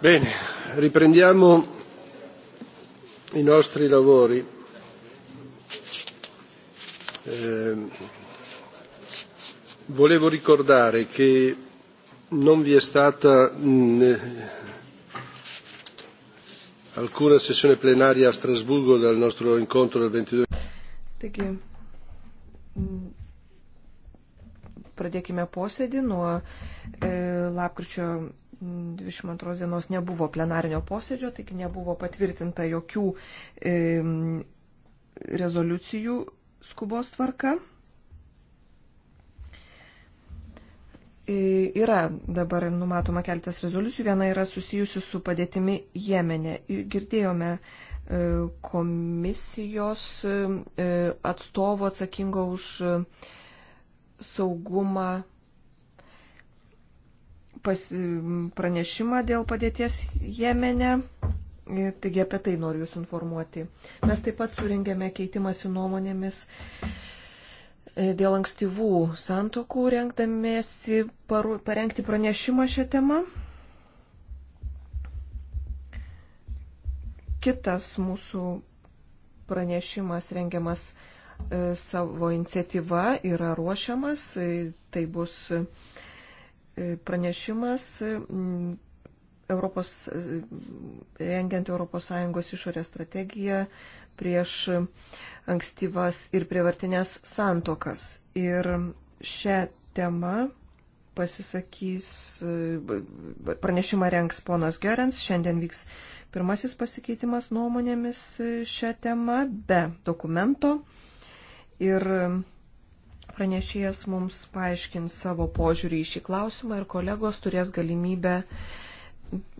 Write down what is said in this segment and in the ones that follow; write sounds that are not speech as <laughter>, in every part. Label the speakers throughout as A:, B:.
A: Bene, riprendiamo i nostri lavori. Eh, volevo ricordare che non vi è stata mh, mm, eh, alcuna sessione plenaria a Strasburgo dal nostro incontro del 22.
B: Taigi, mm, pradėkime posėdį nuo e, lapkričio 22 dienos nebuvo plenarinio posėdžio, taigi nebuvo patvirtinta jokių e, rezoliucijų skubos tvarka. E, yra dabar numatoma keltas rezoliucijų, viena yra susijusi su padėtimi Jemene. Girdėjome e, komisijos e, e atstovo atsakingo už e, saugumą pas, pranešimą dėl padėties Jemene. Taigi apie tai noriu Jūs informuoti. Mes taip pat surengėme keitimąsi nuomonėmis e, dėl ankstyvų santokų, rengdamėsi paru, parengti pranešimą šią temą. Kitas mūsų pranešimas rengiamas e, savo iniciatyva yra ruošiamas. E, tai bus E, pranešimas e, Europos, e, rengiant ES išorės strategiją prieš ankstyvas ir prievartinės santokas. Ir šią temą pasisakys, pranešimą rengs ponas Gerens, šiandien vyks pirmasis pasikeitimas nuomonėmis šią temą be dokumento. Ir Pranešėjas mums paaiškins savo požiūrį į šį klausimą ir kolegos turės galimybę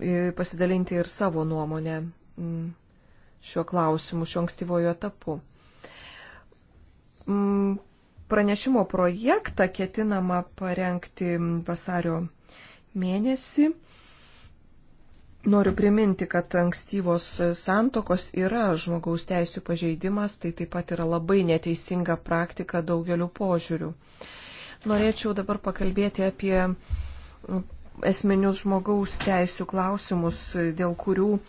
B: e, pasidalinti ir savo nuomonę mm, šiuo klausimu, šiuo ankstyvojo etapu. Mm, pranešimo projektą ketinama parengti vasario mėnesį. Noriu priminti, kad ankstyvos santokos yra žmogaus teisų pažeidimas, tai taip pat yra labai neteisinga praktika daugeliu požiūrių. Norėčiau dabar pakalbėti apie esminius žmogaus teisų klausimus, dėl kurių e,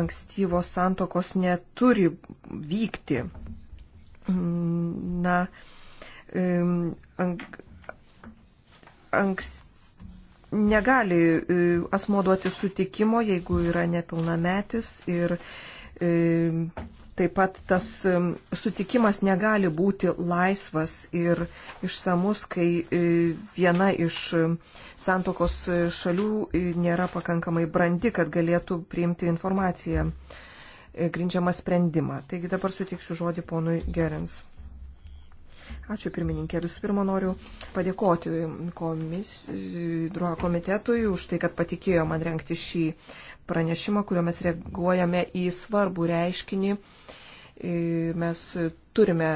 B: ankstyvos santokos neturi vykti. Na, ankstyvos negali e, asmo duoti sutikimo, jeigu yra nepilnametis ir e, taip pat tas sutikimas negali būti laisvas ir išsamus, kai e, viena iš santokos šalių nėra pakankamai brandi, kad galėtų priimti informaciją grindžiamą sprendimą. Taigi dabar sutiksiu žodį ponui Gerins. Ačiū pirmininkė. Visų pirma, noriu padėkoti komis, druo komitetui už tai, kad patikėjo man renkti šį pranešimą, kuriuo mes reaguojame į svarbų reiškinį. Mes turime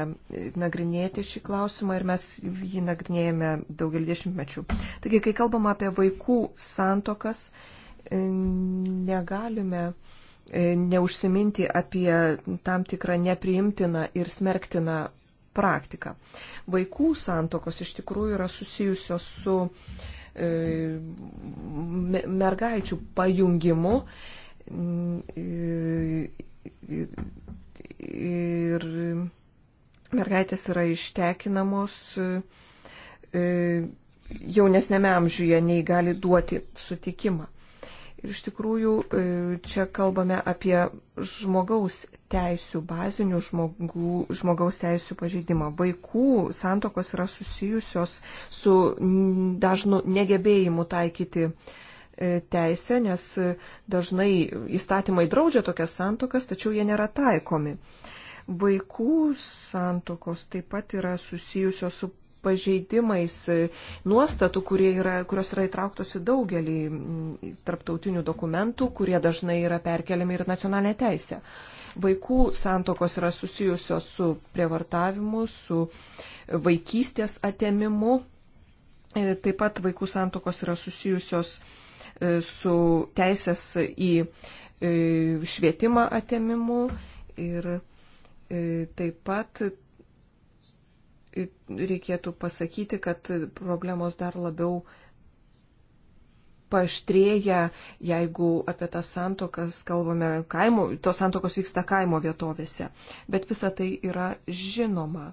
B: nagrinėti šį klausimą ir mes jį nagrinėjame daugelį dešimtmečių. Taigi, kai kalbam apie vaikų santokas, negalime e, neužsiminti apie tam tikrą nepriimtiną ir smerktiną praktiką. Vaikų santokos iš tikrųjų yra susijusios su e, mergaičių pajungimu. Ir, ir mergaitės yra ištekinamos e, jaunesnėme amžiuje nei gali duoti sutikimą. Ir iš tikrųjų e, čia kalbame apie žmogaus teisų, bazinių žmogų, žmogaus teisų pažeidimą. Vaikų santokos yra susijusios su dažnu negebėjimu taikyti e, teisę, nes dažnai įstatymai draudžia tokias santokas, tačiau jie nėra taikomi. Vaikų santokos taip pat yra susijusios su pažeidimais nuostatų, yra, kurios yra įtrauktos į daugelį mm, tarptautinių dokumentų, kurie dažnai yra perkeliami ir nacionalinė teisė. Vaikų santokos yra susijusios su prievartavimu, su vaikystės atėmimu. E, taip pat vaikų santokos yra susijusios e, su teisės į e, švietimą atėmimu ir taip pat reikėtų pasakyti, kad problemos dar labiau paštrėja, jeigu apie tas santokas kalbame kaimo, tos santokos vyksta kaimo vietovėse. Bet visa tai yra žinoma.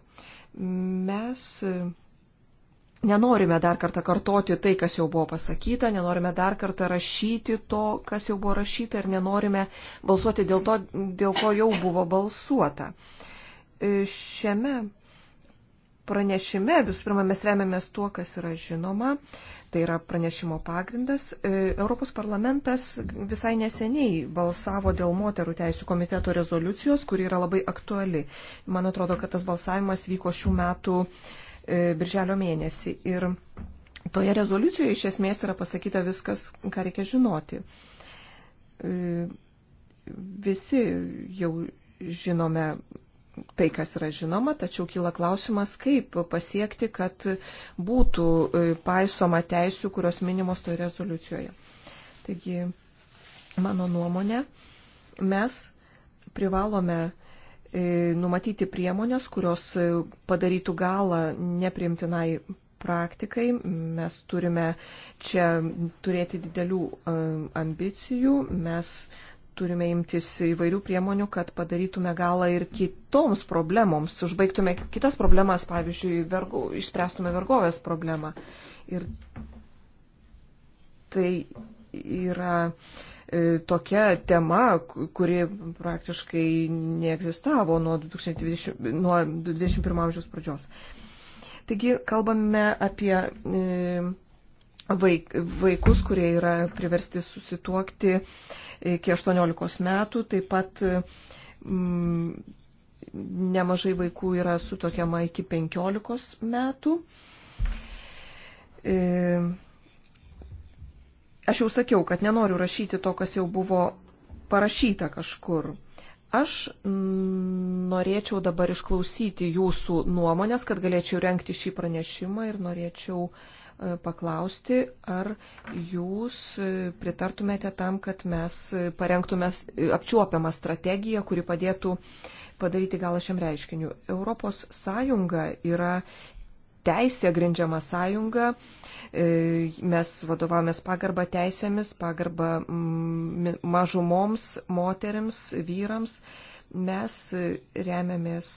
B: Mes nenorime dar kartą kartoti tai, kas jau buvo pasakyta, nenorime dar kartą rašyti to, kas jau buvo rašyta ir nenorime balsuoti dėl to, dėl ko jau buvo balsuota. Šiame pranešime visų pirma mes remiamės tuo, kas yra žinoma, tai yra pranešimo pagrindas. E, Europos parlamentas visai neseniai balsavo dėl moterų teisų komiteto rezoliucijos, kuri yra labai aktuali. Man atrodo, kad tas balsavimas vyko šių metų e, birželio mėnesį. Ir toje rezoliucijoje iš esmės yra pasakyta viskas, ką reikia žinoti. E, Visi jau žinome tai, kas yra žinoma, tačiau kyla klausimas, kaip pasiekti, kad būtų e, paisoma teisių, kurios minimos toje rezoliucijoje. Taigi, mano nuomonė, mes privalome e, numatyti priemonės, kurios e, padarytų galą neprimtinai praktikai. Mes turime čia turėti didelių ambicijų. Mes turime imtis įvairių priemonių, kad padarytume galą ir kitoms problemoms, užbaigtume kitas problemas, pavyzdžiui, vergo, išspręstume vergovės problemą. Ir tai yra e, tokia tema, kuri praktiškai neegzistavo nuo, 2020, nuo 21 amžiaus pradžios. Taigi kalbame apie e, vaik, vaikus, kurie yra priversti susituokti iki 18 metų. Taip pat mm, nemažai vaikų yra sutokiama iki 15 metų. E, aš jau sakiau, kad nenoriu rašyti to, kas jau buvo parašyta kažkur. Aš norėčiau dabar išklausyti jūsų nuomonės, kad galėčiau renkti šį pranešimą ir norėčiau uh, E, paklausti, ar jūs e, pritartumėte tam, kad mes e, parengtume apčiuopiamą strategiją, kuri padėtų padaryti galą šiam reiškiniu. Europos Sąjunga yra teisė grindžiama sąjunga, mes vadovavomės pagarbą teisėmis, pagarbą mm, mažumoms, moteriams, vyrams, mes remiamės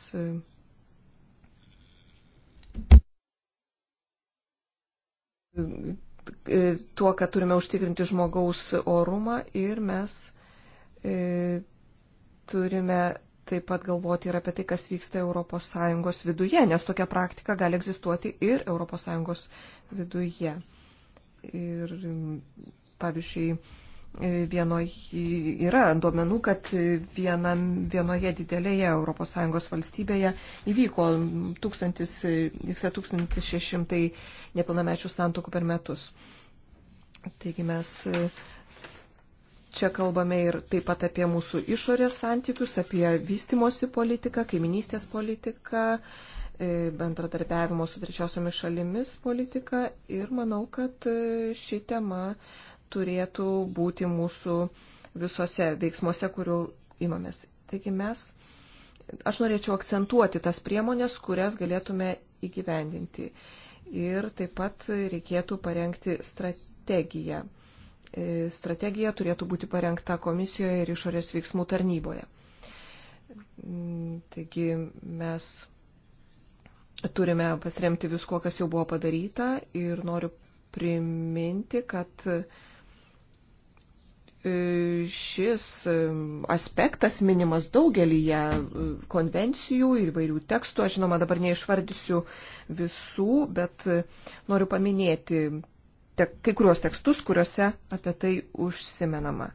B: E, tuo, kad turime užtikrinti žmogaus orumą ir mes e, turime taip pat galvoti ir apie tai, kas vyksta ES viduje, nes tokia praktika gali egzistuoti ir ES viduje. Ir pavyzdžiui, E, vienoje yra duomenų, kad vienam, vienoje didelėje ES valstybėje įvyko 1600 nepilnamečių santokų per metus. Taigi mes e, čia kalbame ir taip pat apie mūsų išorės santykius, apie vystimosi politiką, kaiminystės politiką e, bendradarbiavimo su trečiosiomis šalimis politiką ir manau, kad ši tema turėtų būti mūsų visose veiksmuose, kurių imamės. Taigi mes, aš norėčiau akcentuoti tas priemonės, kurias galėtume įgyvendinti. Ir taip pat reikėtų parengti strategiją. E, strategija turėtų būti parengta komisijoje ir išorės veiksmų tarnyboje. Mm, taigi mes turime pasiremti viskuo, kas jau buvo padaryta ir noriu priminti, kad E, šis e, aspektas minimas daugelyje e, konvencijų ir įvairių tekstų. Aš žinoma dabar neišvardysiu visų, bet noriu paminėti te, kai kuriuos tekstus, kuriuose apie tai užsimenama.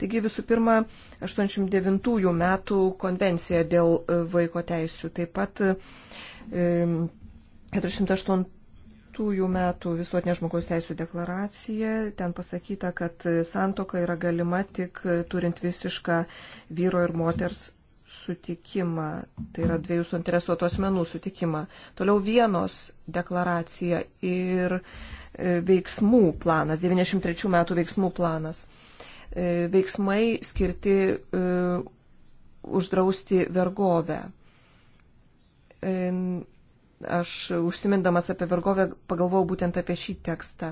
B: Taigi visų pirma, 89 metų konvencija dėl vaiko teisų, taip pat 408 2009 metų visuotinė žmogaus teisų deklaracija. Ten pasakyta, kad santoka yra galima tik turint visišką vyro ir moters sutikimą, tai yra dviejų suinteresuotų asmenų sutikimą. Toliau vienos deklaracija ir e, veiksmų planas, 93 metų veiksmų planas. E, veiksmai skirti e, uždrausti vergovę. Aš užsimindamas apie vergovę pagalvojau būtent apie šį tekstą.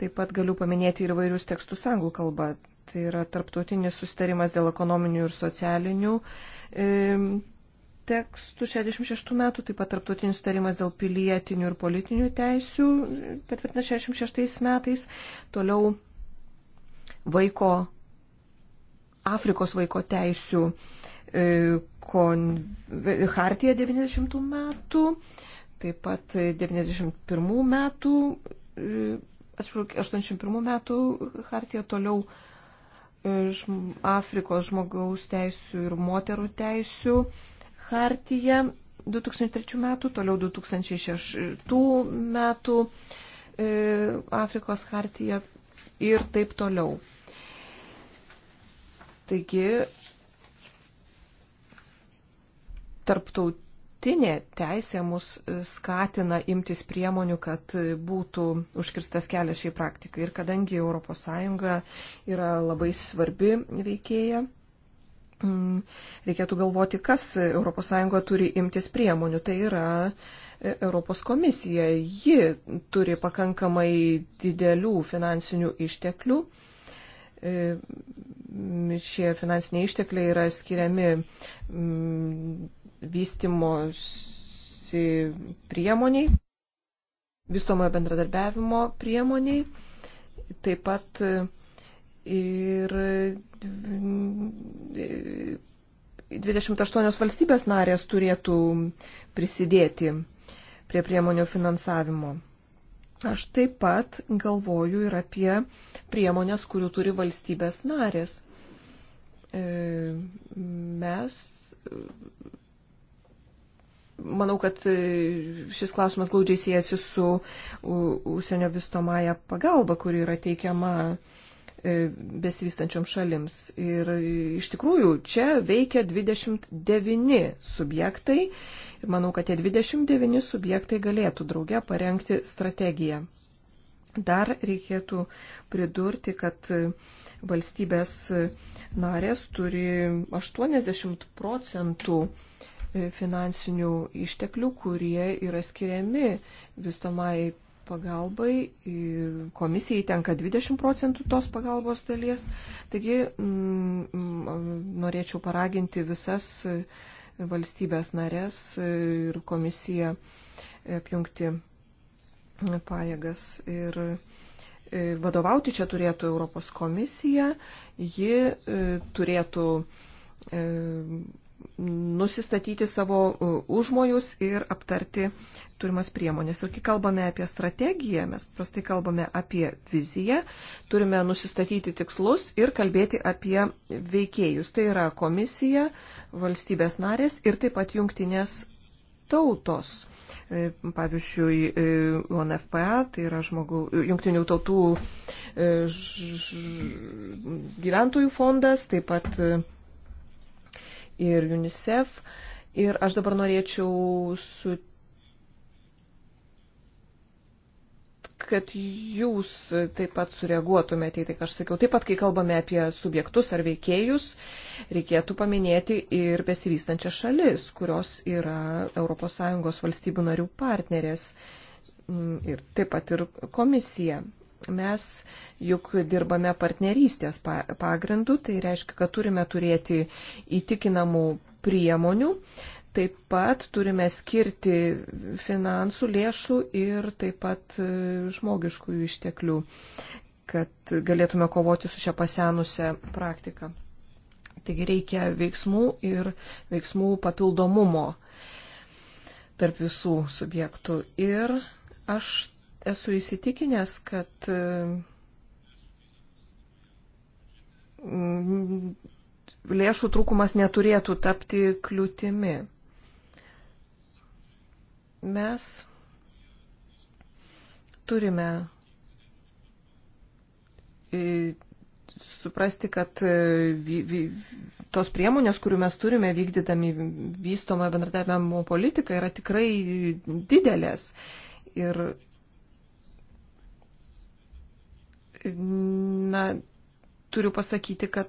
B: Taip pat galiu paminėti ir vairius tekstus anglų kalba. Tai yra tarptautinis sustarimas dėl ekonominių ir socialinių e, tekstų 66 metų, taip pat tarptautinis sustarimas dėl pilietinių ir politinių teisių patvirtintas 66 metais. Toliau vaiko, Afrikos vaiko teisių E, e, Hartija 90 metų, taip pat 91 metų, e, atsiprašau, 81 metų Hartija toliau Afrikos žmogaus teisų ir moterų teisų Hartija 2003 metų, toliau 2006 metų Afrikos Hartija ir taip toliau. Taigi tarptautinė teisė mus skatina imtis priemonių, kad būtų užkirstas kelias šiai praktikai. Ir kadangi ES yra labai svarbi veikėja, mm, reikėtų galvoti, kas ES turi imtis priemonių. Tai yra e, Europos komisija. Ji turi pakankamai didelių finansinių išteklių. E, šie finansiniai ištekliai yra skiriami vystimosi priemoniai, vystomojo bendradarbiavimo priemoniai, taip pat ir 28 valstybės narės turėtų prisidėti prie priemonių finansavimo. Aš taip pat galvoju ir apie priemonės, kurių turi valstybės narės. E, mes manau, kad e, šis klausimas glaudžiai siejasi su užsienio vystomąją pagalbą, kuri yra teikiama e, besivystančiom šalims. Ir e, iš tikrųjų čia veikia 29 subjektai ir manau, kad tie 29 subjektai galėtų drauge parengti strategiją. Dar reikėtų pridurti, kad valstybės narės turi 80 procentų E, finansinių išteklių, kurie yra skiriami vystomai pagalbai. Komisijai tenka 20 procentų tos pagalbos dalies. Taigi m, mm, mm, norėčiau paraginti visas e, valstybės narės e, ir komisiją apjungti pajėgas ir vadovauti čia turėtų Europos komisija, ji turėtų nusistatyti savo e, užmojus ir aptarti turimas priemonės. Ir kai kalbame apie strategiją, mes paprastai kalbame apie viziją, turime nusistatyti tikslus ir kalbėti apie veikėjus. Tai yra komisija, valstybės narės ir taip pat jungtinės tautos. E, pavyzdžiui, e, UNFPA, tai yra žmogų, jungtinių tautų ž, ž, gyventojų fondas, taip pat ir UNICEF. Ir aš dabar norėčiau su. kad jūs taip pat sureaguotumėte į tai, ką aš sakiau. Taip pat, kai kalbame apie subjektus ar veikėjus, reikėtų paminėti ir besivystančias šalis, kurios yra ES valstybių narių partnerės mm, ir taip pat ir komisija. Mes juk dirbame partnerystės pagrindu, tai reiškia, kad turime turėti įtikinamų priemonių, taip pat turime skirti finansų lėšų ir taip pat e, žmogiškųjų išteklių, kad galėtume kovoti su šią pasenusią praktiką. Taigi reikia veiksmų ir veiksmų papildomumo tarp visų subjektų. Ir aš esu įsitikinęs, kad mm, lėšų trūkumas neturėtų tapti kliūtimi. Mes turime e, suprasti, kad vy, e, vy, tos priemonės, kurių mes turime vykdydami vystomą bendradarbiavimo politiką, yra tikrai didelės. Ir na, turiu pasakyti, kad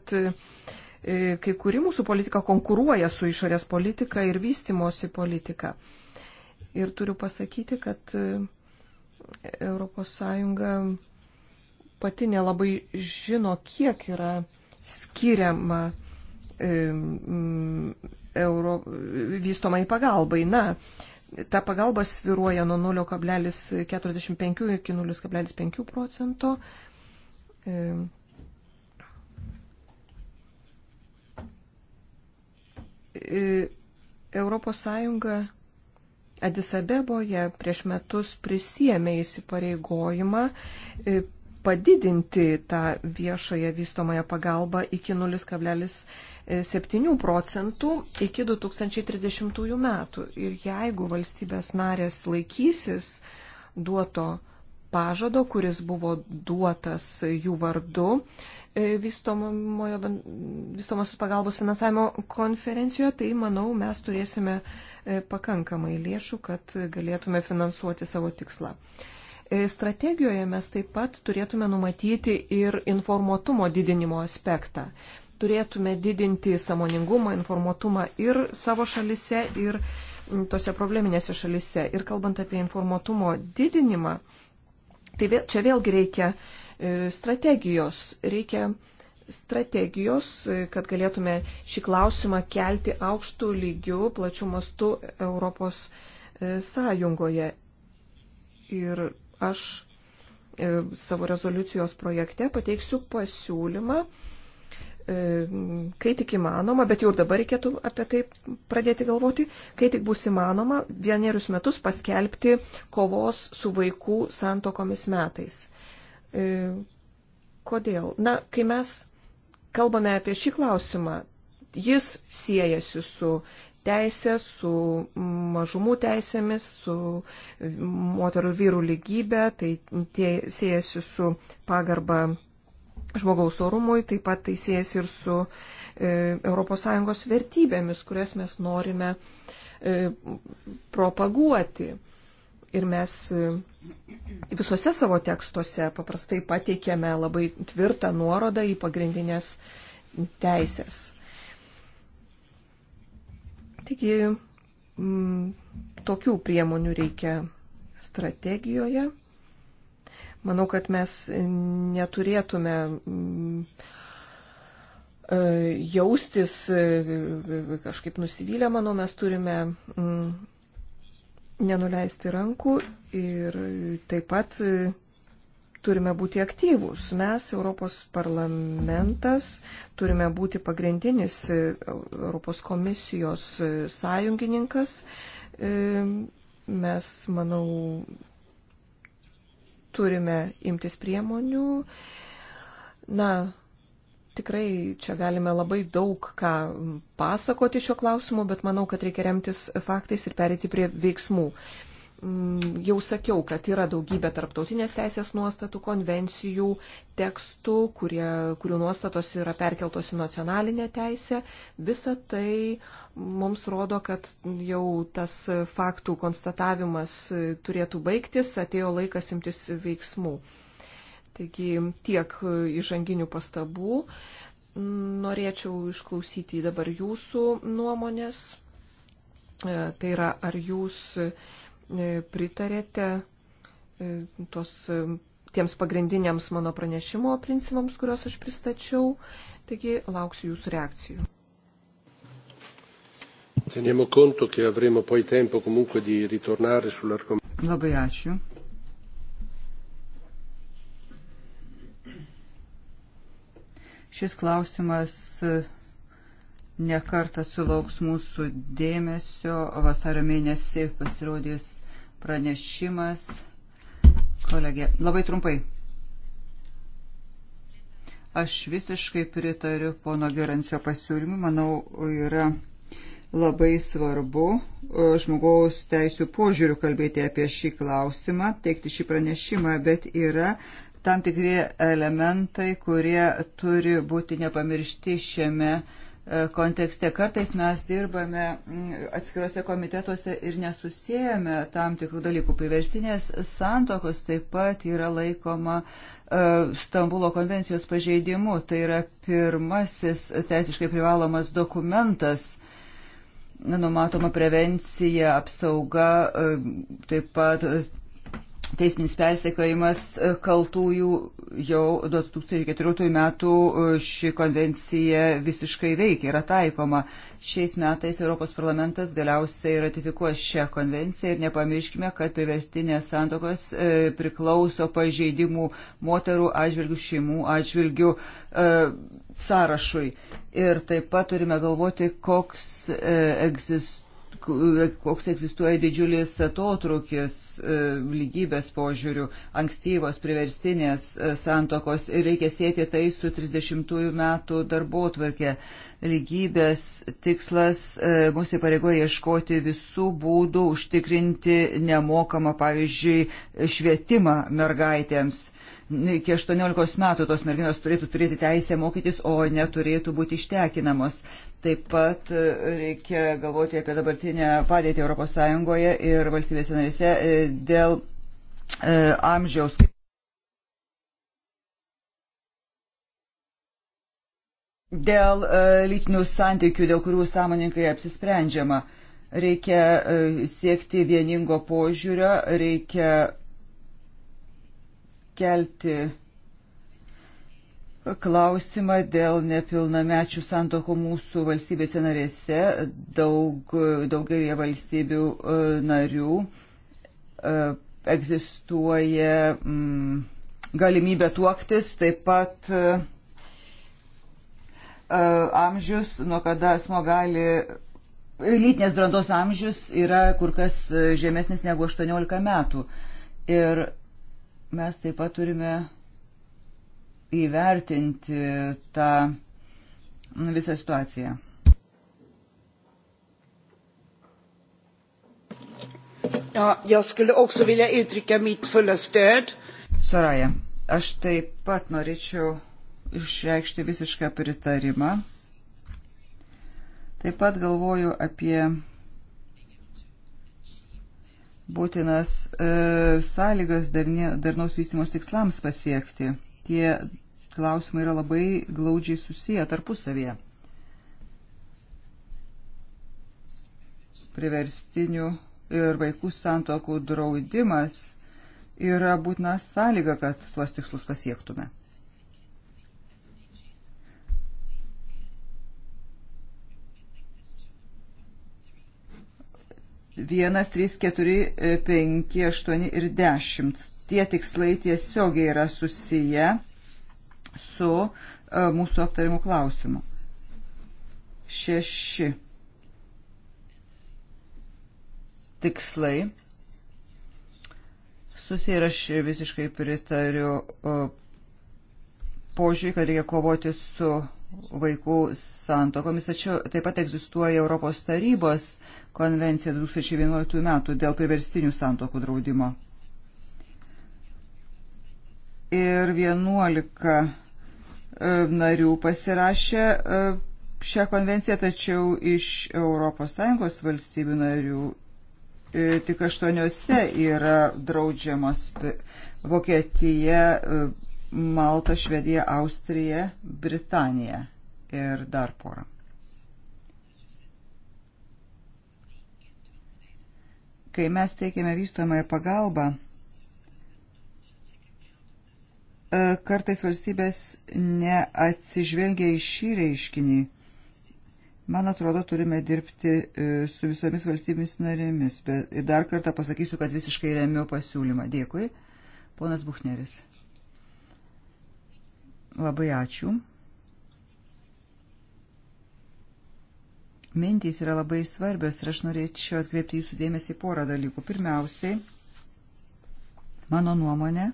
B: e, kai kuri mūsų politika konkuruoja su išorės politika ir vystimosi politika. Ir turiu pasakyti, kad ES pati nelabai žino, kiek yra skiriama e, euro vystomai pagalbai. Na, ta pagalba sviruoja nuo 0,45 iki 0,5 procento. E, e, Europos Sąjunga Adisabeboje prieš metus prisėmė įsipareigojimą e, padidinti tą viešoje vystomąją pagalbą iki 0,7 procentų iki 2030 metų. Ir jeigu valstybės narės laikysis duoto pažado, kuris buvo duotas jų vardu e, vystomosios pagalbos finansavimo konferencijoje, tai manau mes turėsime e, pakankamai lėšų, kad galėtume finansuoti savo tikslą. E, strategijoje mes taip pat turėtume numatyti ir informuotumo didinimo aspektą. Turėtume didinti samoningumą, informuotumą ir savo šalise, ir tose probleminėse šalise. Ir kalbant apie informuotumo didinimą, Tai vėl, čia vėlgi reikia e, strategijos. Reikia strategijos, e, kad galėtume šį klausimą kelti aukštų lygių, plačių mastų Europos e, sąjungoje. Ir aš savo rezoliucijos projekte pateiksiu pasiūlymą E, kai tik įmanoma, bet jau ir dabar reikėtų apie tai pradėti galvoti, kai tik bus įmanoma vienerius metus paskelbti kovos su vaikų santokomis metais. E, kodėl? Na, kai mes kalbame apie šį klausimą, jis siejasi su teisė, su mažumų teisėmis, su moterų vyrų lygybė, tai tie siejasi su pagarba žmogaus orumui, taip pat tai siejasi ir su ES vertybėmis, kurias mes norime e, propaguoti. Ir mes e, visose savo tekstuose paprastai pateikėme labai tvirtą nuorodą į pagrindinės teisės. Taigi, m, tokių priemonių reikia strategijoje. Manau, kad mes neturėtume mm, e, jaustis e, e, kažkaip nusivylę, manau, mes turime mm, nenuleisti rankų ir taip pat turime būti aktyvūs. Mes, Europos parlamentas, turime būti pagrindinis Europos komisijos sąjungininkas. Mes, manau, turime imtis priemonių. Na, tikrai čia galime labai daug ką pasakoti šiuo klausimu, bet manau, kad reikia remtis faktais ir perėti prie veiksmų. Uh, Mm, jau sakiau, kad yra daugybė tarptautinės teisės nuostatų, konvencijų, tekstų, kurie, kurių nuostatos yra perkeltos į nacionalinę teisę. Visa tai mums rodo, kad jau tas faktų konstatavimas turėtų baigtis, atėjo laikas imtis veiksmų. Taigi tiek įžanginių pastabų. Norėčiau išklausyti dabar jūsų nuomonės. E, tai yra, ar jūs E, pritarėte e, tos, e, tiems pagrindiniams mano pranešimo principams, kuriuos aš pristačiau. Taigi lauksiu jūsų
C: reakcijų.
A: Teniamo conto che avremo poi tempo comunque di ritornare sull'argomento.
C: Labai ačiū. Šis klausimas nekartą sulauks mūsų dėmesio. Vasario mėnesį pasirodys pranešimas. Kolegė, labai trumpai. Aš visiškai pritariu pono Gerančio pasiūlymui. Manau, yra labai svarbu e, žmogaus teisų požiūrių kalbėti apie šį klausimą, teikti šį pranešimą, bet yra tam tikri elementai, kurie turi būti nepamiršti šiame pranešime E, kontekste. Kartais mes dirbame atskiruose komitetuose ir nesusijame tam tikrų dalykų. Priversinės santokos taip pat yra laikoma e, Stambulo konvencijos pažeidimu. Tai yra pirmasis teisiškai privalomas dokumentas. Numatoma prevencija, apsauga, e, taip pat teisminis persekiojimas e, kaltųjų jau 2014 metų e, ši konvencija visiškai veikia, yra taikoma. Šiais metais Europos parlamentas galiausiai ratifikuos šią konvenciją ir nepamirškime, kad priverstinės santokos e, priklauso pažeidimų moterų atžvilgių, šeimų atžvilgių sąrašui. Ir taip pat turime galvoti, koks egzistuoja koks egzistuoja didžiulis atotrukis e, lygybės požiūrių, ankstyvos priverstinės e, santokos ir reikia sėti tai su 30-ųjų metų darbo tvarkė. Lygybės tikslas e, mūsų įpareigoja ieškoti visų būdų užtikrinti nemokamą, pavyzdžiui, švietimą mergaitėms iki 18 metų tos merginos turėtų turėti teisę mokytis, o neturėtų būti ištekinamos. Taip pat e, reikia galvoti apie dabartinę padėtį ES ir valstybėse narėse e, dėl e, amžiaus. Dėl e, lytinių santykių, dėl kurių sąmoninkai apsisprendžiama, reikia e, siekti vieningo požiūrio, reikia kelti klausimą dėl nepilnamečių santokų mūsų valstybėse narėse, daug, daugelie valstybių e, narių e, egzistuoja mm, galimybė tuoktis, taip pat e, amžius, nuo kada asmo gali lytinės brandos amžius yra kur kas žemesnis negu 18 metų. Ir Mes taip pat turime įvertinti tą visą situaciją. Ja, jag skulle också vilja uttrycka mitt fulla stöd. Soraya, aš taip pat norėčiau išreikšti visišką pritarimą. Taip pat galvoju apie būtinas e, sąlygas darnie, darnaus vystimos tikslams pasiekti. Tie klausimai yra labai glaudžiai susiję tarpusavėje. Priverstinių ir vaikų santokų draudimas yra būtina sąlyga, kad tuos tikslus pasiektume. 1, 3, 4, 5, 8 ir 10. Tie tikslai tiesiogiai yra susiję su e, mūsų aptarimu klausimu. 6. Tikslai. Susiję ir aš visiškai pritariu e, požiūrį, kad reikia kovoti su vaikų santokomis, tačiau taip pat egzistuoja Europos tarybos uh, konvenciją 2011 metų dėl priverstinių santokų draudimo. Ir 11 e, narių pasirašė e, šią konvenciją, tačiau iš ES valstybių narių e, tik aštuoniuose yra draudžiamos Vokietija, Malta, Švedija, Austrija, Britanija ir dar porą. Kai mes teikiame vystomąją pagalbą, e, kartais valstybės neatsižvelgia į šį reiškinį. Man atrodo, turime dirbti e, su visomis valstybėmis narėmis. Bet dar kartą pasakysiu, kad visiškai remiu pasiūlymą. Dėkui. Ponas Buchneris. Labai ačiū. mintys yra labai svarbios ir aš norėčiau atkreipti jūsų dėmesį į porą dalykų. Pirmiausiai, mano nuomonė,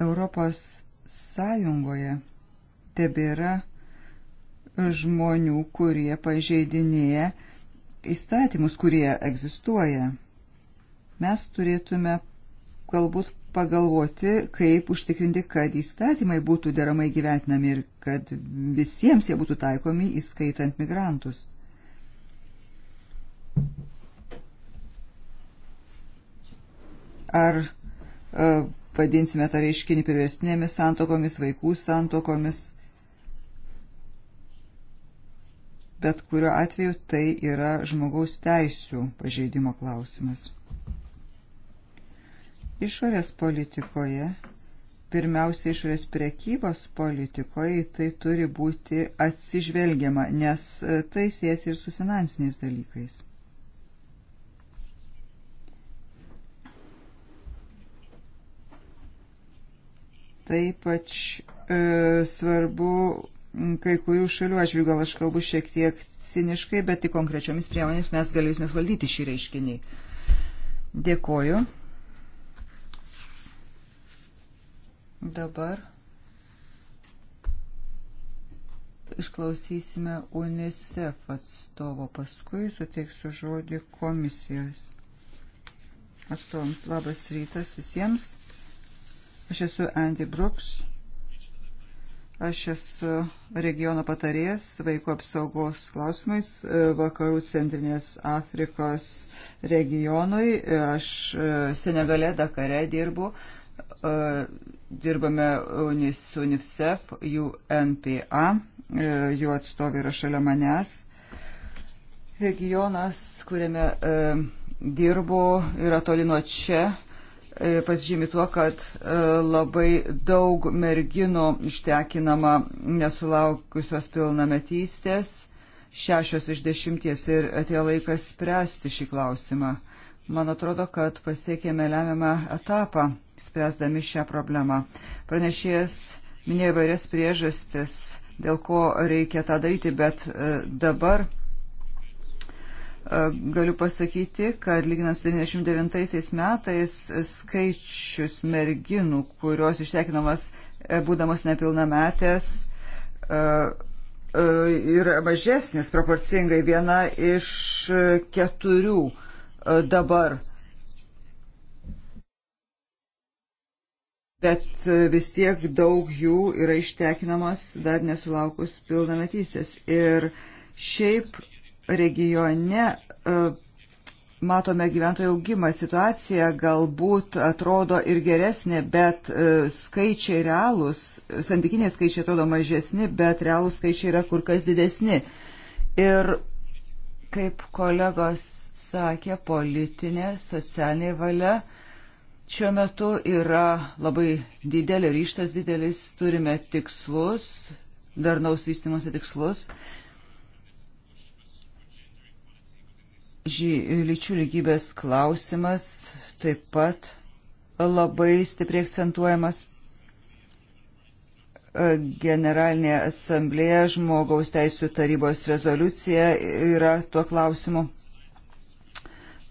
C: Europos Sąjungoje tebėra žmonių, kurie pažeidinėja įstatymus, kurie egzistuoja. Mes turėtume galbūt pagalvoti, kaip užtikrinti, kad įstatymai būtų deramai gyventinami ir kad visiems jie būtų taikomi, įskaitant migrantus. Ar uh, vadinsime tą reiškinį priverstinėmis santokomis, vaikų santokomis, bet kuriuo atveju tai yra žmogaus teisų pažeidimo klausimas. Išorės politikoje, pirmiausia, išorės priekybos politikoje tai turi būti atsižvelgiama, nes e, tai sės ir su finansiniais dalykais. Taip pač e, svarbu kai kurių šalių atžvilgiu, gal aš kalbu šiek tiek ciniškai, bet tik konkrečiomis priemonėmis mes galėsime valdyti šį reiškinį. Dėkoju. Dabar išklausysime UNICEF atstovo, paskui suteiksiu žodį komisijos atstovams. Labas rytas visiems. Aš esu Andy Brooks. Aš esu regiono patarėjas vaiko apsaugos klausimais e, vakarų centrinės Afrikos regionui. Aš e, Senegale Dakare dirbu dirbame su UNICEF, UNPA, jų atstovai yra šalia manęs. Regionas, kuriame dirbu, yra toli nuo čia, pasižymi tuo, kad labai daug merginų ištekinama nesulaukusios pilnametystės, šešios iš dešimties ir atėjo laikas spręsti šį klausimą. Man atrodo, kad pasiekėme lemiamą etapą spręsdami šią problemą. Pranešėjas minėjo įvairias priežastis, dėl ko reikia tą daryti, bet e, dabar e, galiu pasakyti, kad lyginant su 99 metais skaičius merginų, kurios ištekinamas e, būdamos nepilnametės, yra mažesnis proporcingai viena iš keturių dabar bet e, vis tiek daug jų yra ištekinamos dar nesulaukus pilnametystės. Ir šiaip regione e, matome gyventojų augimą. Situacija galbūt atrodo ir geresnė, bet e, skaičiai realūs, santykiniai skaičiai atrodo mažesni, bet realūs skaičiai yra kur kas didesni. Ir kaip kolegos sakė, politinė, socialinė valia šiuo metu yra labai didelė ryštas didelis, turime tikslus, darnaus vystimosi tikslus. Ži, lyčių lygybės klausimas taip pat labai stipriai akcentuojamas Generalinė asamblėje žmogaus teisų tarybos rezoliucija yra tuo klausimu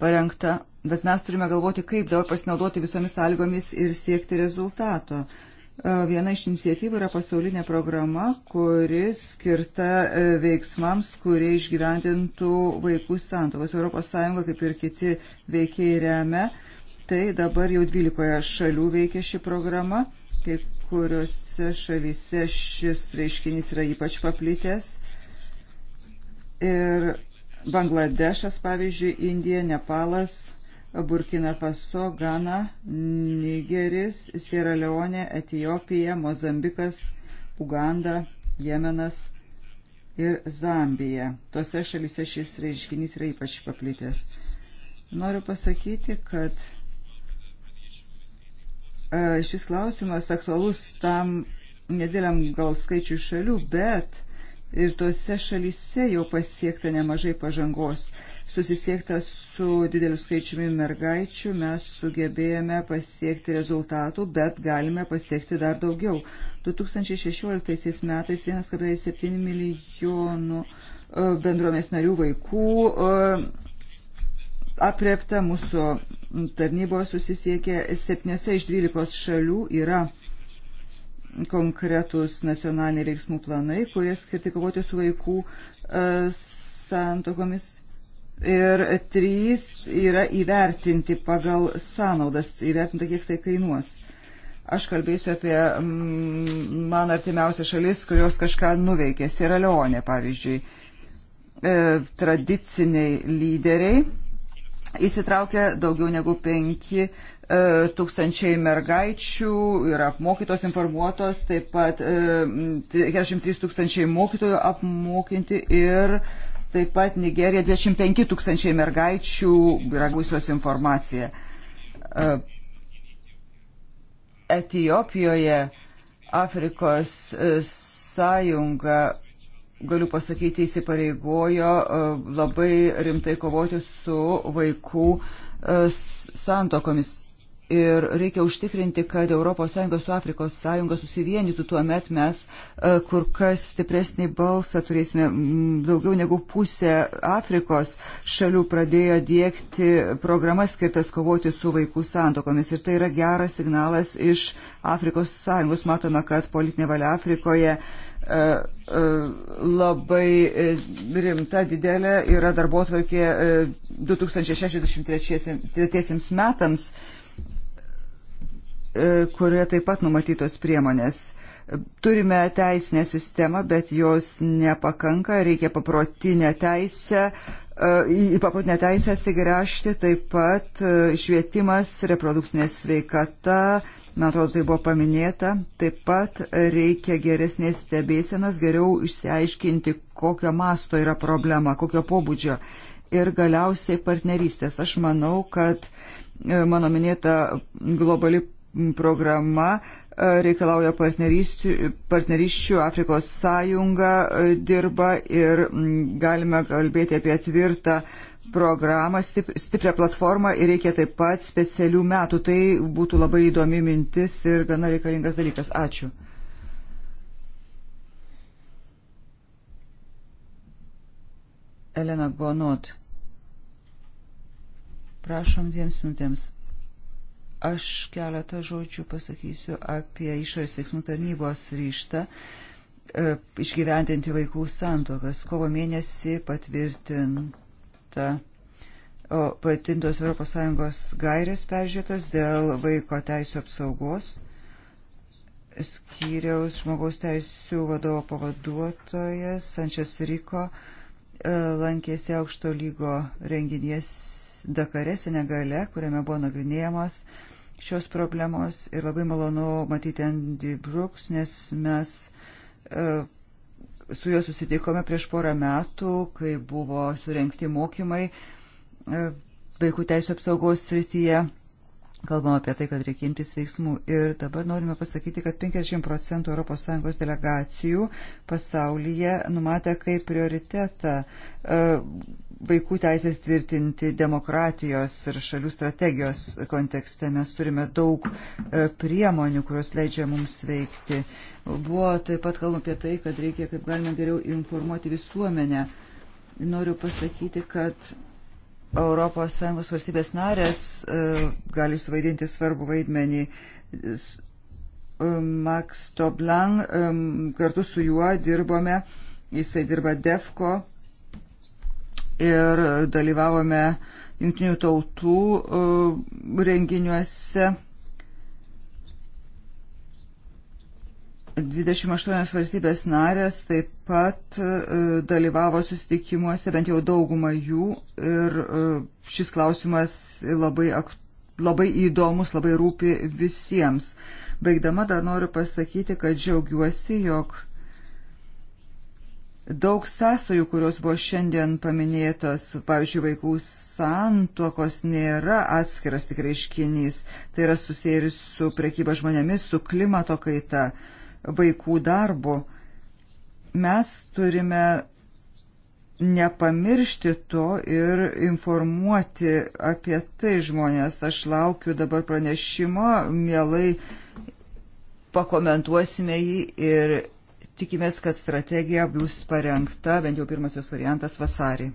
C: parengta. Bet mes turime galvoti, kaip dabar pasinaudoti visomis sąlygomis ir siekti rezultato. E, viena iš iniciatyvų yra pasaulinė programa, kuri skirta e, veiksmams, kurie išgyvendintų vaikų santovas. ES, kaip ir kiti veikiai remia, tai dabar jau 12 šalių veikia ši programa, kai kuriuose šalyse šis reiškinys yra ypač paplitęs. Ir Bangladešas, pavyzdžiui, Indija, Nepalas Burkina Faso, Gana, Nigeris, Sierra Leone, Etijopija, Mozambikas, Uganda, Jemenas ir Zambija. Tose šalise šis reiškinys yra ypač paplitęs. Noriu pasakyti, kad e, šis klausimas aktualus tam nedėliam gal skaičių šalių, bet ir tose šalyse jau pasiekta nemažai pažangos susisiekta su dideliu skaičiumi mergaičių, mes sugebėjome pasiekti rezultatų, bet galime pasiekti dar daugiau. 2016 metais 1,7 milijonų e, bendruomės narių vaikų e, aprepta mūsų tarnybos susisiekė 7 iš 12 šalių yra konkretus nacionaliniai veiksmų planai, kurie skirti kovoti su vaikų e, santokomis ir trys yra įvertinti pagal sąnaudas, įvertinta, kiek tai kainuos. Aš kalbėsiu apie mm, man artimiausią šalis, kurios kažką nuveikė. Sierra Leone, pavyzdžiui, e, tradiciniai lyderiai įsitraukia daugiau negu penki e, tūkstančiai mergaičių, yra apmokytos, informuotos, taip pat e, 43 tūkstančiai mokytojų apmokinti ir e, Taip pat Nigerija 25 tūkstančiai mergaičių yra gausios informacija. E, Etijopijoje Afrikos e, sąjunga, galiu pasakyti, įsipareigojo e, labai rimtai kovoti su vaikų santokomis ir reikia užtikrinti, kad ES su Afrikos sąjunga susivienytų, tuo met mes e, kur kas stipresnį balsą turėsime. Daugiau negu pusė Afrikos šalių pradėjo dėkti programas skirtas kovoti su vaikų santokomis. Ir tai yra geras signalas iš Afrikos sąjungos. Matome, kad politinė valia Afrikoje e, e, labai rimta, didelė yra darbo tvarkė 2063 metams E, kurioje taip pat numatytos priemonės. Turime teisinę sistemą, bet jos nepakanka, reikia paprotinę teisę, e, į paprotinę teisę atsigręžti, taip pat e, švietimas, reprodukcinė sveikata, man atrodo, tai buvo paminėta, taip pat reikia geresnės stebėsenos, geriau išsiaiškinti, kokio masto yra problema, kokio pobūdžio ir galiausiai partnerystės. Aš manau, kad mano minėta globali programa e, reikalauja partneriščių, Afrikos sąjunga e, dirba ir galime kalbėti apie tvirtą programą, stiprią platformą ir reikia taip pat specialių metų. Tai būtų labai įdomi mintis ir gana reikalingas dalykas. Ačiū. Elena Gonot. Prašom dviems minutėms. Aš keletą žodžių pasakysiu apie išorės veiksmų tarnybos ryštą e, išgyvendinti vaikų santokas. Kovo mėnesį patvirtinta patintos ES gairės peržiūrėtos dėl vaiko teisų apsaugos skyriaus žmogaus teisų vadovo pavaduotojas Sančias Riko e, lankėsi aukšto lygo renginys Dakare, Senegale, kuriame buvo nagrinėjamos uh, šios problemos ir labai malonu matyti Andy Brooks, nes mes e, su juo susitikome prieš porą metų, kai buvo surenkti mokymai e, vaikų teisų apsaugos srityje. Kalbam apie tai, kad reikia imtis veiksmų. Ir dabar norime pasakyti, kad 50 procentų ES delegacijų pasaulyje numatė kaip prioritetą e, vaikų teisės tvirtinti demokratijos ir šalių strategijos kontekste. Mes turime daug e, priemonių, kurios leidžia mums veikti. Buvo taip pat kalbama apie tai, kad reikia kaip galima geriau informuoti visuomenę. Noriu pasakyti, kad ES valstybės narės e, gali suvaidinti svarbu vaidmenį. E, Max Toblan, e, kartu su juo dirbome, jisai dirba DEFCO ir dalyvavome jungtinių tautų renginiuose 28 valstybės narės taip pat e, dalyvavo susitikimuose, bent jau dauguma jų, ir e, šis klausimas labai, labai įdomus, labai rūpi visiems. Baigdama dar noriu pasakyti, kad džiaugiuosi, jog daug sąsojų, kurios buvo šiandien paminėtos, pavyzdžiui, vaikų santuokos nėra atskiras tikrai iškinys, tai yra susijęs su prekyba žmonėmis, su klimato kaita. Uh, vaikų darbu. Mes turime nepamiršti to ir informuoti apie tai žmonės. Aš laukiu dabar pranešimo, mielai pakomentuosime jį ir tikimės, kad strategija bus parengta, bent jau pirmasis variantas vasarį.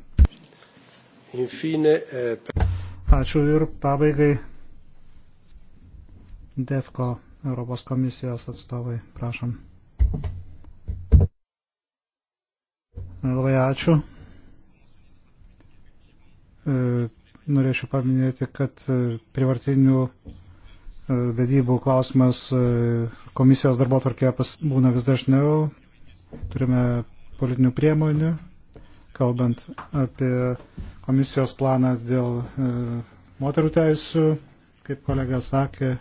A: E,
D: Ačiū ir pabaigai DEFCO Europos komisijos atstovai. Prašom. Labai ačiū. E, norėčiau paminėti, kad e, privartinių e, vedybų klausimas komisijos darbo tvarkė būna vis dažniau. Turime politinių priemonių, kalbant apie komisijos planą dėl moterų teisų, kaip kolega sakė,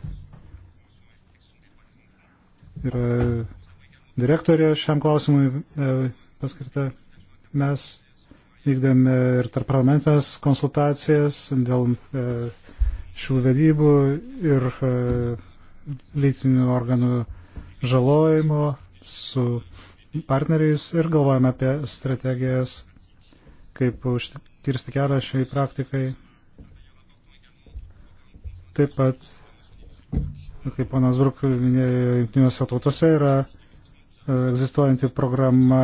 D: yra direktorė šiam klausimui e, paskirta. Mes vykdėme ir tarp parlamentės konsultacijas dėl e, šių vedybų ir e, lytinių organų žalojimo su partneriais ir galvojame apie strategijas, kaip užkirsti kelią šiai praktikai. Taip pat kaip tai ponas Bruk minėjo, jungtiniuose tautose yra e, egzistuojanti programa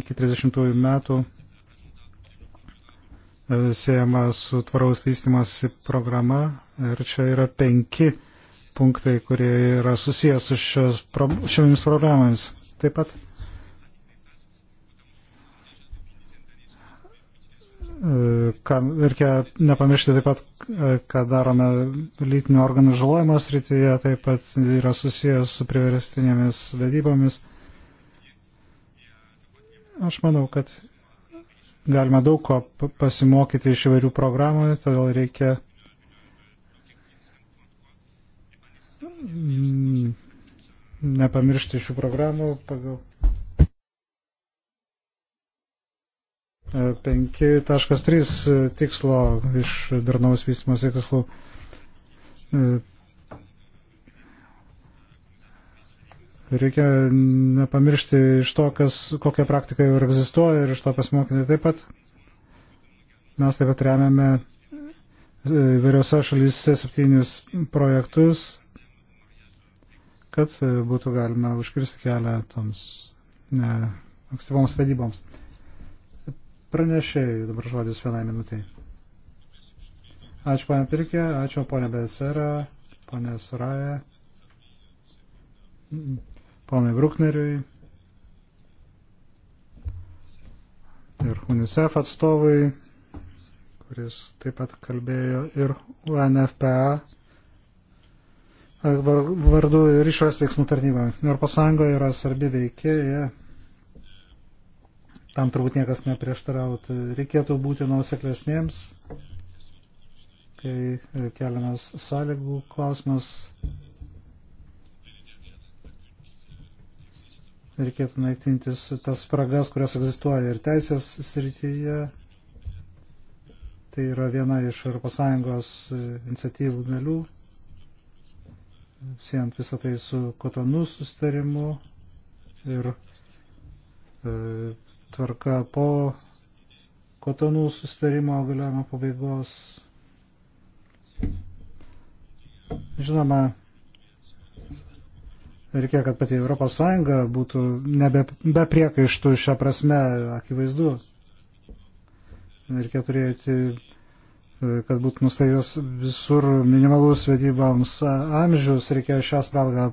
D: iki 30 metų e, siejama su tvaraus vystimas programa ir čia yra penki punktai, kurie yra susijęs su šiomis problemomis. Taip pat kam reikia nepamiršti taip pat, ką darome lytinių organų žalojimo srityje, taip pat yra susijęs su priverstinėmis vedybomis. Aš manau, kad galima daug ko pasimokyti iš įvairių programų, todėl reikia mm, nepamiršti šių programų pagal 5.3 e, tikslo iš darnaus vystimas tikslų. E, reikia nepamiršti iš to, kas, kokia praktika jau egzistuoja ir iš to pasimokyti taip pat. Mes taip pat remiame e, įvairiose šalyse septynis projektus, kad būtų galima užkirsti kelią toms ne, ankstyvoms vedyboms. Pranešėjai, dabar žodis vienai minutiai. Ačiū, ponė Pirkė, ačiū, ponė Besera, ponė Suraja, ponai Brukneriui ir UNICEF atstovai, kuris taip pat kalbėjo ir UNFPA vardu ir išorės veiksmų tarnyba. Europos Sąjunga yra svarbi veikėja tam turbūt niekas neprieštaraut. Reikėtų būti nuoseklesniems, kai e, keliamas sąlygų klausimas. Reikėtų naikinti tas spragas, kurios egzistuoja ir teisės srityje. Tai yra viena iš ES e, iniciatyvų dalių, siejant visą tai su kotonų sustarimu ir e, tvarka po kotonų sustarimo galiojimo pabaigos. Žinoma, reikia, kad pati ES būtų nebe be priekaištų šią prasme, akivaizdu. Reikia turėti, kad būtų nustatytas visur minimalus vedyboms amžius, reikia šią spragą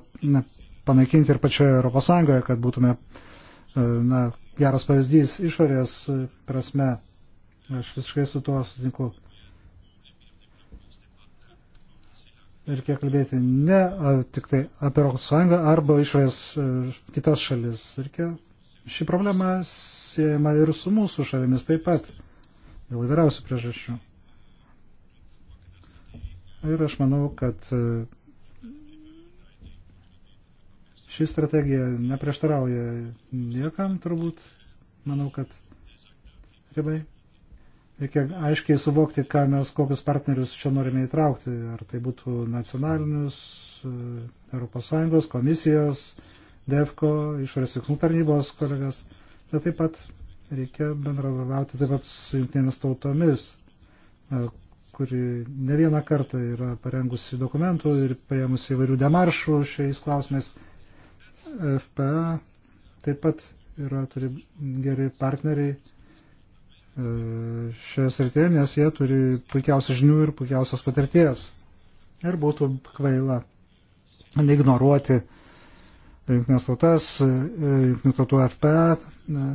D: panaikinti ir pačioje ES, kad būtume na, geras pavyzdys išorės prasme. Aš visiškai su tuo sutinku. Reikia kalbėti ne a, tik tai apie Europos Sąjungą arba išorės e, kitas šalis. Reikia ši problema siejama ir su mūsų šalimis taip pat. Dėl įvairiausių priežasčių. Ir aš manau, kad e, Ši strategija neprieštarauja niekam turbūt. Manau, kad ribai. Reikia aiškiai suvokti, ką mes, kokius partnerius čia norime įtraukti. Ar tai būtų nacionalinius, ES, komisijos, DEFCO, išorės veiksmų tarnybos kolegas. Bet taip pat reikia bendradarbiauti taip pat su jungtinėmis tautomis, e, kuri ne vieną kartą yra parengusi dokumentų ir paėmusi įvairių demaršų šiais klausimais. FPA taip pat yra turi geri partneriai e, šioje srityje, nes jie turi puikiausių žinių ir puikiausios patirties. Ir būtų kvaila neignoruoti jungtinės tautas, e, jungtinių tautų FPA, e,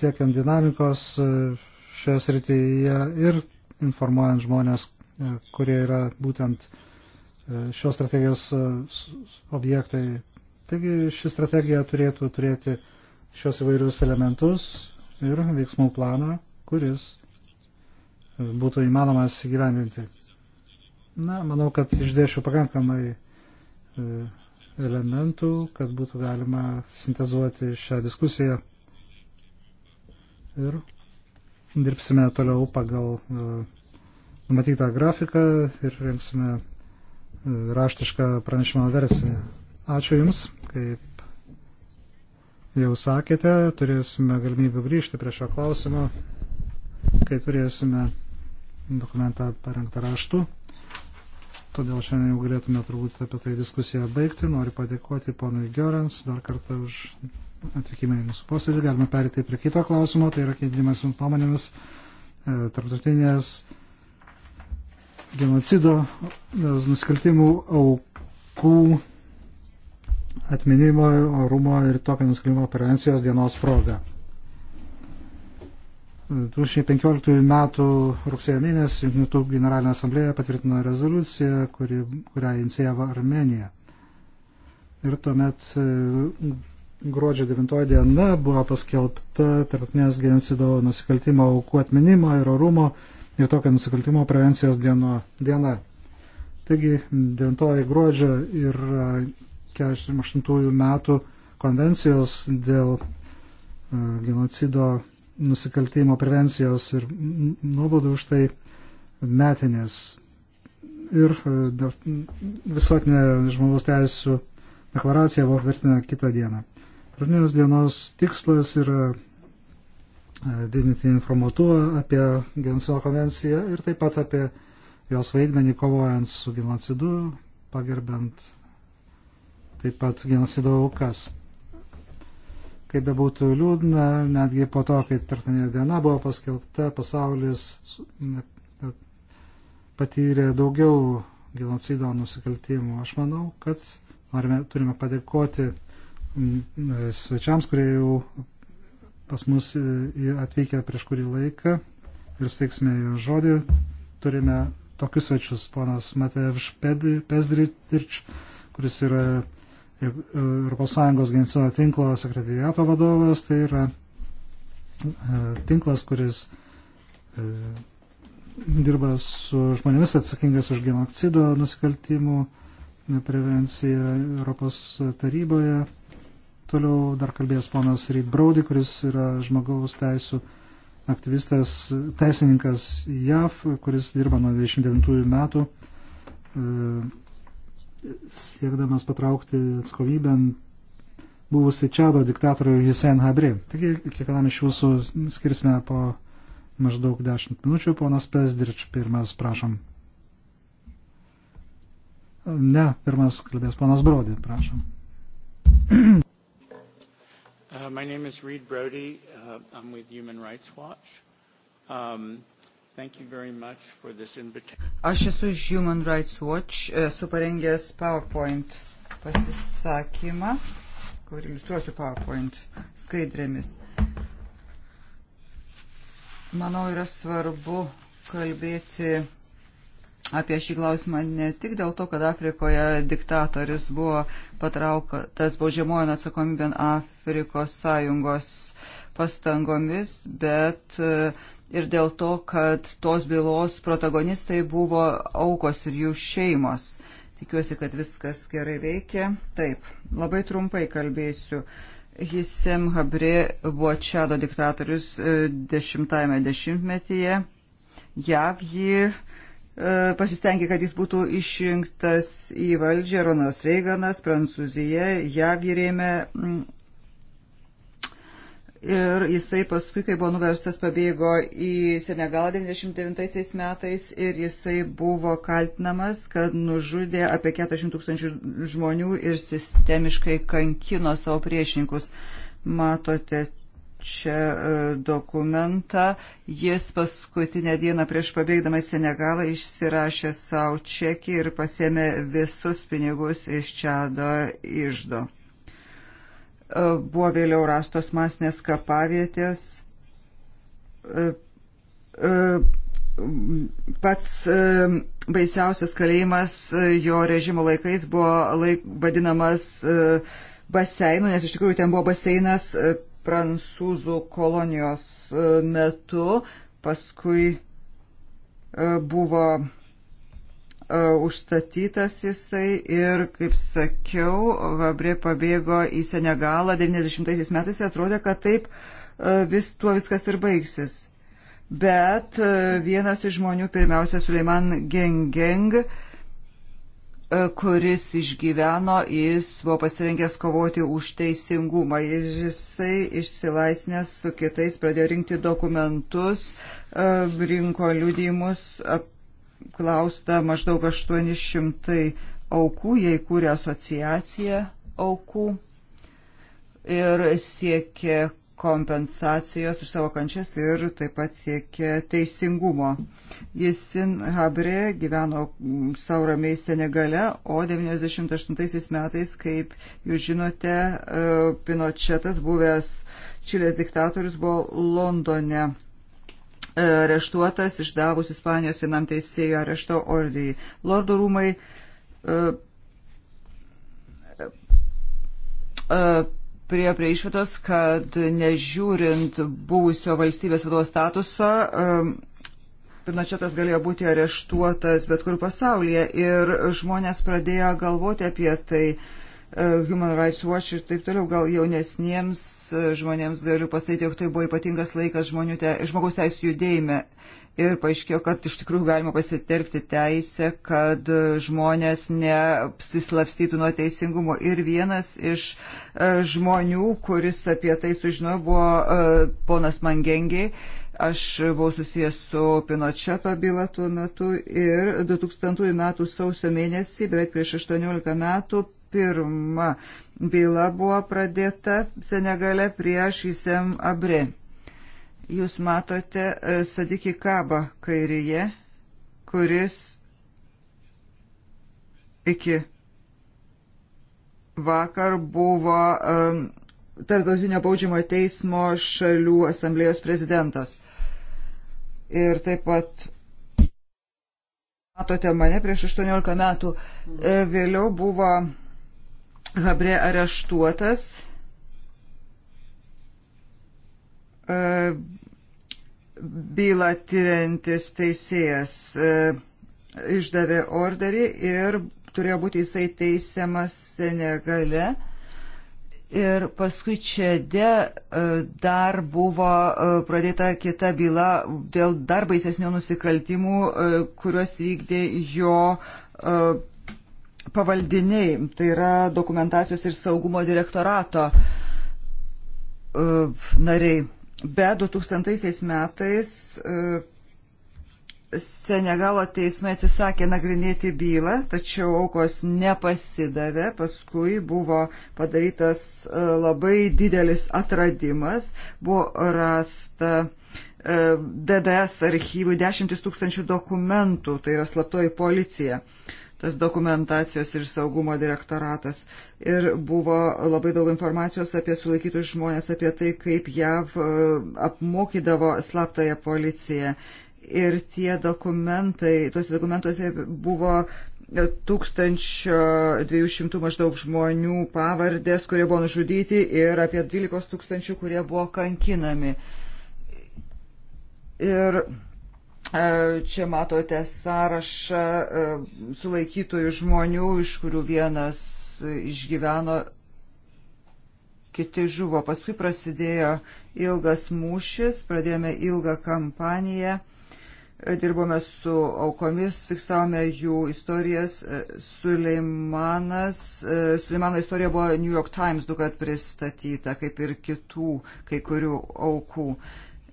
D: siekiant dinamikos šioje srityje ir informuojant žmonės, kurie yra būtent uh, šios strategijos e, objektai. Taigi ši strategija turėtų turėti šios įvairius elementus ir veiksmų planą, kuris e, būtų įmanomas įgyvendinti. Na, manau, kad išdėšiu pakankamai e, elementų, kad būtų galima sintezuoti šią diskusiją. Ir dirbsime toliau pagal numatytą grafiką ir rengsime raštišką pranešimo versiją. Ačiū Jums, kaip jau sakėte, turėsime galimybių grįžti prie šio klausimo, kai turėsime dokumentą parengtą raštu. Todėl šiandien jau galėtume turbūt apie tai diskusiją baigti. Noriu padėkoti ponui Gerens dar kartą už atvykimą į mūsų posėdį. Galime perėti prie kito klausimo, tai yra keitimas nuomonėmis e, tarptautinės genocido nusikaltimų aukų atminimo, orumo ir tokio nusikaltimo prevencijos dienos proga. 2015 m. rugsėjo mėnesį Junktinių generalinė asamblėja patvirtino rezoliuciją, kuri, kurią inicijavo Armenija. Ir tuomet e, gruodžio 9 diena buvo paskelbta tarptautinės genocido nusikaltimo aukų atminimo ir orumo ir tokio nusikaltimo prevencijos dieno, diena. Taigi 9 gruodžio ir 48 e, metų konvencijos dėl e, genocido nusikaltimo prevencijos ir nuobaudų už tai metinės ir e, visuotinė žmogaus teisų deklaracija buvo vertina kitą dieną. Pradinės dienos tikslas yra didinti informatumą apie Genso konvenciją ir taip pat apie jos vaidmenį kovojant su genocidu, pagerbent taip pat genocido aukas. Kaip be būtų liūdna, netgi po to, kai tartinė diena buvo paskelbta, pasaulis patyrė daugiau genocido nusikaltimų. Aš manau, kad norime, turime padėkoti mm, svečiams, kurie jau pas mus atvykę prieš kurį laiką ir steiksime jo žodį. Turime tokius svečius, ponas Matevš Pezdrič, kuris yra ES gencinio tinklo sekretariato vadovas, tai yra e, tinklas, kuris e, dirba su žmonėmis atsakingas už genocido nusikaltimų prevenciją Europos taryboje Toliau dar kalbės ponas Reid Brody, kuris yra žmogaus teisų aktyvistas, teisininkas JAV, kuris dirba nuo 29 metų, e, siekdamas patraukti atskovybę buvusi Čado diktatorių Hisen Habri. Taigi kiekvienam iš jūsų skirsime po maždaug 10 minučių. Ponas Pesdirč, pirmas, prašom. Ne, pirmas kalbės ponas Brody, prašom. <clears throat>
E: Uh, my name is Reed Brody. Uh, I'm with Human Rights Watch. Um, thank you very much for this invitation.
C: Aš esu iš Human Rights Watch, e, esu parengęs PowerPoint pasisakymą, kur iliustruosiu PowerPoint skaidrėmis. Manau, yra svarbu kalbėti apie šį klausimą ne tik dėl to, kad Afrikoje diktatorius buvo patrauktas baudžiamojo atsakomybėn Afrikos sąjungos pastangomis, bet e, ir dėl to, kad tos bylos protagonistai buvo aukos ir jų šeimos. Tikiuosi, kad viskas gerai veikia. Taip, labai trumpai kalbėsiu. Hisem Habre buvo Čado diktatorius e, dešimtajame dešimtmetyje. JAV jį E, pasistengė, kad jis būtų išrinktas į valdžią. Ronas Reiganas, Prancūzija, JAV įrėmė. Ir jisai paskui, kai buvo nuverstas, pabėgo į Senegalą 99 metais ir jisai buvo kaltinamas, kad nužudė apie 400 tūkstančių žmonių ir sistemiškai kankino savo priešininkus. Matote čia e, dokumentą. Jis paskutinę dieną prieš pabėgdama į Senegalą išsirašė savo čekį ir pasėmė visus pinigus iš Čado išdo. E, buvo vėliau rastos masinės kapavietės. E, pats baisiausias kalėjimas jo režimo laikais buvo laik, vadinamas baseinu, nes iš tikrųjų ten buvo baseinas prancūzų kolonijos e, metu, paskui e, buvo e, užstatytas jisai ir, kaip sakiau, Gabrė pabėgo į Senegalą 90 metais, atrodė, kad taip vis, tuo viskas ir baigsis. Bet vienas iš žmonių, pirmiausia, Suleiman Gengeng, -Geng, kuris išgyveno, jis buvo pasirengęs kovoti už teisingumą ir jisai išsilaisnęs su kitais pradėjo rinkti dokumentus, e, rinko liudijimus, klausta maždaug 800 aukų, jie įkūrė asociaciją aukų ir siekė kompensacijos už savo kančias ir taip pat siekė teisingumo. Jisin Habre gyveno savo ramiai Senegale, o 98 metais, kaip jūs žinote, e, Pinochetas, buvęs Čilės diktatorius, buvo Londone e, areštuotas, išdavus Ispanijos vienam teisėjui arešto orderį. Lordų rūmai uh, uh, prie, prie išvados, kad nežiūrint buvusio valstybės vadovo statuso, Pinočetas galėjo būti areštuotas bet kur pasaulyje ir žmonės pradėjo galvoti apie tai. E, Human Rights Watch ir taip toliau, gal jaunesniems žmonėms galiu pasakyti, jog tai buvo ypatingas laikas te, žmogaus teisų judėjime ir paaiškėjo, kad iš tikrųjų galima pasitelkti teisę, kad žmonės neapsislapstytų nuo teisingumo. Ir vienas iš e, žmonių, kuris apie tai sužinojo, buvo e, ponas Mangengiai. Aš buvau susijęs su Pinocheto byla tuo metu ir 2000 metų sausio mėnesį, beveik prieš 18 metų, pirma byla buvo pradėta Senegale prieš Isem Abre. Jūs matote e, Sadikį Kabą kairėje, kuris iki vakar buvo um, e, Tartautinio baudžiamo teismo šalių asamblėjos prezidentas. Ir taip pat matote mane prieš 18 metų. E, vėliau buvo Habrė areštuotas bylą tyriantis teisėjas e, išdavė orderį ir turėjo būti jisai teisiamas Senegale. Ir paskui Čede e, dar buvo e, pradėta kita byla dėl dar baisesnių nusikaltimų, kuriuos vykdė jo pavaldiniai, tai yra dokumentacijos ir saugumo direktorato nariai. Bet 2000 metais e, Senegalo teismai atsisakė nagrinėti bylą, tačiau aukos nepasidavė, paskui buvo padarytas e, labai didelis atradimas, buvo rasta e, DDS archyvų dešimtis tūkstančių dokumentų, tai yra slaptoji policija tas dokumentacijos ir saugumo direktoratas. Ir buvo labai daug informacijos apie sulaikytus žmonės, apie tai, kaip JAV e, apmokydavo slaptąją policiją. Ir tie dokumentai, tuose dokumentuose buvo 1200 maždaug žmonių pavardės, kurie buvo nužudyti ir apie 12 tūkstančių, kurie buvo kankinami. Ir E, čia matote sąrašą e, sulaikytųjų žmonių, iš kurių vienas išgyveno, kiti žuvo. Paskui prasidėjo ilgas mūšis, pradėjome ilgą kampaniją, e, dirbome su aukomis, fiksavome jų istorijas. Suleimanas, Suleimano istorija buvo New York Times du kart pristatyta, kaip ir kitų kai kurių aukų.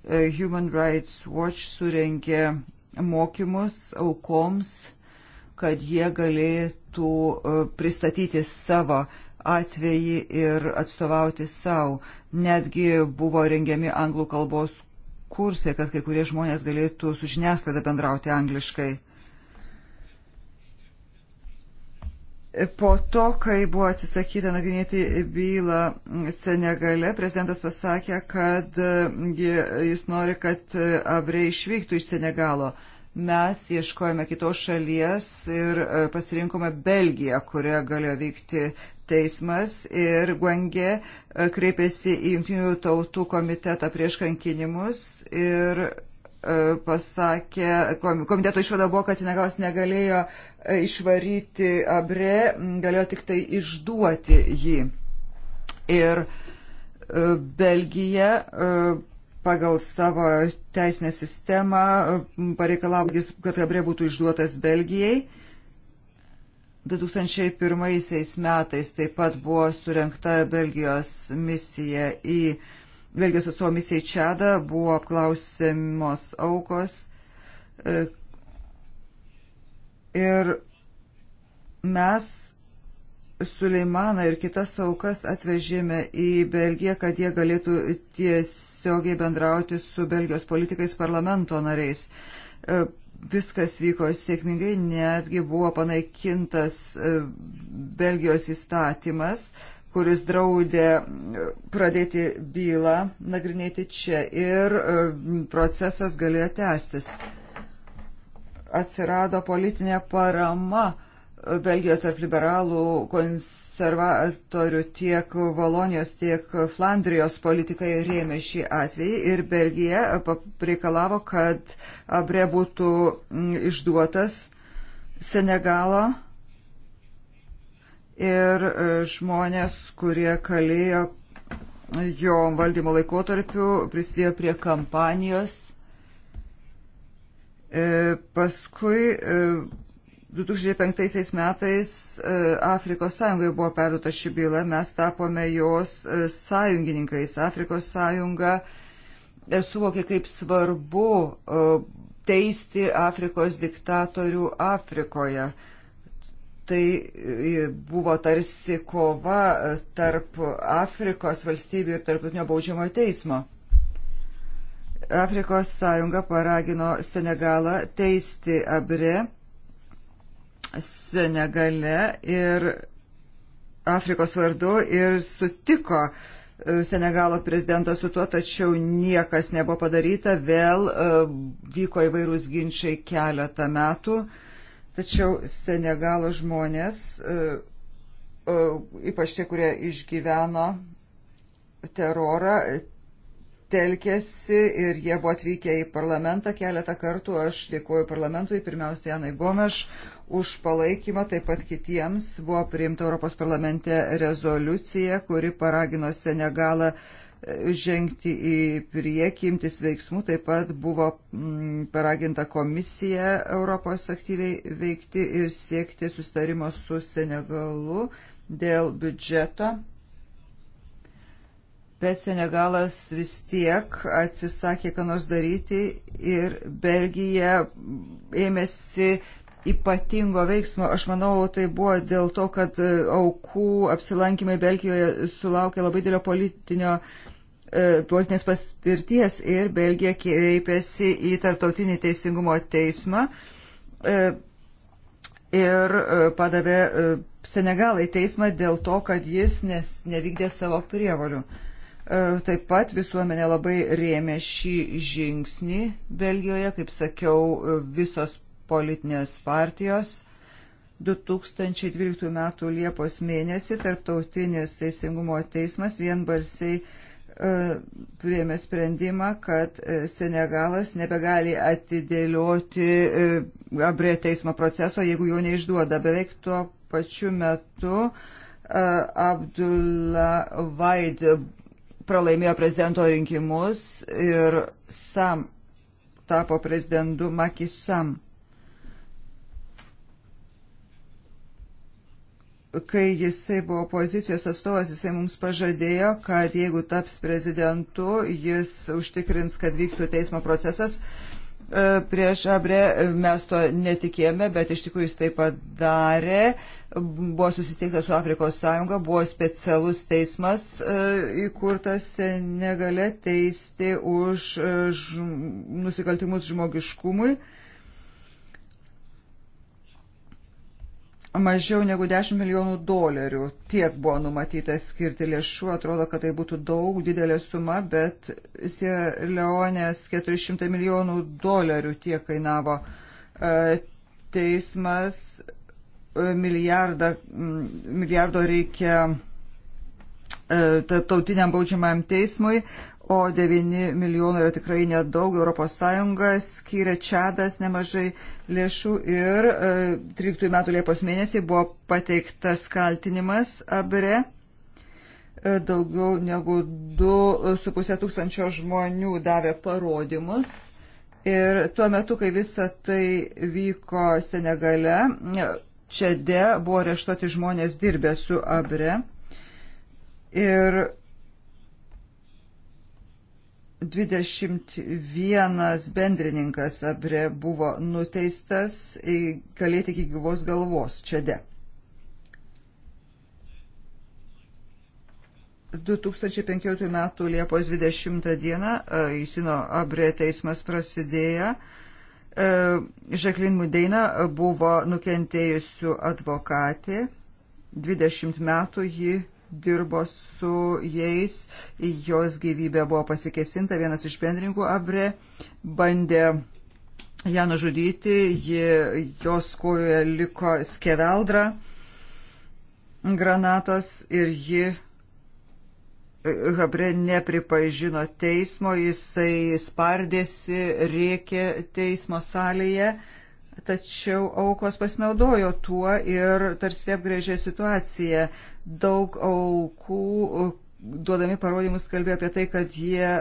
C: E, Human Rights Watch surenkė mokymus aukoms, kad jie galėtų e, pristatyti savo atvejį ir atstovauti savo. Netgi buvo rengiami anglų kalbos kursai, kad kai kurie žmonės galėtų su žiniasklaida bendrauti angliškai. Po to, kai buvo atsisakyta nagrinėti bylą Senegale, prezidentas pasakė, kad e, jis nori, kad e, Abre išvyktų iš Senegalo. Mes ieškojame kitos šalies ir e, pasirinkome Belgiją, kurioje galėjo vykti teismas ir Guangė kreipėsi į Junktinių tautų komitetą prieš kankinimus ir E, pasakė, komiteto išvada buvo, kad Senegalas negalėjo e, išvaryti Abre, galėjo tik tai išduoti jį. Ir e, Belgija pagal savo teisinę sistemą pareikalavo, kad Abre būtų išduotas Belgijai. 2001 metais taip pat buvo surinkta Belgijos misija į Belgijos atstovų misija į Čadą buvo apklausimos aukos e, ir mes Suleimaną ir kitas aukas atvežėme į Belgiją, kad jie galėtų tiesiogiai bendrauti su Belgijos politikais parlamento nariais. E, viskas vyko sėkmingai, netgi buvo panaikintas e, Belgijos įstatymas, kuris draudė pradėti bylą nagrinėti čia ir e, procesas galėjo tęstis. Atsirado politinė parama e, Belgijoje tarp liberalų konservatorių tiek Valonijos, tiek Flandrijos politikai rėmė šį atvejį ir Belgija e, reikalavo, kad Abre būtų išduotas Senegalo ir e, žmonės, kurie kalėjo jo valdymo laikotarpiu, prisidėjo prie kampanijos. E, paskui 2005 e, metais Afrikos sąjungai buvo perduota ši byla, mes tapome jos sąjungininkais. Afrikos sąjunga suvokė, kaip svarbu teisti Afrikos diktatorių Afrikoje tai e, buvo tarsi kova e, tarp Afrikos valstybių ir tarptautinio baudžiamojo teismo. Afrikos sąjunga paragino Senegalą teisti Abre Senegale ir Afrikos vardu ir sutiko e, Senegalo prezidentas su tuo, tačiau niekas nebuvo padaryta, vėl vyko įvairūs ginčiai keletą metų. Uh, Tačiau Senegalo žmonės, e, e, ypač tie, kurie išgyveno terorą, telkėsi ir jie buvo atvykę į parlamentą keletą kartų. Aš dėkuoju parlamentui, pirmiausia, Janai Gomeš už palaikymą, taip pat kitiems. Buvo priimta Europos parlamente rezoliucija, kuri paragino Senegalą žengti į priekį, imtis veiksmų. Taip pat buvo mm, paraginta komisija Europos aktyviai veikti ir siekti sustarimo su Senegalu dėl biudžeto. Bet Senegalas vis tiek atsisakė, ką nors daryti ir Belgija ėmėsi ypatingo veiksmo. Aš manau, tai buvo dėl to, kad aukų apsilankymai Belgijoje sulaukė labai didelio politinio uh, E, politinės paspirties ir Belgija kreipėsi į Tarptautinį teisingumo teismą e, ir e, padavė Senegalą į teismą dėl to, kad jis nes, nevykdė savo prievalių. Taip pat visuomenė labai rėmė šį žingsnį Belgijoje, kaip sakiau, visos politinės partijos. 2012 m. Liepos mėnesį Tarptautinis teisingumo teismas vienbalsiai E, priėmė sprendimą, kad e, Senegalas nebegali atidėlioti e, Gabrė teismo proceso, jeigu jo neišduoda. Beveik tuo pačiu metu Abdullah Vaid pralaimėjo prezidento rinkimus ir Sam tapo prezidentu Makisam. kai jisai buvo opozicijos atstovas, jisai mums pažadėjo, kad jeigu taps prezidentu, jis užtikrins, kad vyktų teismo procesas. E, prieš Abre mes to netikėjome, bet iš tikrųjų jis tai padarė. Buvo susitikta su Afrikos Sąjunga, buvo specialus teismas e, įkurtas negale teisti už e, nusikaltimus žmogiškumui mažiau negu 10 milijonų dolerių. Tiek buvo numatyta skirti lėšų, atrodo, kad tai būtų daug, didelė suma, bet Leonės 400 milijonų dolerių tiek kainavo e, teismas, e, milijardą, milijardo reikia e, tarptautiniam baudžiamajam teismui, o 9 milijonų yra tikrai nedaug. ES skyrė Čadas nemažai lėšų ir 13 e, metų Liepos mėnesį buvo pateiktas kaltinimas Abre. E, daugiau negu 2,5 tūkstančio žmonių davė parodymus. Ir tuo metu, kai visa tai vyko Senegale, Čede buvo areštuoti žmonės dirbę su Abre. Ir 21 bendrininkas Abre buvo nuteistas kalėti iki gyvos galvos Čede. 2015 m. Liepos 20 d. Įsino Abre teismas prasidėjo. E, Žaklin Mudeina buvo nukentėjusių advokatė. 20 metų ji dirbo su jais, jos gyvybė buvo pasikesinta, vienas iš bendrinkų Abre bandė ją nužudyti, ji, jos kojoje liko skeveldra granatos ir ji Habre nepripažino teismo, jisai spardėsi, rėkė teismo salėje tačiau aukos pasinaudojo tuo ir tarsi apgrėžė situaciją. Daug aukų e, duodami parodymus kalbėjo apie tai, kad jie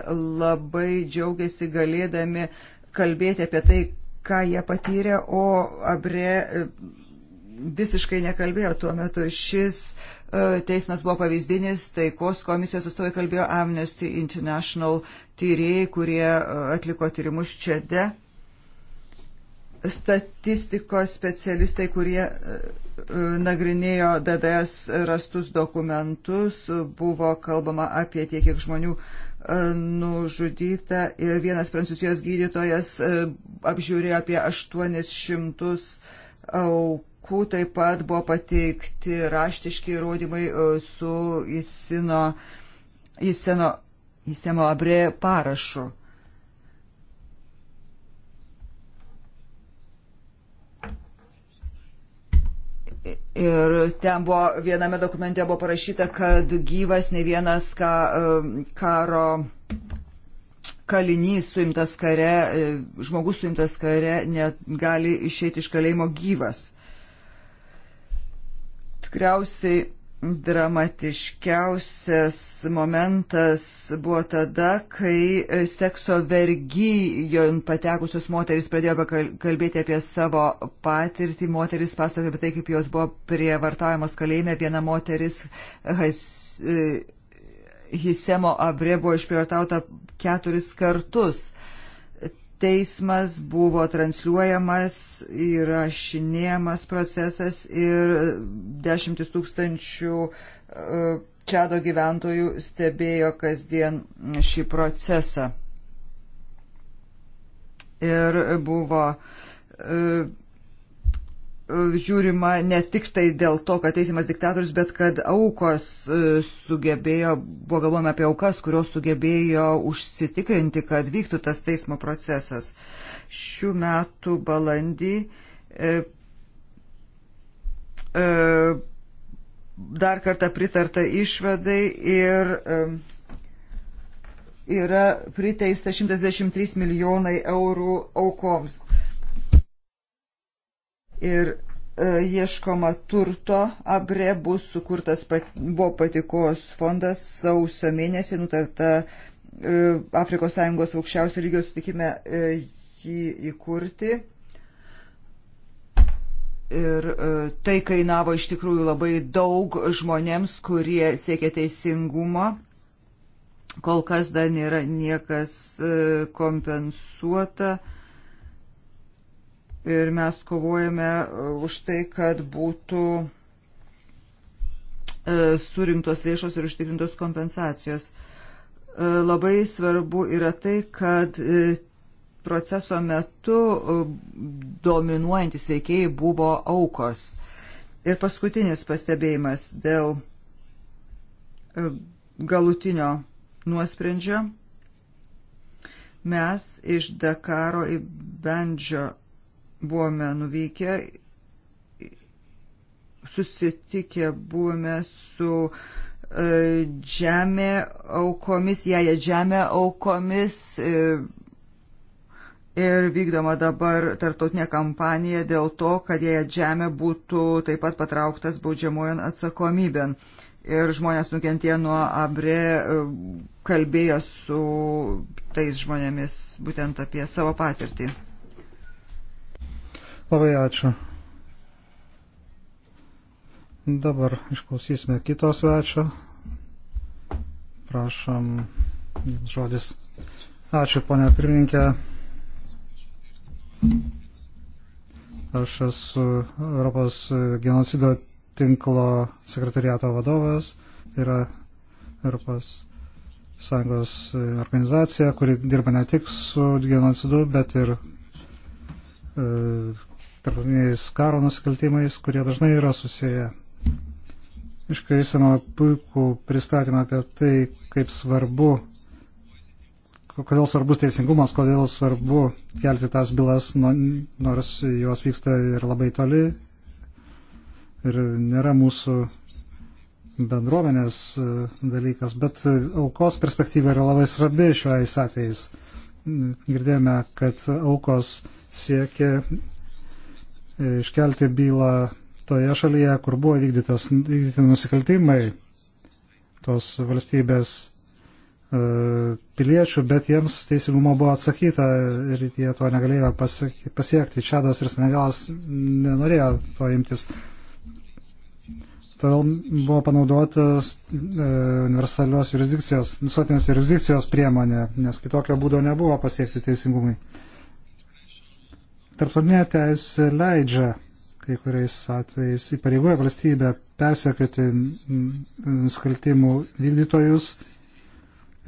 C: labai džiaugiasi galėdami kalbėti apie tai, ką jie patyrė, o Abre e, visiškai nekalbėjo tuo metu. Šis e, teismas buvo pavyzdinis, taikos komisijos atstovai kalbėjo Amnesty International tyrėjai, kurie atliko tyrimus Čede statistikos specialistai, kurie e, nagrinėjo DDS rastus dokumentus, buvo kalbama apie tiek, kiek žmonių e, nužudyta ir vienas prancūzijos gydytojas e, apžiūrėjo apie 800 aukų, taip pat buvo pateikti raštiški įrodymai su įsino, įseno, įsemo abrė parašu. Ir ten buvo, viename dokumente buvo parašyta, kad gyvas ne vienas ka, karo kalinys suimtas kare, e, žmogus suimtas kare negali išėti iš kalėjimo gyvas. Tikriausiai dramatiškiausias momentas buvo tada, kai sekso vergyjon patekusios moteris pradėjo kalbėti apie savo patirtį. Moteris pasakojo apie tai, kaip jos buvo prievartaujamos kalėjime. Viena moteris has, Hisemo Abre buvo išprievartauta keturis kartus teismas buvo transliuojamas, įrašinėjamas procesas ir dešimtis tūkstančių e, čiado gyventojų stebėjo kasdien šį procesą. Ir buvo e, žiūrima ne tik tai dėl to, kad teisimas diktatorius, bet kad aukos e, sugebėjo, buvo galvojama apie aukas, kurios sugebėjo užsitikrinti, kad vyktų tas teismo procesas. Šių metų balandį e, e, dar kartą pritarta išvadai ir e, yra priteista 113 milijonai eurų aukoms. E, ir e, ieškoma turto abre bus sukurtas, buvo patikos fondas sausio mėnesį, nutarta e, Afrikos Sąjungos aukščiausio lygio sutikime e, jį įkurti. Ir tai kainavo iš tikrųjų labai daug žmonėms, kurie siekia teisingumo. Kol kas dar nėra niekas kompensuota ir mes kovojame uh, už tai, kad būtų uh, surinktos lėšos ir užtikrintos kompensacijos. Uh, labai svarbu yra tai, kad proceso metu dominuojantis veikėjai buvo aukos. Ir paskutinis pastebėjimas dėl galutinio nuosprendžio. Mes iš Dakaro į Bendžio buvome nuvykę, susitikę buvome su e, žemė aukomis, jaja žemė aukomis e, ir vykdoma dabar tartotinė kampanija dėl to, kad jaja žemė būtų taip pat patrauktas baudžiamojan atsakomybėn. Ir žmonės nukentėjo nuo Abre, e, kalbėjo su tais žmonėmis būtent apie savo patirtį.
D: Labai ačiū. Dabar išklausysime kito svečio. Prašom, žodis. Ačiū, ponia pirmininkė. Aš esu Europos genocido tinklo sekretariato vadovas. Yra Europos sąjungos organizacija, kuri dirba ne tik su genocidu, bet ir e, tarptautiniais karo nusikaltimais, kurie dažnai yra susiję. Iškreisime puikų pristatymą apie tai, kaip svarbu, kodėl svarbus teisingumas, kodėl svarbu kelti tas bylas, nors juos vyksta ir labai toli ir nėra mūsų bendruomenės e, dalykas, bet aukos perspektyva yra labai svarbi šiuo atvejais. Girdėjome, kad aukos siekia iškelti bylą toje šalyje, kur buvo vykdytos, vykdyti nusikaltimai tos valstybės e, piliečių, bet jiems teisingumo buvo atsakyta ir jie to negalėjo pasiekti. Čadas ir Senegalas nenorėjo to imtis. Todėl buvo panaudotas e, universalios jurisdikcijos, visuotinės jurisdikcijos priemonė, nes kitokio būdo nebuvo pasiekti teisingumui. Tarptautinė teisė leidžia kai kuriais atvejais įpareigoja valstybę persekėti nusikaltimų vykdytojus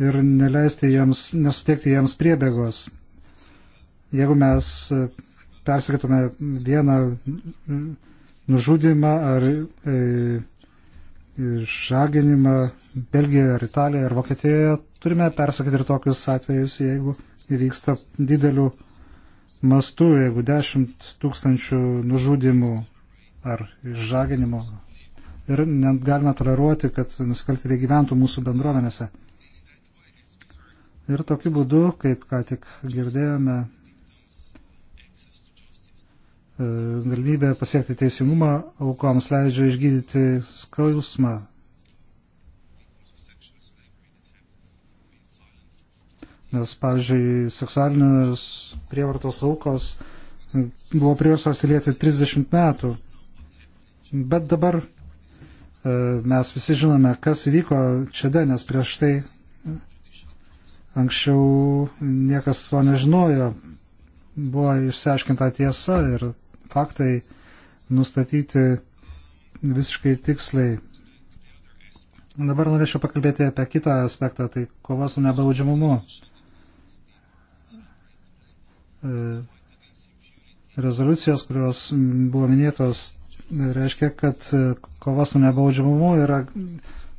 D: ir neleisti jiems, nesuteikti jiems priebėgos. Jeigu mes persekėtume vieną nužudimą ar e, išžaginimą Belgijoje ar Italijoje ar Vokietijoje, turime persekėti ir tokius atvejus, jeigu įvyksta didelių mastu, jeigu 10 tūkstančių nužudimų ar išžaginimų. Ir net galime toleruoti, kad nusikaltėliai gyventų mūsų bendruomenėse. Ir tokiu būdu, kaip ką tik girdėjome, e, galimybė pasiekti teisingumą aukoms leidžia išgydyti skausmą Nes, pavyzdžiui, seksualinės prievartos aukos buvo priversos įlėti 30 metų. Bet dabar e, mes visi žinome, kas įvyko čia, nes prieš tai anksčiau niekas to nežinojo. Buvo išsiaiškinta tiesa ir faktai nustatyti visiškai tiksliai. Dabar norėčiau pakalbėti apie kitą aspektą, tai kova su nebaudžiamumu. E, rezoliucijos, kurios buvo minėtos, reiškia, kad e, kova su nebaudžiamumu yra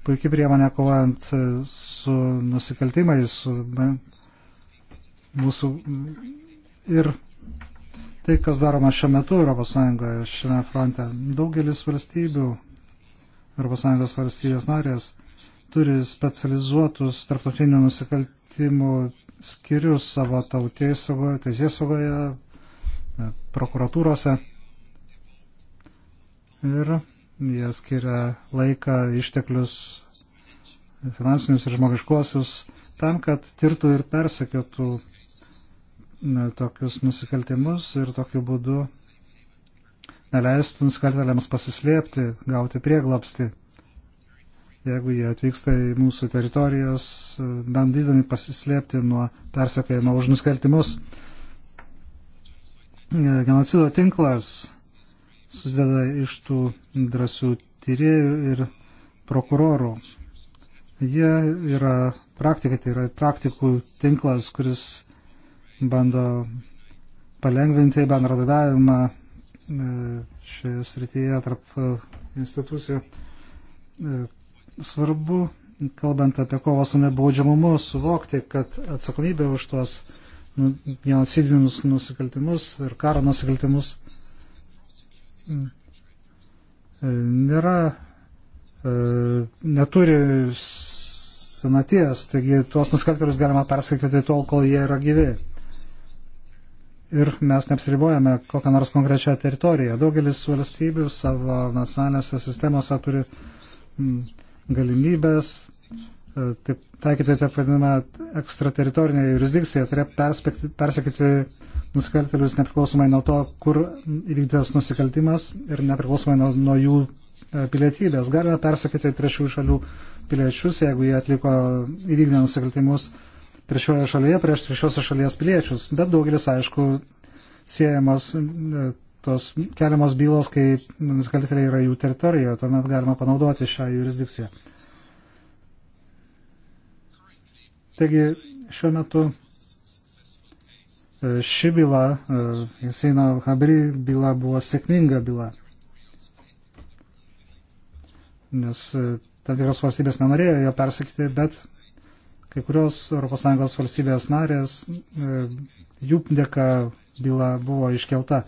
D: puikiai priemonė kovojant e, su nusikaltimais, su mūsų ir tai, kas daroma šiuo metu ES šiame fronte. Daugelis valstybių, ES valstybės narės, turi specializuotus tarptautinių nusikaltimų skirius savo tautės saugoje, teisės saugoje, e, prokuratūrose. Ir jie skiria laiką, išteklius, finansinius ir žmogiškuosius tam, kad tirtų ir persekiotų tokius nusikaltimus ir tokiu būdu neleistų nusikaltelėms pasislėpti, gauti prieglapsti jeigu jie atvyksta į mūsų teritorijas, e, bandydami pasislėpti nuo persekėjimo už nusikaltimus. E, genocido tinklas susideda iš tų drąsių tyriejų ir prokurorų. Jie yra praktikai, tai yra praktikų tinklas, kuris bando palengvinti bendradarbiavimą e, šioje srityje tarp institucijų Svarbu, kalbant apie kovą su nebaudžiamumu, suvokti, kad atsakomybė už tuos nu, genocidinius nusikaltimus ir karo nusikaltimus mm, e, nėra, e, neturi senaties, taigi tuos nusikaltėlius galima persekioti tol, kol jie yra gyvi. Ir mes neapsiribojame kokią nors konkrečią teritoriją. Daugelis valstybių savo nacionalinėse sistemose turi mm, galimybės, e, taip taikyti taip vadinamą ekstrateritorinę jurisdikciją, tai yra persekyti nusikaltelius nepriklausomai nuo to, kur įvykdytas nusikaltimas ir nepriklausomai nuo, nuo jų e, pilietybės. Galime persekyti trečių šalių piliečius, jeigu jie atliko įvykdė nusikaltimus trečioje šalyje prieš trečiosios šalies piliečius, bet daugelis, aišku, siejamas e, tos keliamos bylos, kai nusikaltėliai yra jų teritorijoje, tuomet galima panaudoti šią jurisdikciją. Taigi šiuo metu e, ši byla, Jaseino e, Habri byla buvo sėkminga byla, nes e, tam tikros valstybės nenorėjo jo persikyti, bet kai kurios ES valstybės narės, jų dėka byla buvo iškelta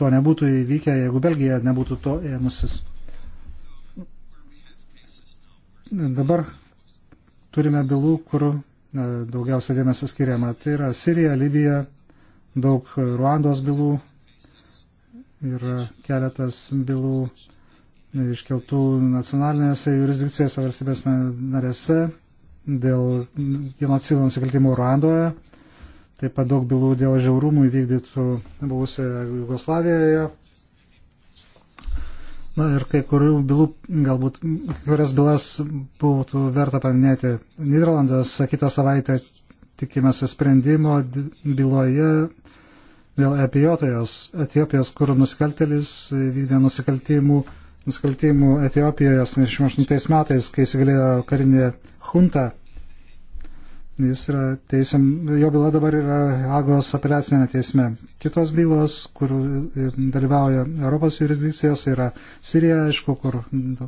D: to nebūtų įvykę, jeigu Belgija nebūtų to ėmusis. Dabar turime bylų, kur e, daugiausia dėmesio skiriama. Tai yra Sirija, Libija, daug Ruandos bylų ir keletas bylų iškeltų nacionalinėse jurisdikcijose valstybės narėse dėl genocido nusikaltimų Ruandoje taip pat daug bylų dėl žiaurumų įvykdytų buvusioje Jugoslavijoje. Na ir kai kurių bylų, galbūt, kurias bylas būtų verta paminėti. Niderlandas kitą savaitę tikimasi sprendimo byloje dėl Etiopijos, Etiopijos kur nusikaltelis vykdė nusikaltimų, nusikaltimų Etiopijoje 78 metais, kai įsigalėjo karinė junta Jis yra teisėm, jo byla dabar yra Hagos apeliacinėme teisme. Kitos bylos, kur dalyvauja Europos jurisdikcijos, yra Sirija, aišku, kur nu,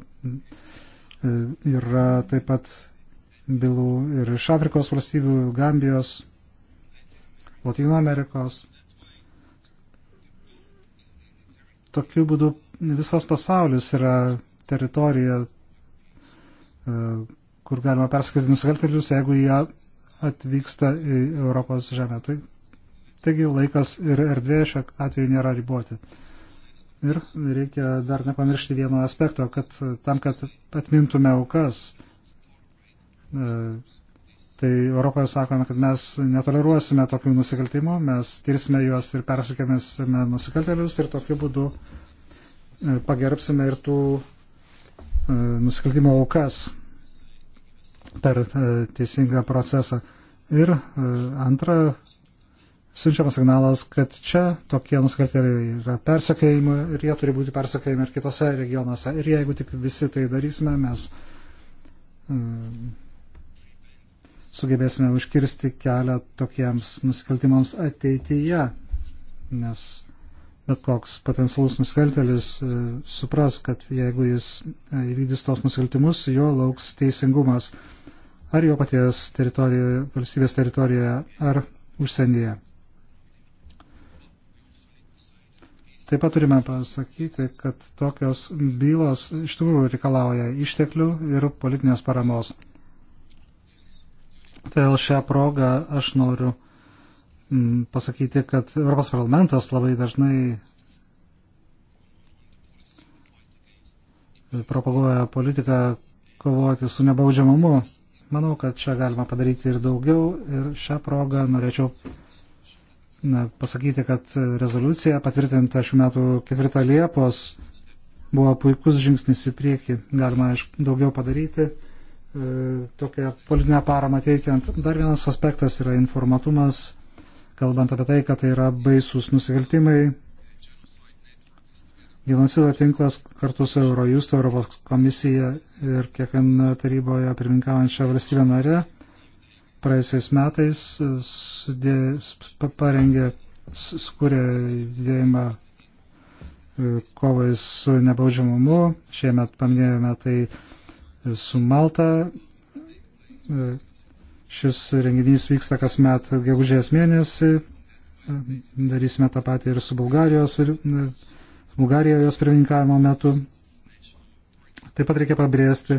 D: yra taip pat bylų ir iš Afrikos valstybių, Gambijos, Latino Amerikos. Tokiu būdu visas pasaulis yra teritorija, e, kur galima perskaityti nusikaltėlius, jeigu jie atvyksta į Europos žemę. Tai, taigi laikas ir erdvė šiuo atveju nėra riboti. Ir reikia dar nepamiršti vieno aspekto, kad tam, kad atmintume aukas, e, tai Europoje sakome, kad mes netoleruosime tokių nusikaltimų, mes tirsime juos ir persikėmėsime nusikaltelius ir tokiu būdu e, pagerbsime ir tų e, nusikaltimo aukas per teisingą procesą. Ir e, antra, siunčiamas signalas, kad čia tokie nusikaltėliai yra persekėjimai ir jie turi būti persekėjimai ir kitose regionuose. Ir jeigu tik visi tai darysime, mes e, sugebėsime užkirsti kelią tokiems nusikaltimams ateityje, nes bet koks potencialus nusikaltelis e, supras, kad jeigu jis įvykdys tos nusikaltimus, jo lauks teisingumas ar jo paties teritorijoje, valstybės teritorijoje, ar užsienyje. Taip pat turime pasakyti, kad tokios bylos iš tikrųjų reikalauja išteklių ir politinės paramos. Todėl šią progą aš noriu mm, pasakyti, kad Europos parlamentas labai dažnai e, propaguoja politiką kovoti su nebaudžiamumu. Manau, kad čia galima padaryti ir daugiau ir šią progą norėčiau na, pasakyti, kad rezoliucija patvirtinta šių metų 4 Liepos buvo puikus žingsnis į priekį. Galima aišku, daugiau padaryti e, tokią politinę paramą teikiant. Dar vienas aspektas yra informatumas, kalbant apie tai, kad tai yra baisus nusikaltimai Genocido tinklas kartu su Eurojusto Europos komisija ir kiekviena taryboje pirmininkaujančia valstybė narė praėjusiais metais sudė, parengė, sukūrė judėjimą e, kovai su nebaudžiamumu. Šiemet paminėjome tai su Malta. E, šis renginys vyksta kasmet gegužės mėnesį. E, darysime tą patį ir su Bulgarijos Bulgarijoje jos pirmininkavimo metu. Taip pat reikia pabrėžti,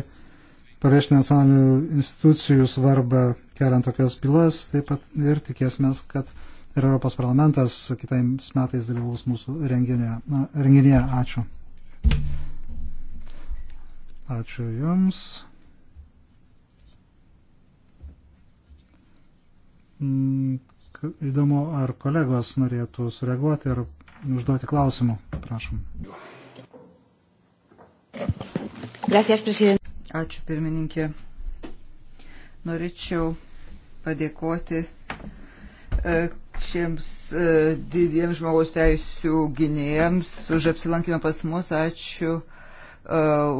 D: pabrėžti nacionalinių institucijų svarbą keliant tokias bylas, taip pat ir tikėsime, kad ir Europos parlamentas kitais metais dalyvaus mūsų renginėje. Na, renginėje. Ačiū. Ačiū Jums. Mm, įdomu, ar kolegos norėtų sureaguoti ir užduoti klausimų. Prašom.
C: Gracias, Ačiū pirmininkė. Norėčiau padėkoti e, šiems e, didiems žmogaus teisų gynėjams už apsilankymą pas mus. Ačiū e,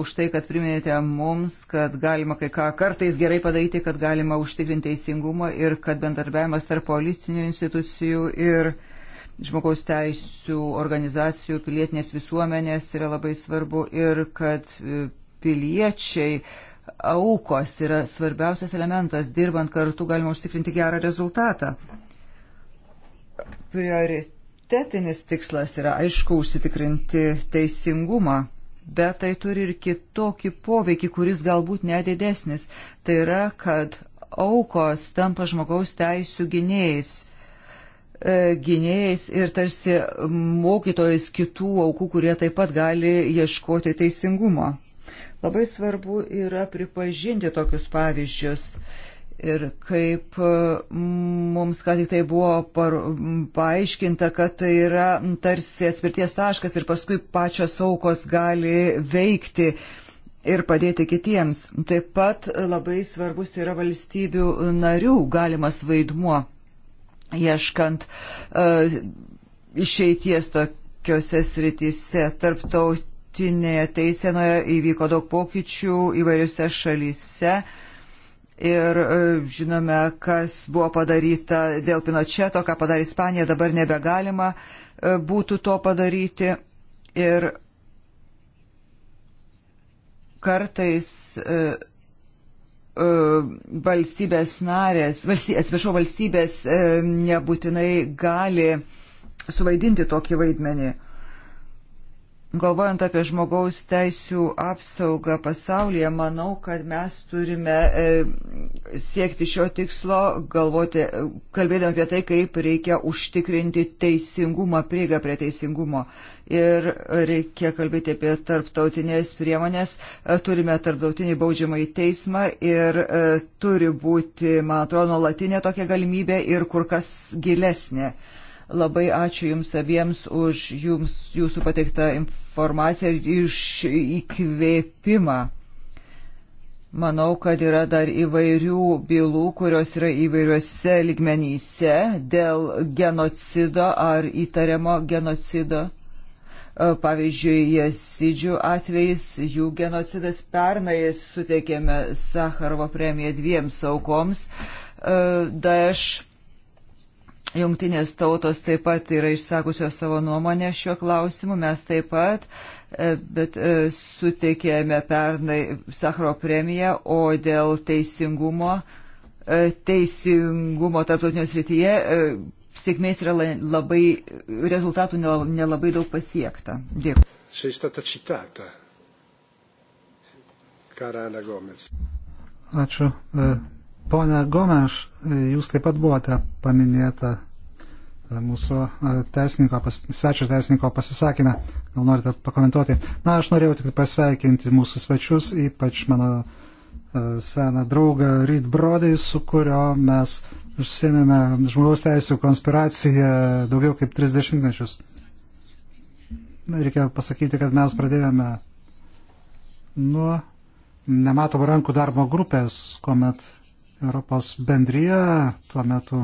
C: už tai, kad priminėte mums, kad galima kai ką kartais gerai padaryti, kad galima užtikrinti teisingumą ir kad bendarbiavimas tarp politinių institucijų ir uh, žmogaus teisų organizacijų, pilietinės visuomenės yra labai svarbu ir kad e, piliečiai aukos yra svarbiausias elementas, dirbant kartu galima užtikrinti gerą rezultatą. Prioritetinis tikslas yra aišku užsitikrinti teisingumą, bet tai turi ir kitokį poveikį, kuris galbūt nedidesnis. Tai yra, kad aukos tampa žmogaus teisų gynėjais E, gynėjais ir tarsi mokytojais kitų aukų, kurie taip pat gali ieškoti teisingumo. Labai svarbu yra pripažinti tokius pavyzdžius. Ir kaip e, mums ką tik tai buvo par, paaiškinta, kad tai yra tarsi atspirties taškas ir paskui pačios aukos gali veikti ir padėti kitiems. Taip pat labai svarbus yra valstybių narių galimas vaidmuo ieškant uh, išeities tokiuose srityse. Tarptautinėje teisenoje įvyko daug pokyčių įvairiose šalyse. Ir e, žinome, kas buvo padaryta dėl Pinocheto, ką padarė Ispanija, dabar nebegalima e, būtų to padaryti. Ir kartais E, valstybės narės, valsty, atsiprašau, valstybės e, nebūtinai gali suvaidinti tokį vaidmenį. Galvojant apie žmogaus teisų apsaugą pasaulyje, manau, kad mes turime e, siekti šio tikslo, galvoti, kalbėdami apie tai, kaip reikia užtikrinti teisingumą, prieigą prie teisingumo. Ir reikia kalbėti apie tarptautinės priemonės. E, turime tarptautinį baudžiamą į teismą ir e, turi būti, man atrodo, nuolatinė tokia galimybė ir kur kas gilesnė Labai ačiū Jums abiems už jums, Jūsų pateiktą informaciją ir iš įkvėpimą. Manau, kad yra dar įvairių bylų, kurios yra įvairiuose ligmenyse dėl genocido ar įtariamo genocido. E, pavyzdžiui, jesidžių atvejais jų genocidas pernai suteikėme Sakarovo premiją dviems aukoms. E, Daesh Jungtinės tautos taip pat yra išsakusios savo nuomonę šiuo klausimu, mes taip pat, e, bet e, suteikėme pernai Sakro premiją, o dėl teisingumo, e, teisingumo tarptautinio srityje sėkmės yra labai, rezultatų nelabai
A: daug pasiekta. Dėkui.
D: Ačiū. Pone Gomeš, jūs taip pat buvote paminėta mūsų e, teisininko, svečio teisininko pasisakymę. Gal norite pakomentuoti? Na, aš norėjau tik pasveikinti mūsų svečius, ypač mano e, seną draugą Ryd Brodį, su kurio mes užsėmėme žmogaus teisų konspiraciją daugiau kaip 30 mečius. Reikia pasakyti, kad mes pradėjome nuo nematomų rankų darbo grupės, kuomet Europos bendryje tuo metu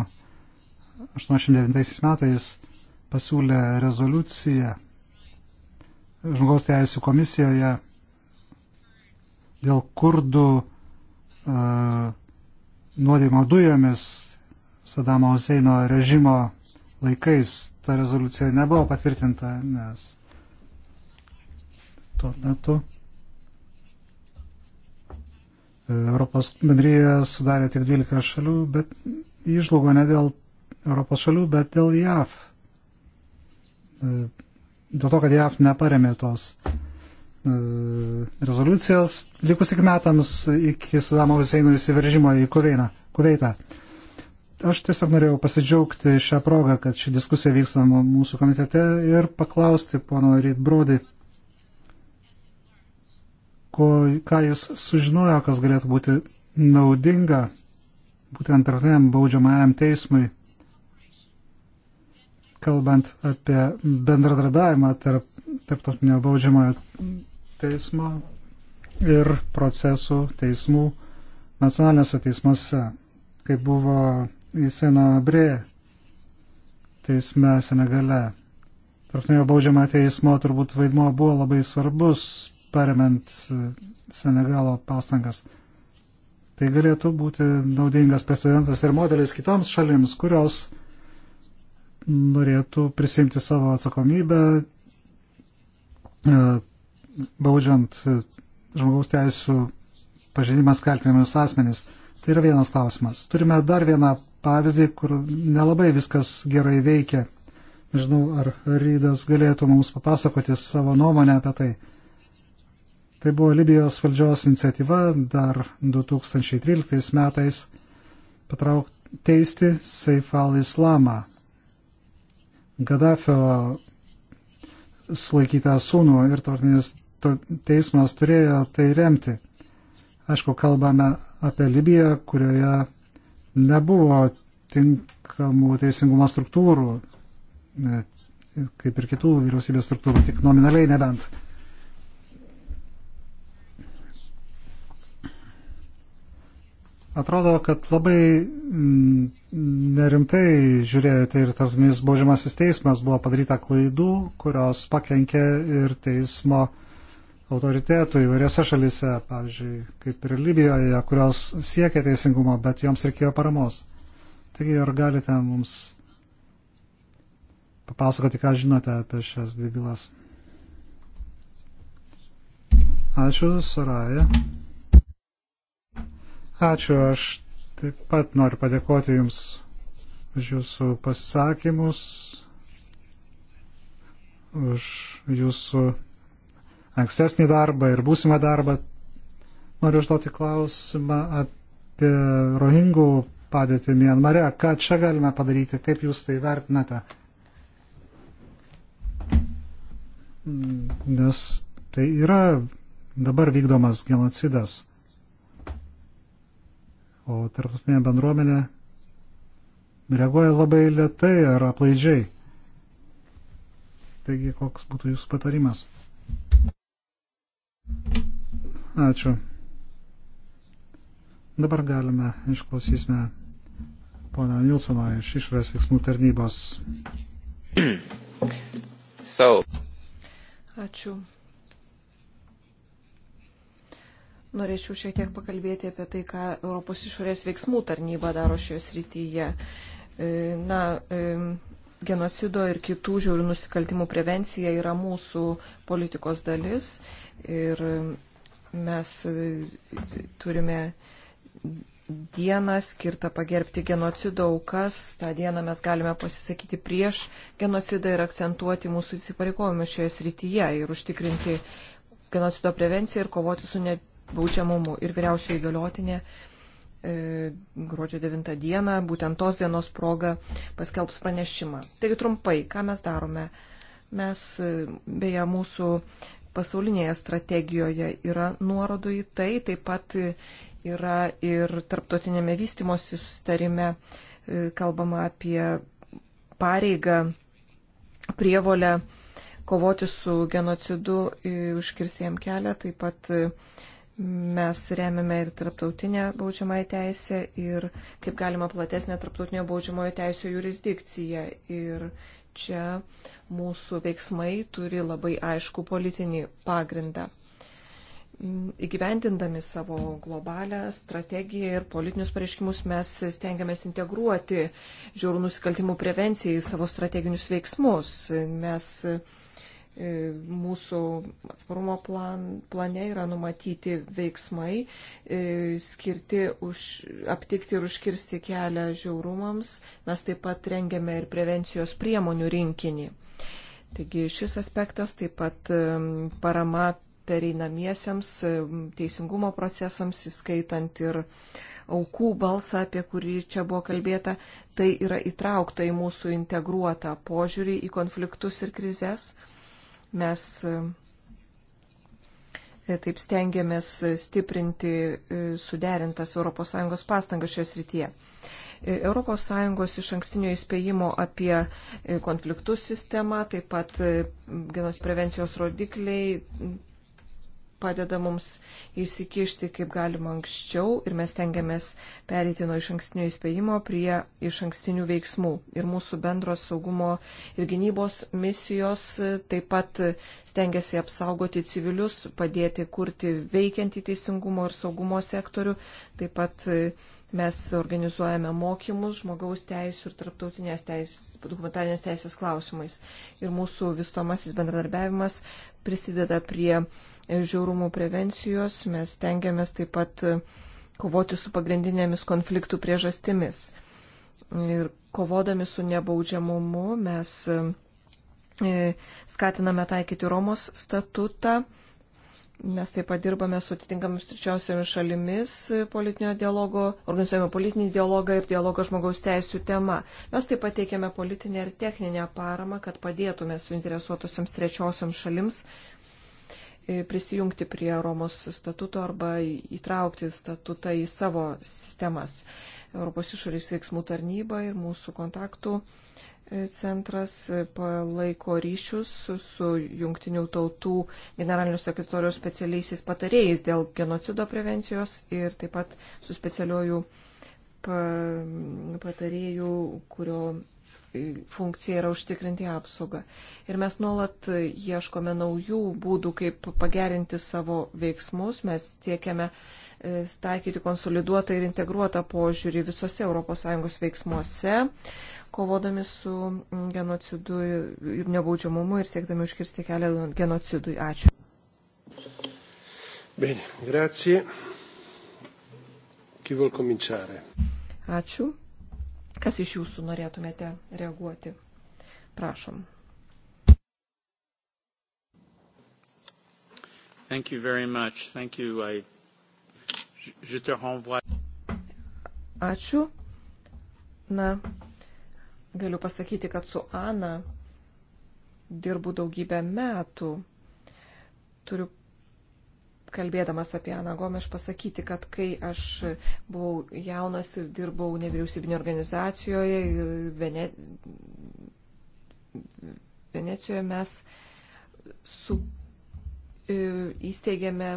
D: 89 metais pasiūlė rezoliuciją žmogaus teisų komisijoje dėl kurdų uh, e, nuodėmo dujomis Sadamo Huseino režimo laikais. Ta rezoliucija nebuvo patvirtinta, nes tuo metu Europos bendryje sudarė tik 12 šalių, bet išlaugo ne dėl Europos šalių, bet dėl JAV. E, dėl to, kad JAV neparemė tos e, rezoliucijas likus tik metams iki Sadamo Huseinų įsiveržimo į Kuveiną, Kuveitą. Aš tiesiog norėjau pasidžiaugti šią progą, kad ši diskusija vyksta mūsų komitete ir paklausti pono Rytbrodį ko, ką jis sužinojo, kas galėtų būti naudinga būtent tarptautiniam baudžiamajam teismui, kalbant apie bendradarbiavimą tarp tarptautinio baudžiamojo teismo ir procesų teismų nacionaliniuose teismuose, kaip buvo į Senabrė teisme Senegale. Tarptautinio baudžiamojo teismo turbūt vaidmo buvo labai svarbus paremant e, Senegalo pastangas. Tai galėtų būti naudingas precedentas ir modelis kitoms šalims, kurios norėtų prisimti savo atsakomybę, e, baudžiant e, žmogaus teisų pažeidimas kaltinamus asmenys. Tai yra vienas klausimas. Turime dar vieną pavyzdį, kur nelabai viskas gerai veikia. Nežinau, ar Rydas galėtų mums papasakoti savo nuomonę apie tai. Tai buvo Libijos valdžios iniciatyva dar 2013 metais patrauk teisti Seif al-Islamą, Gaddafio sulaikytą sūnų ir tarpinis teismas turėjo tai remti. Aišku, kalbame apie Libiją, kurioje nebuvo tinkamų teisingumo struktūrų, e, kaip ir kitų vyriausybės struktūrų, tik nominaliai nebent. Atrodo, kad labai mm, nerimtai žiūrėjote ir tarptautinis baudžiamasis teismas buvo padaryta klaidų, kurios pakenkė ir teismo autoritetų įvairiose šalise, pavyzdžiui, kaip ir Libijoje, kurios siekia teisingumo, bet joms reikėjo paramos. Taigi, ar galite mums papasakoti, ką žinote apie šias dvi bylas? Ačiū, Saraja. Ačiū, aš taip pat noriu padėkoti Jums už Jūsų pasisakymus, už Jūsų ankstesnį darbą ir būsimą darbą. Noriu užduoti klausimą apie rohingų padėtį Mianmare. Ką čia galime padaryti, kaip Jūs tai vertinate? Nes tai yra dabar vykdomas genocidas o tarptautinė bendruomenė reaguoja labai lietai ar aplaidžiai. Taigi, koks būtų jūsų patarimas? Ačiū. Dabar galime išklausysime pono Nilsono iš išorės veiksmų tarnybos.
E: So.
B: Ačiū. Norėčiau šiek tiek pakalbėti apie tai, ką Europos išorės veiksmų tarnyba daro šioje srityje. E, na, e, genocido ir kitų žiaurių nusikaltimų prevencija yra mūsų politikos dalis ir mes e, turime dieną skirtą pagerbti genocido aukas. Ta diena mes galime pasisakyti prieš genocidą ir akcentuoti mūsų įsipareigojimus šioje srityje ir užtikrinti genocido prevenciją ir kovoti su ne, baudžiamumu ir vyriausioji galiotinė e, gruodžio 9 dieną, būtent tos dienos proga paskelbs pranešimą. Taigi trumpai, ką mes darome? Mes, e, beje, mūsų pasaulinėje strategijoje yra nuorodų į tai, taip pat yra ir tarptautinėme vystimosi sustarime e, kalbama apie pareigą, prievolę kovoti su genocidu, užkirstėjom kelią, taip pat Mes remiame ir tarptautinę baudžiamąją teisę ir kaip galima platesnę tarptautinio baudžiamojo teisų jurisdikciją. Ir čia mūsų veiksmai turi labai aišku politinį pagrindą. Įgyvendindami savo globalią strategiją ir politinius pareiškimus mes stengiamės integruoti žiaurų nusikaltimų prevenciją į savo strateginius veiksmus. Mes E, mūsų atsparumo plan, plane yra numatyti veiksmai, e, skirti už, aptikti ir užkirsti kelią žiaurumams. Mes taip pat rengiame ir prevencijos priemonių rinkinį. Taigi šis aspektas taip pat e, parama pereinamiesiems teisingumo procesams, įskaitant ir aukų balsą, apie kurį čia buvo kalbėta, tai yra įtraukta į mūsų integruotą požiūrį į konfliktus ir krizės. Mes e, taip stengiamės stiprinti e, suderintas ES pastangas šioje srityje. E, ES iš ankstinio įspėjimo apie konfliktus sistemą, taip pat genos prevencijos rodikliai, padeda mums įsikišti kaip galima anksčiau ir mes tengiamės perėti nuo iš ankstinio įspėjimo prie iš ankstinių veiksmų. Ir mūsų bendros saugumo ir gynybos misijos e, taip pat stengiasi apsaugoti civilius, padėti kurti veikiantį teisingumo ir saugumo sektorių. Taip pat e, mes organizuojame mokymus žmogaus teisų ir tarptautinės teisės, dokumentarinės teisės klausimais. Ir mūsų vistomasis bendradarbiavimas prisideda prie žiaurumų prevencijos, mes tengiamės taip pat e, kovoti su pagrindinėmis konfliktų priežastimis. Ir kovodami su nebaudžiamumu mes e, e, skatiname taikyti Romos statutą. Mes taip pat dirbame su atitinkamis trečiosiomis šalimis politinio dialogo, organizuojame politinį dialogą ir dialogą žmogaus teisų tema. Mes taip pat teikiame politinę ir techninę paramą, kad padėtume suinteresuotusiams trečiosioms šalims E, prisijungti prie Romos statuto arba įtraukti statutą į savo sistemas. Europos išorės veiksmų tarnyba ir mūsų kontaktų e, centras e, palaiko ryšius su jungtinių tautų generalinių sekretorijos specialiaisiais patarėjais dėl genocido prevencijos ir taip pat su specialiuoju patarėjų, kurio funkcija yra užtikrinti apsaugą. Ir mes nuolat ieškome naujų būdų, kaip pagerinti savo veiksmus. Mes tiekiame e, taikyti konsoliduotą ir integruotą požiūrį visose ES veiksmuose, kovodami su mm, genocidu ir nebaudžiamumu ir siekdami užkirsti kelią genocidui. Ačiū.
A: Bene, grazie. Chi vuol cominciare?
B: Ačiū. Kas iš jūsų norėtumėte reaguoti? Prašom.
E: Thank you very much. Thank you. I... Je te renvoie.
B: Ačiū. Na, galiu pasakyti, kad su Ana dirbu daugybę metų. Turiu kalbėdamas apie Aną Gomeš pasakyti, kad kai aš buvau jaunas ir dirbau nevyriausybinio organizacijoje ir Vene... Venecijoje mes su... E, įsteigėme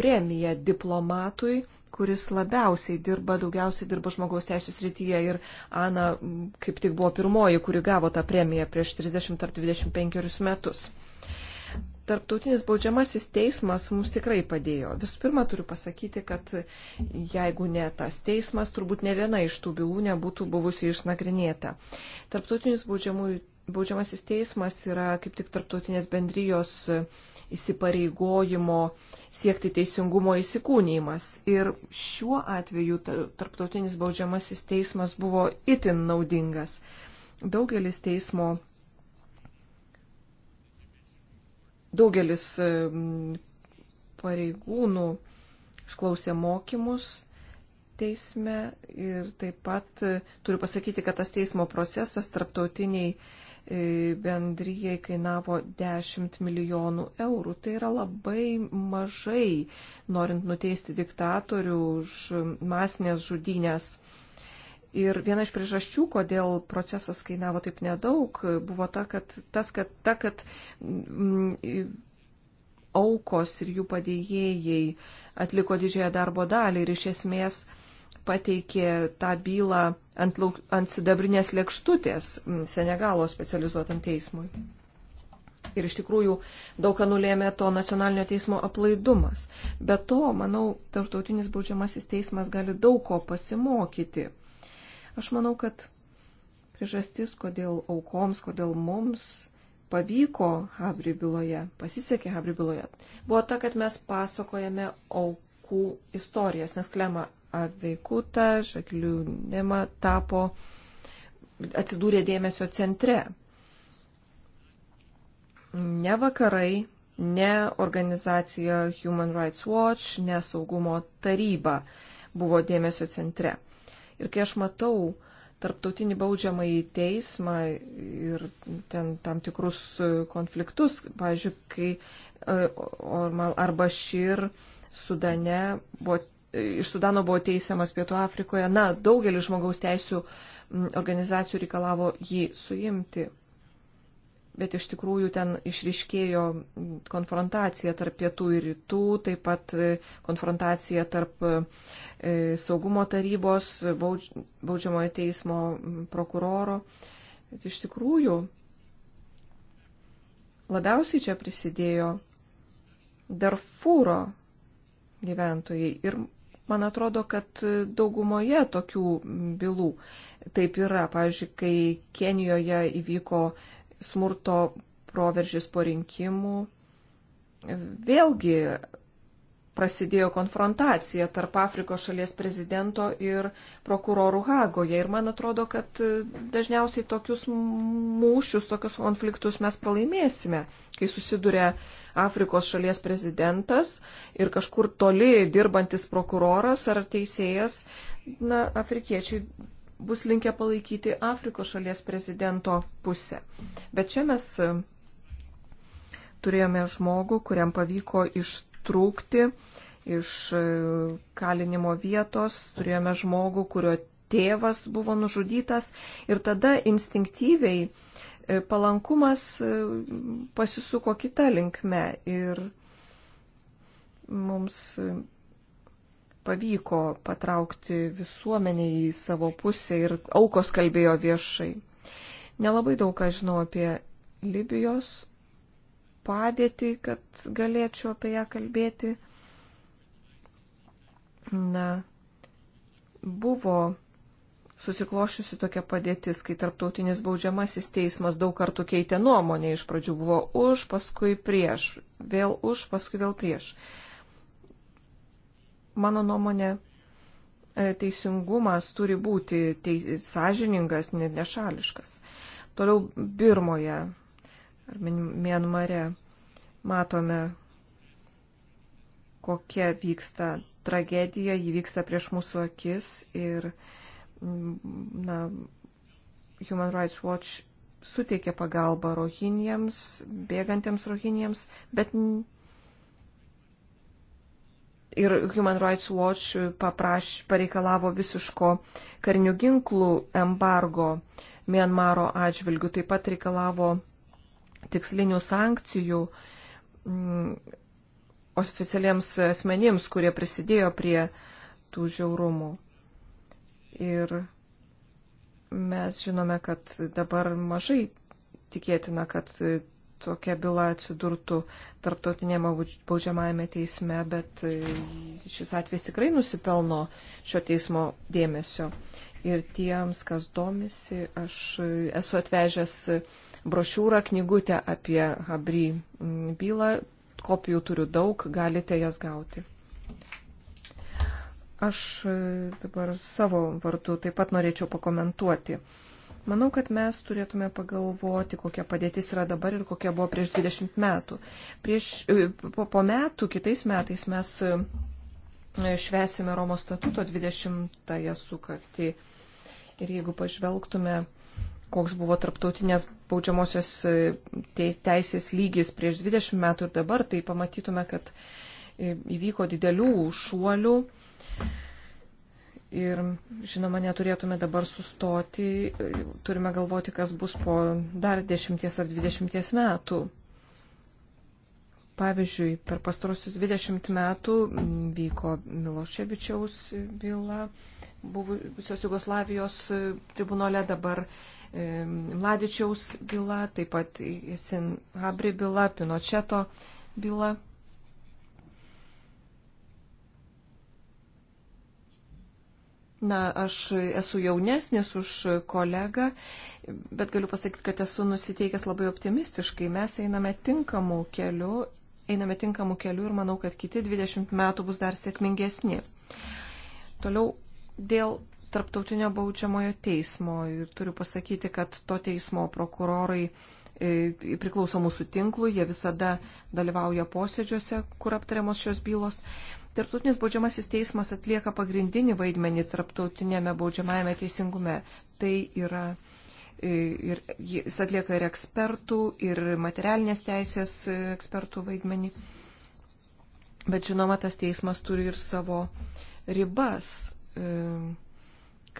B: premiją diplomatui kuris labiausiai dirba, daugiausiai dirba žmogaus teisų srityje. Ir Ana kaip tik buvo pirmoji, kuri gavo tą premiją prieš 30 ar 25 metus. Tarptautinis baudžiamasis teismas mums tikrai padėjo. Visų pirma, turiu pasakyti, kad jeigu ne tas teismas, turbūt ne viena iš tų bylų nebūtų buvusi išnagrinėta. Tarptautinis baudžiamasis teismas yra kaip tik tarptautinės bendrijos įsipareigojimo siekti teisingumo įsikūnymas. Ir šiuo atveju tarptautinis baudžiamasis teismas buvo itin naudingas. Daugelis teismo daugelis e, pareigūnų išklausė mokymus teisme ir taip pat e, turiu pasakyti, kad tas teismo procesas tarptautiniai e, bendryjai kainavo 10 milijonų eurų. Tai yra labai mažai, norint nuteisti diktatorių už masinės žudynės Ir viena iš priežasčių, kodėl procesas kainavo taip nedaug, buvo ta, kad, tas, kad, ta, kad mm, aukos ir jų padėjėjai atliko didžiąją darbo dalį ir iš esmės pateikė tą bylą ant, lauk, ant sidabrinės lėkštutės mm, Senegalo specializuotam teismui. Ir iš tikrųjų daug ką nulėmė to nacionalinio teismo aplaidumas. Be to, manau, tarptautinis baudžiamasis teismas gali daug ko pasimokyti Aš manau, kad priežastis, kodėl aukoms, kodėl mums pavyko Habri byloje, pasisekė Habri byloje, buvo ta, kad mes pasakojame aukų istorijas, nes Klema Aveikuta, Žaklių Nema tapo, atsidūrė dėmesio centre. Ne vakarai, ne organizacija Human Rights Watch, ne saugumo taryba buvo dėmesio centre. Ir kai aš matau tarptautinį baudžiamąjį teismą ir ten tam tikrus e, konfliktus, pavyzdžiui, kai e, arba šir Sudane buvo, e, iš Sudano buvo teisiamas Pietų Afrikoje, na, daugelis žmogaus teisų organizacijų reikalavo jį suimti bet iš tikrųjų ten išriškėjo konfrontacija tarp pietų ir rytų, taip pat e, konfrontacija tarp e, e, saugumo tarybos, baudžiamojo teismo prokuroro. Bet iš tikrųjų labiausiai čia prisidėjo Darfūro gyventojai ir man atrodo, kad daugumoje tokių bylų taip yra. Pavyzdžiui, kai Kenijoje įvyko smurto proveržis po rinkimų. Vėlgi prasidėjo konfrontacija tarp Afrikos šalies prezidento ir prokurorų Hagoje. Ir man atrodo, kad dažniausiai tokius mūšius, tokius konfliktus mes pralaimėsime, kai susiduria Afrikos šalies prezidentas ir kažkur toli dirbantis prokuroras ar teisėjas. Na, afrikiečiai bus linkę palaikyti Afrikos šalies prezidento pusę. Bet čia mes e, turėjome žmogų, kuriam pavyko ištrūkti iš e, kalinimo vietos, turėjome žmogų, kurio tėvas buvo nužudytas ir tada instinktyviai e, palankumas pasisuko kitą linkmę ir mums pavyko patraukti visuomenę į savo pusę ir aukos kalbėjo viešai. Nelabai daug ką žinau apie Libijos padėtį, kad galėčiau apie ją kalbėti. Na, buvo susiklošiusi tokia padėtis, kai tarptautinis baudžiamasis teismas daug kartų keitė nuomonę, iš pradžių buvo už, paskui prieš, vėl už, paskui vėl prieš. Mano nuomonė, e, teisingumas turi būti teis, sąžiningas, nešališkas. Toliau Birmoje ar Mienmare matome, kokia vyksta tragedija, ji vyksta prieš mūsų akis ir mm, na, Human Rights Watch suteikė pagalbą rohiniems, bėgantiems rohiniems, bet ir Human Rights Watch papraš, pareikalavo visiško karinių ginklų embargo Mianmaro atžvilgių, taip pat reikalavo tikslinių sankcijų mm, oficialiems asmenims, kurie prisidėjo prie tų žiaurumų. Ir mes žinome, kad dabar mažai tikėtina, kad tokia byla atsidurtų tarptautinėme baudžiamajame teisme, bet e, šis atvejs tikrai nusipelno šio teismo dėmesio. Ir tiems, kas domisi, aš e, esu atvežęs brošiūrą, knygutę apie Habry bylą. Kopijų turiu daug, galite jas gauti. Aš e, dabar savo vardu taip pat norėčiau pakomentuoti. Manau, kad mes turėtume pagalvoti, kokia padėtis yra dabar ir kokia buvo prieš 20 metų. Prieš, e, po, po metų, kitais metais mes e, švesime Romos statuto 20-ąją sukaktį. Ir jeigu pažvelgtume, koks buvo tarptautinės baudžiamosios e, teisės lygis prieš 20 metų ir dabar, tai pamatytume, kad įvyko didelių šuolių. Ir žinoma, neturėtume dabar sustoti, turime galvoti, kas bus po dar dešimties ar dvidešimties metų. Pavyzdžiui, per pastarosius 20 metų vyko Miloševičiaus byla, buvusios Jugoslavijos tribunole dabar Mladičiaus byla, taip pat Sin Habri byla, Pinocheto byla. Na, aš esu jaunesnis už kolegą, bet galiu pasakyti, kad esu nusiteikęs labai optimistiškai. Mes einame tinkamų kelių, einame tinkamų kelių ir manau, kad kiti 20 metų bus dar sėkmingesni. Toliau dėl tarptautinio baudžiamojo teismo ir turiu pasakyti, kad to teismo prokurorai e, priklauso mūsų tinklui, jie visada dalyvauja posėdžiuose, kur aptariamos šios bylos. Tarptautinis baudžiamasis teismas atlieka pagrindinį vaidmenį tarptautinėme baudžiamajame teisingume. Tai yra e, ir jis atlieka ir ekspertų, ir materialinės teisės e, ekspertų vaidmenį. Bet žinoma, tas teismas turi ir savo ribas. E,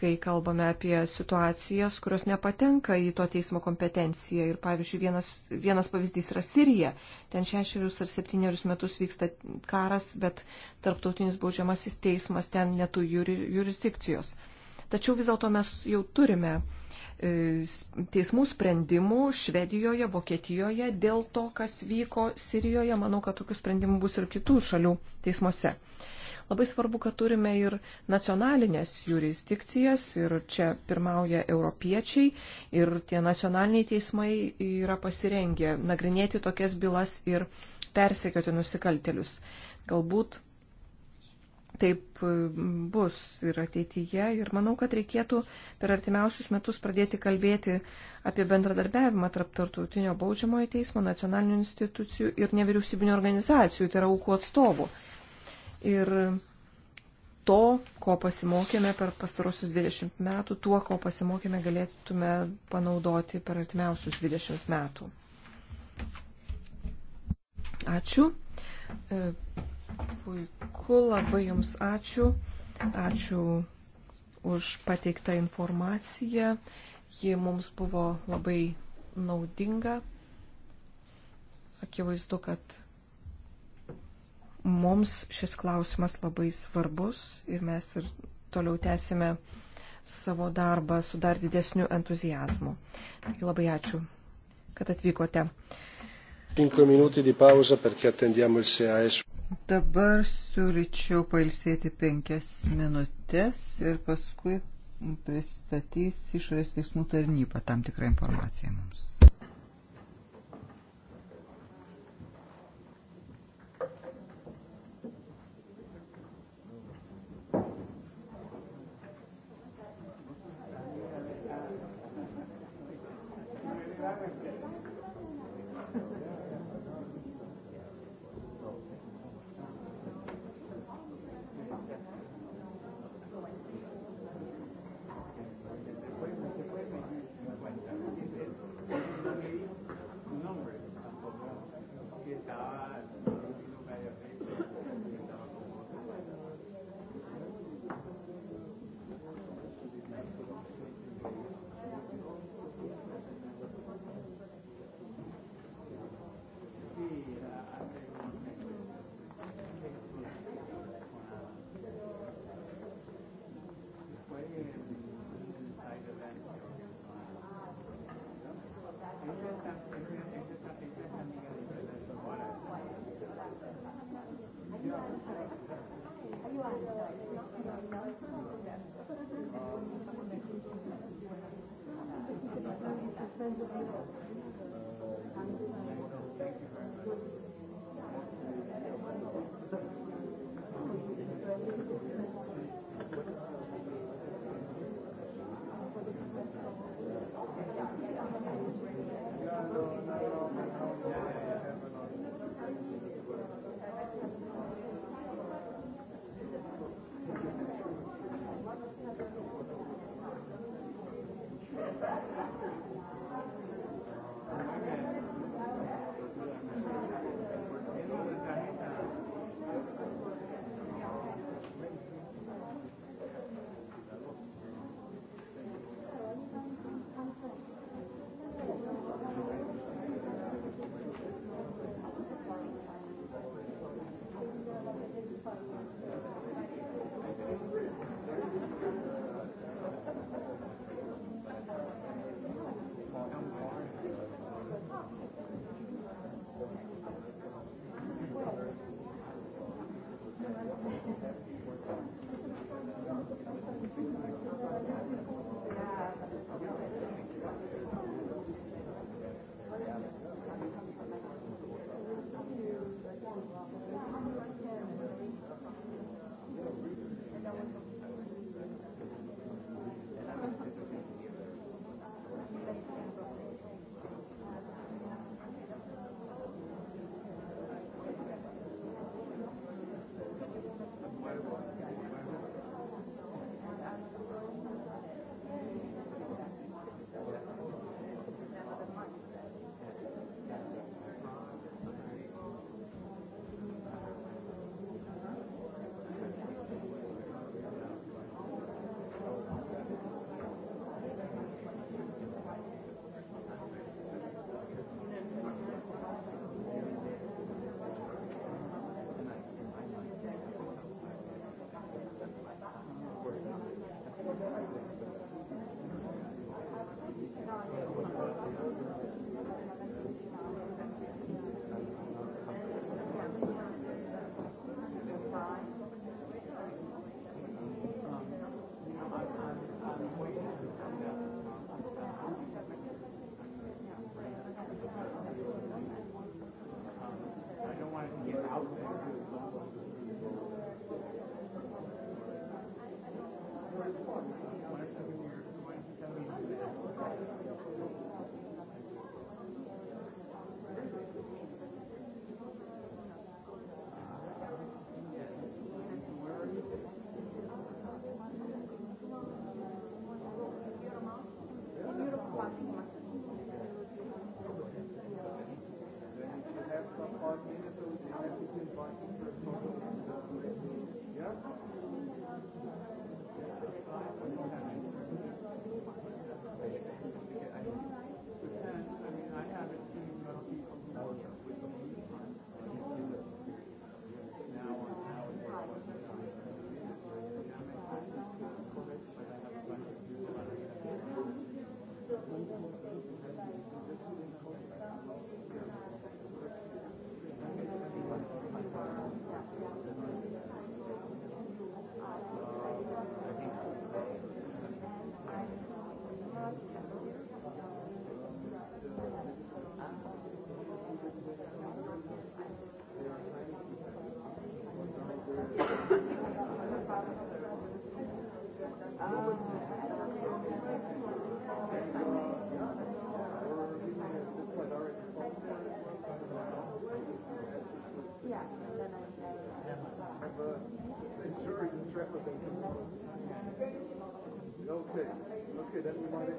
B: kai kalbame apie situacijas, kurios nepatenka į to teismo kompetenciją. Ir pavyzdžiui, vienas, vienas pavyzdys yra Sirija. Ten šešerius ar septynerius metus vyksta karas, bet tarptautinis baudžiamasis teismas ten netų jurisdikcijos. Tačiau vis dėlto mes jau turime e, teismų sprendimų Švedijoje, Vokietijoje dėl to, kas vyko Sirijoje. Manau, kad tokių sprendimų bus ir kitų šalių teismuose. Labai svarbu, kad turime ir nacionalinės jurisdikcijas ir čia pirmauja europiečiai ir tie nacionaliniai teismai yra pasirengę nagrinėti tokias bylas ir persekioti nusikaltelius. Galbūt taip e, bus ir ateityje ir manau, kad reikėtų per artimiausius metus pradėti kalbėti apie bendradarbiavimą tarp tarptautinio baudžiamojo teismo, nacionalinių institucijų ir nevyriausybinio organizacijų, tai yra aukų atstovų ir to, ko pasimokėme per pastarosius 20 metų, tuo, ko pasimokėme, galėtume panaudoti per artimiausius 20 metų. Ačiū. E, puiku, labai Jums ačiū. Ačiū už pateiktą informaciją. Ji mums buvo labai naudinga. Akivaizdu, kad Mums šis klausimas labai svarbus ir mes ir toliau tęsime savo darbą su dar didesniu entuzijazmu. Taigi labai ačiū, kad atvykote.
A: 5 minutį di pauzą, perché attendiamo il SEAES.
C: Dabar siūlyčiau pailsėti penkias minutės ir paskui pristatys išorės veiksmų tarnybą tam tikrą informaciją mums.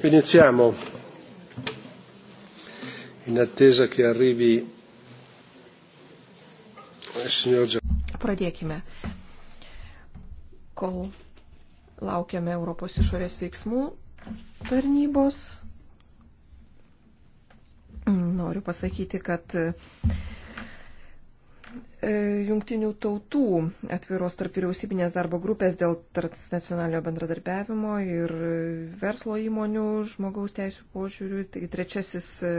A: Iniziamo. In attesa che arrivi il signor
B: Pradėkime. Kol laukiame Europos išorės veiksmų tarnybos, noriu pasakyti, kad E, jungtinių tautų atviros tarp vyriausybinės darbo grupės dėl transnacionalinio bendradarbiavimo ir verslo įmonių žmogaus teisų požiūrių. Tai trečiasis e,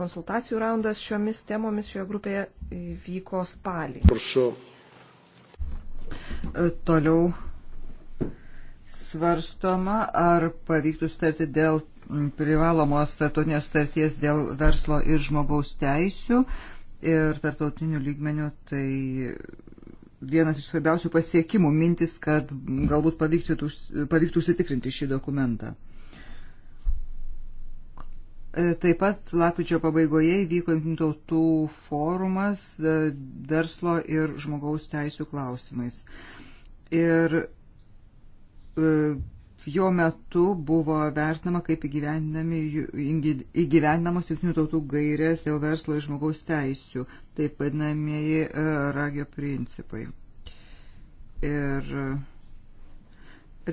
B: konsultacijų raundas šiomis temomis šioje grupėje e, vyko spalį.
A: Prašau.
C: Toliau svarstoma, ar pavyktų sutarti dėl privalomos tarptautinės sutarties dėl verslo ir žmogaus teisių ir tarptautinių lygmenių tai vienas iš svarbiausių pasiekimų mintis, kad galbūt pavyktų, pavyktų užsitikrinti šį dokumentą. E, taip pat lapkričio pabaigoje įvyko Junktinių tautų forumas e, verslo ir žmogaus teisų klausimais. Ir e, jo metu buvo vertinama, kaip įgyvendinamos jungtinių tautų gairės dėl verslo ir žmogaus teisių, taip vadinamieji e, ragio principai. Ir e,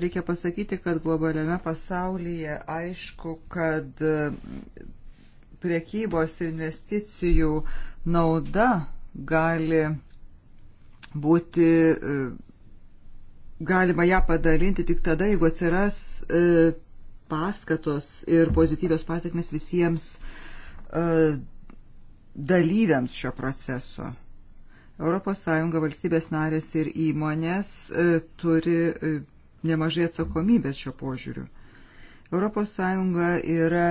C: reikia pasakyti, kad globaliame pasaulyje aišku, kad e, priekybos ir investicijų nauda gali būti galima ją padalinti tik tada, jeigu atsiras e, paskatos ir pozityvios pasiekmes visiems e, dalyviams šio proceso. ES valstybės narės ir įmonės e, turi e, nemažai atsakomybės šio požiūriu. ES yra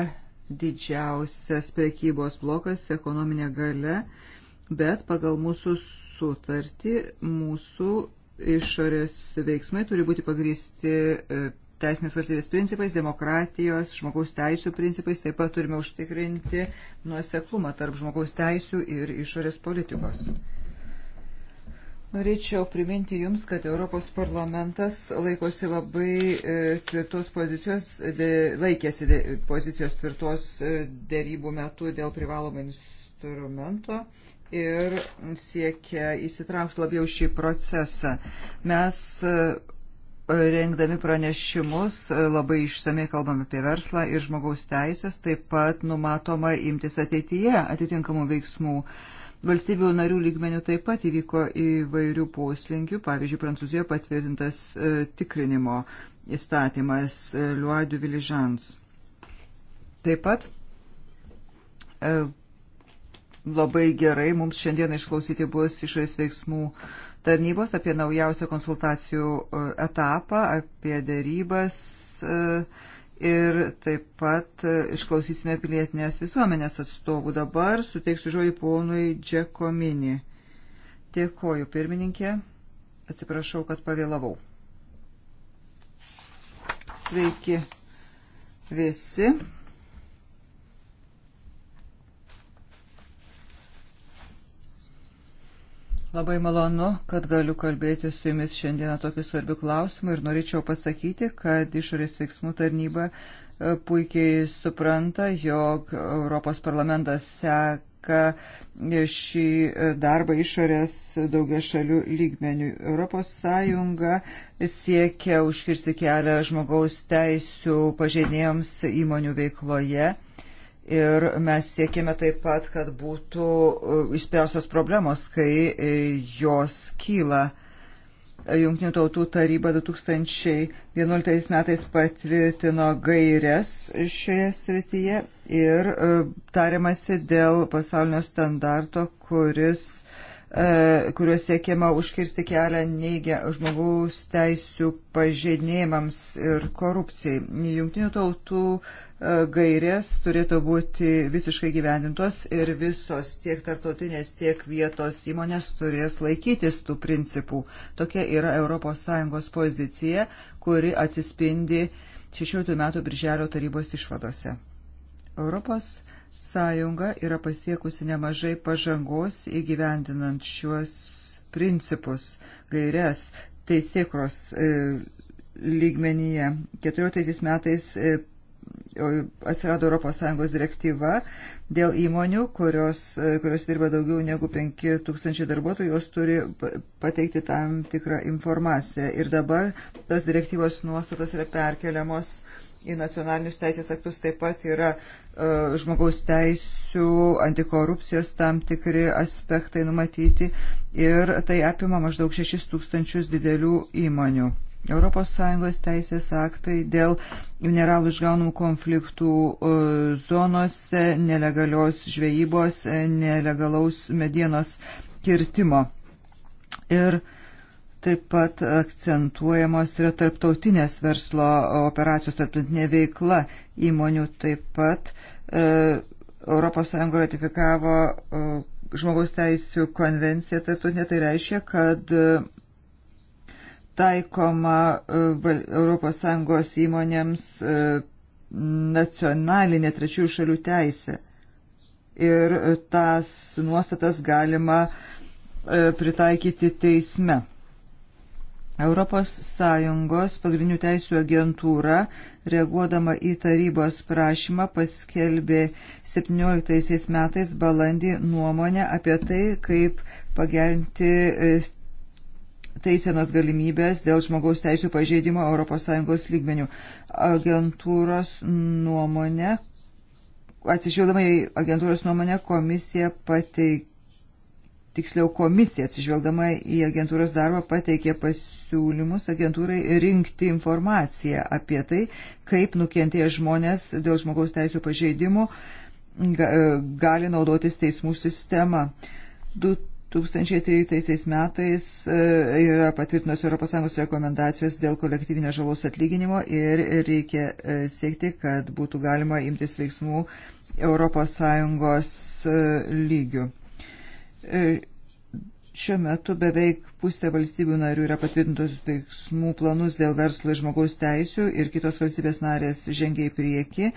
C: didžiausias prekybos blokas ekonominė gale, bet pagal mūsų sutartį mūsų išorės veiksmai turi būti pagristi e, teisinės valstybės principais, demokratijos, žmogaus teisų principais, taip pat turime užtikrinti nuoseklumą tarp žmogaus teisų ir išorės politikos. Norėčiau priminti Jums, kad Europos parlamentas laikosi labai e, tvirtos pozicijos, de, laikėsi de, pozicijos tvirtos e, dėrybų metu dėl privalomai instrumento. E, ir siekia įsitraukti labiau šį procesą. Mes e, rengdami pranešimus e, labai išsamei kalbam apie verslą ir žmogaus teisės, taip pat numatoma imtis ateityje atitinkamų veiksmų. Valstybių narių lygmenių taip pat įvyko įvairių poslinkių, pavyzdžiui, Prancūzijoje patvirtintas e, tikrinimo įstatymas e, Luadu Viližans. Taip pat e, labai gerai mums šiandien išklausyti bus išorės veiksmų tarnybos apie naujausią konsultacijų e, etapą, apie dėrybas e, ir taip pat e, išklausysime pilietinės visuomenės atstovų. Dabar suteiksiu žodį ponui Džekomini. Dėkoju, pirmininkė. Atsiprašau, kad pavėlavau. Sveiki visi. Labai malonu, kad galiu kalbėti su jumis šiandieną tokiu svarbiu klausimu ir norėčiau pasakyti, kad išorės veiksmų tarnyba e, puikiai supranta, jog Europos parlamentas seka šį e, darbą išorės daugia šalių lygmenių. Europos Sąjunga siekia užkirsti kelią žmogaus teisų pažeidėjams įmonių veikloje Ir mes siekėme taip pat, kad būtų e, išspręstos problemos, kai e, jos kyla. Junktinių tautų taryba 2011 metais patvirtino gairias šioje srityje ir e, tariamasi dėl pasaulinio standarto, kuris kuriuo siekiama užkirsti kelią neigia žmogaus teisų pažeidinėjimams ir korupcijai. Junktinių tautų gairės turėtų būti visiškai gyvendintos ir visos tiek tarptautinės, tiek vietos įmonės turės laikytis tų principų. Tokia yra ES pozicija, kuri atsispindi 16 metų birželio tarybos išvadose. Europos Sąjunga yra pasiekusi nemažai pažangos įgyvendinant šiuos principus, gairias, teisėkros e, lygmenyje. 14 metais e, atsirado ES direktyva dėl įmonių, kurios, e, kurios dirba daugiau negu 5000 darbuotojų, jos turi pateikti tam tikrą informaciją. Ir dabar tos direktyvos nuostatos yra perkeliamos į nacionalinius teisės aktus, taip pat yra uh, žmogaus teisų, antikorupcijos tam tikri aspektai numatyti ir tai apima maždaug 6 tūkstančius didelių įmonių. ES teisės aktai dėl mineralų išgaunamų konfliktų e, zonose, nelegalios žvejybos, e, nelegalaus medienos kirtimo. Ir taip pat akcentuojamos yra tarptautinės verslo operacijos, tarptautinė veikla įmonių taip pat. ES ratifikavo e, žmogaus teisų konvenciją tarptautinė, tai reiškia, kad taikoma ES įmonėms e, nacionalinė trečiųjų šalių teisė. Ir e, tas nuostatas galima e, pritaikyti teisme. ES pagrindinių teisų agentūra, reaguodama į tarybos prašymą, paskelbė 17 metais balandį nuomonę apie tai, kaip pagerinti teisenos galimybės dėl žmogaus teisų pažeidimo ES lygmenių. Agentūros nuomonė, atsižvelgdama į agentūros nuomonę, komisija pateikė, tiksliau komisija atsižvelgdama į agentūros darbą pateikė pasiūlymus agentūrai rinkti informaciją apie tai, kaip nukentėję žmonės dėl žmogaus teisų pažeidimų gali naudotis teismų sistema. Du 2013 metais e, yra patvirtinos ES rekomendacijos dėl kolektyvinio žalos atlyginimo ir reikia e, siekti, kad būtų galima imtis veiksmų ES e, lygių. Šiuo metu beveik pusė valstybių narių yra patvirtintos veiksmų planus dėl verslo ir žmogaus teisių ir kitos valstybės narės žengia į priekį,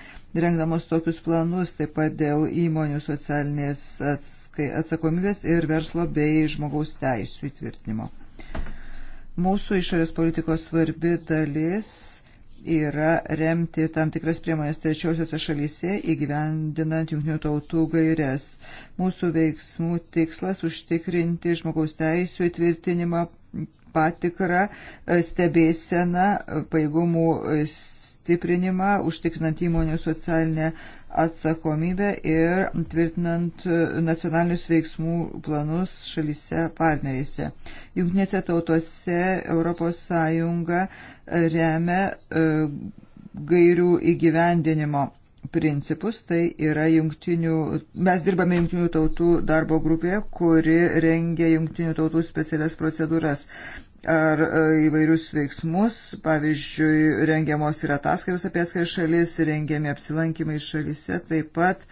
C: rengdamos tokius planus taip pat dėl įmonių socialinės atsakymų atsakomybės ir verslo bei žmogaus teisų įtvirtinimo. Mūsų išorės politikos svarbi dalis yra remti tam tikras priemonės trečiosiuose šalyse įgyvendinant jungtinių tautų gairias. Mūsų veiksmų tikslas užtikrinti žmogaus teisų įtvirtinimą patikrą, e, stebėseną, paėgumų e, stiprinimą, užtikrinant įmonių socialinę atsakomybę ir tvirtinant nacionalinius veiksmų planus šalyse partnerėse. Junktinėse tautose ES remia e, gairių įgyvendinimo principus, tai yra jungtinių, mes dirbame jungtinių tautų darbo grupėje, kuri rengia jungtinių tautų specialias procedūras ar e, įvairius veiksmus, pavyzdžiui, rengiamos ir ataskaitos apie atskiras šalis, rengiami apsilankimai šalise, taip pat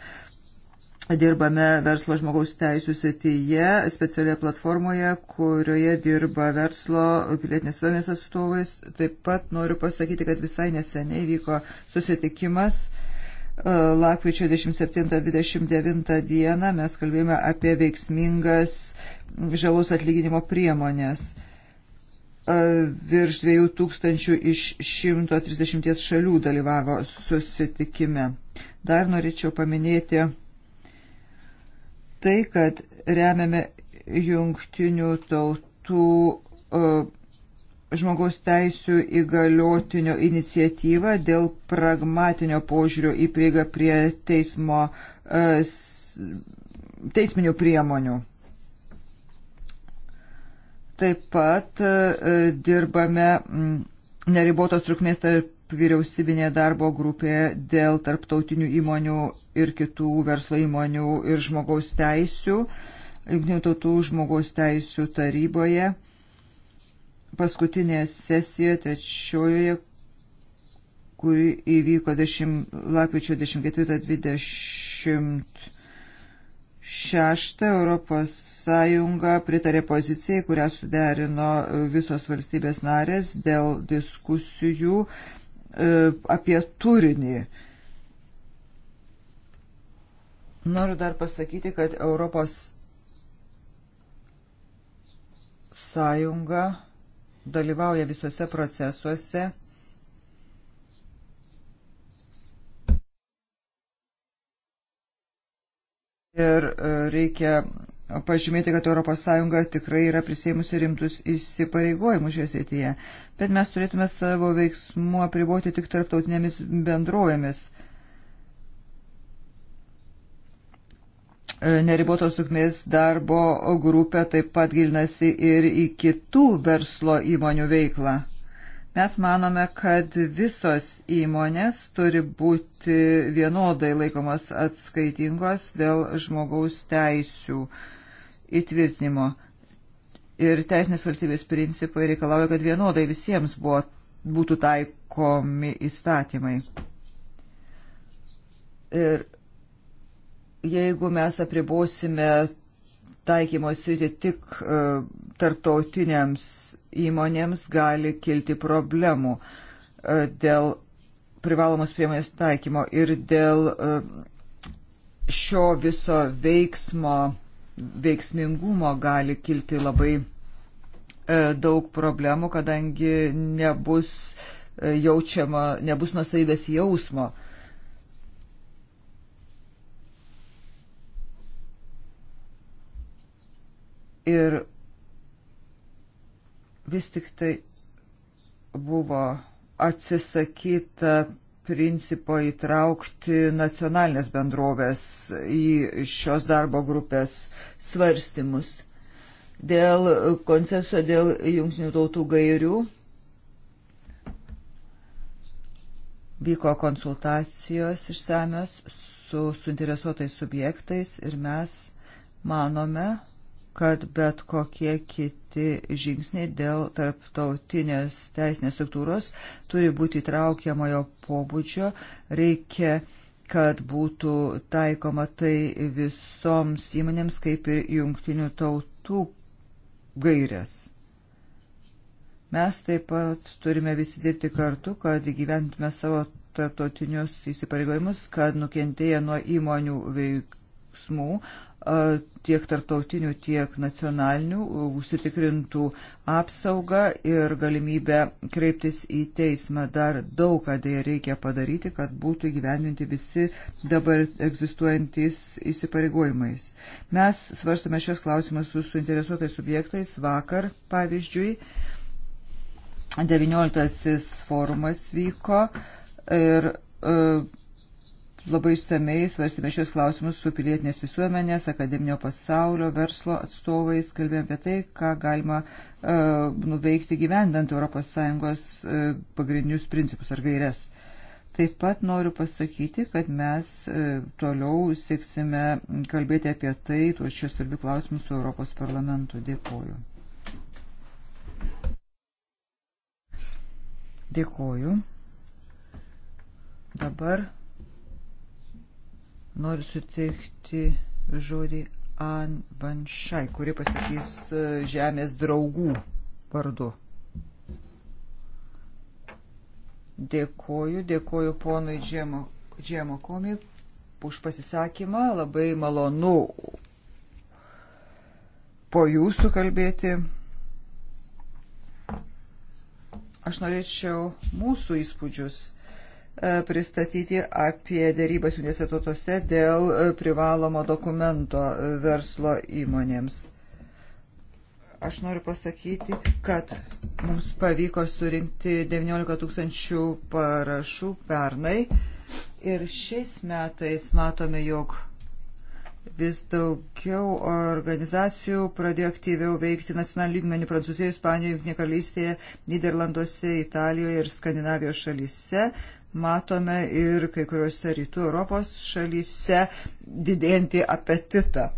C: dirbame verslo žmogaus teisų srityje, specialioje platformoje, kurioje dirba verslo pilietinės visuomenės atstovais. Taip pat noriu pasakyti, kad visai neseniai vyko susitikimas e, lakvičio 27-29 dieną mes kalbėjome apie veiksmingas žalos atlyginimo priemonės virš 2000 iš 130 šalių dalyvavo susitikime. Dar norėčiau paminėti tai, kad remiame jungtinių tautų žmogaus teisų įgaliotinio iniciatyvą dėl pragmatinio požiūrio į prieigą prie teismo, teisminių priemonių. Taip pat e, dirbame neribotos trukmės tarp vyriausybinėje darbo grupėje dėl tarptautinių įmonių ir kitų verslo įmonių ir žmogaus teisių, Junktinių tautų žmogaus teisių taryboje, paskutinėje sesijoje, trečiojoje, kuri įvyko 10, lapkričio 24-26 Europos Sąjunga pritarė pozicijai, kurią suderino visos valstybės narės dėl diskusijų e, apie turinį. Noriu dar pasakyti, kad Europos Sąjunga dalyvauja visuose procesuose ir e, reikia pažymėti, kad ES tikrai yra prisėmusi rimtus įsipareigojimus šioje srityje, bet mes turėtume savo veiksmų apriboti tik tarptautinėmis bendrovėmis. E, neribotos sukmės darbo grupė taip pat gilinasi ir į kitų verslo įmonių veiklą. Mes manome, kad visos įmonės turi būti vienodai laikomas atskaitingos dėl žmogaus teisių. Uh, įtvirtinimo. Ir teisinės valstybės principai reikalauja, kad vienodai visiems buvo, būtų taikomi įstatymai. Ir jeigu mes apribosime taikymo sritį tik uh, tarptautiniams įmonėms, gali kilti problemų uh, dėl privalomos priemonės taikymo ir dėl uh, šio viso veiksmo veiksmingumo gali kilti labai e, daug problemų, kadangi nebus e, jaučiama, nebus nusaivės jausmo. Ir vis tik tai buvo atsisakyta principo įtraukti nacionalinės bendrovės į šios darbo grupės svarstymus. Dėl konsensuso, dėl jungtinių tautų gairių vyko konsultacijos išsamios su suinteresuotais subjektais ir mes manome, kad bet kokie kiti žingsniai dėl tarptautinės teisinės struktūros turi būti traukiamojo pobūdžio, reikia, kad būtų taikoma tai visoms įmonėms kaip ir jungtinių tautų gairias. Mes taip pat turime visi dirbti kartu, kad gyventume savo tarptautinius įsipareigojimus, kad nukentėję nuo įmonių veiksmų tiek tarptautinių, tiek nacionalinių užsitikrintų apsaugą ir galimybę kreiptis į teismą. Dar daug ką dėja reikia padaryti, kad būtų įgyvendinti visi dabar egzistuojantys įsipareigojimais. Mes svarstame šios klausimus su suinteresuotais subjektais vakar, pavyzdžiui. 19 forumas vyko ir e, labai išsamei svarstėme šios klausimus su pilietinės visuomenės, akademinio pasaulio, verslo atstovais, kalbėjome apie tai, ką galima uh, nuveikti gyvendant ES uh, e, pagrindinius principus ar gairias. Taip pat noriu pasakyti, kad mes uh, toliau sėksime kalbėti apie tai, tuos šios svarbių klausimus su Europos parlamentu. Dėkuoju. Dėkuoju. Dabar Noriu sutikti žodį An Vanšai, kuri pasakys e, žemės draugų vardu. Dėkoju, dėkoju ponui Džemo, Džemo komi už pasisakymą. Labai malonu po jūsų kalbėti. Aš norėčiau mūsų įspūdžius pristatyti apie dėrybas jungtinėse tautose dėl e, privalomo dokumento e, verslo įmonėms. Aš noriu pasakyti, kad mums pavyko surinkti 19 tūkstančių parašų pernai ir šiais metais matome, jog vis daugiau organizacijų pradėjo aktyviau veikti nacionaliniu lygmeniu Prancūzijoje, Ispanijoje, Junktinėje karalystėje, Niderlanduose, Italijoje ir Skandinavijos šalyse matome ir kai kuriuose rytų Europos šalyse didėjantį apetitą.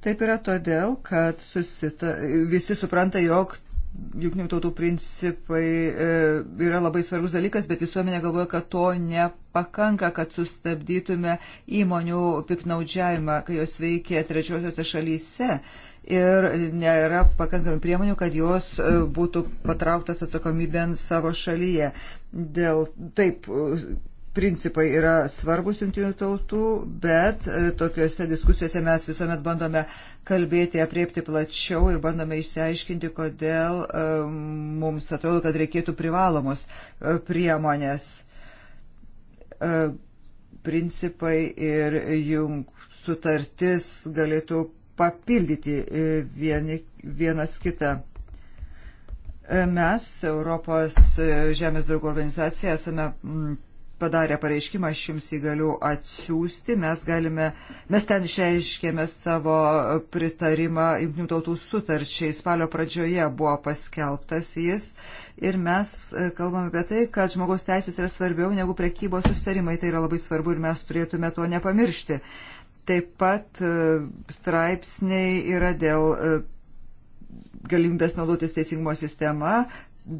C: Taip yra todėl, kad susita, visi supranta, jog jungtinių tautų principai e, yra labai svarbus dalykas, bet visuomenė galvoja, kad to nepakanka, kad sustabdytume įmonių piknaudžiavimą, kai jos veikia trečiosiuose šalyse. E, ir nėra pakankamai priemonių, kad jos e, būtų patrauktas atsakomybėn savo šalyje. Dėl taip principai yra svarbus jungtinių tautų, bet e, tokiuose diskusijose mes visuomet bandome kalbėti, apriepti plačiau ir bandome išsiaiškinti, kodėl e, mums atrodo, kad reikėtų privalomos priemonės. Principai ir jung sutartis galėtų papildyti e, vieni, vienas kitą. E, mes, Europos e, Žemės draugų organizacija, esame mm, padarę pareiškimą, aš jums jį galiu atsiųsti, mes, galime, mes ten išreiškėme savo pritarimą Junktinių tautų sutarčiai, spalio pradžioje buvo paskelbtas jis ir mes kalbame apie tai, kad žmogaus teisės yra svarbiau negu prekybos sustarimai, tai yra labai svarbu ir mes turėtume to nepamiršti. Taip pat e, straipsniai yra dėl e, galimybės naudotis teisingumo sistema.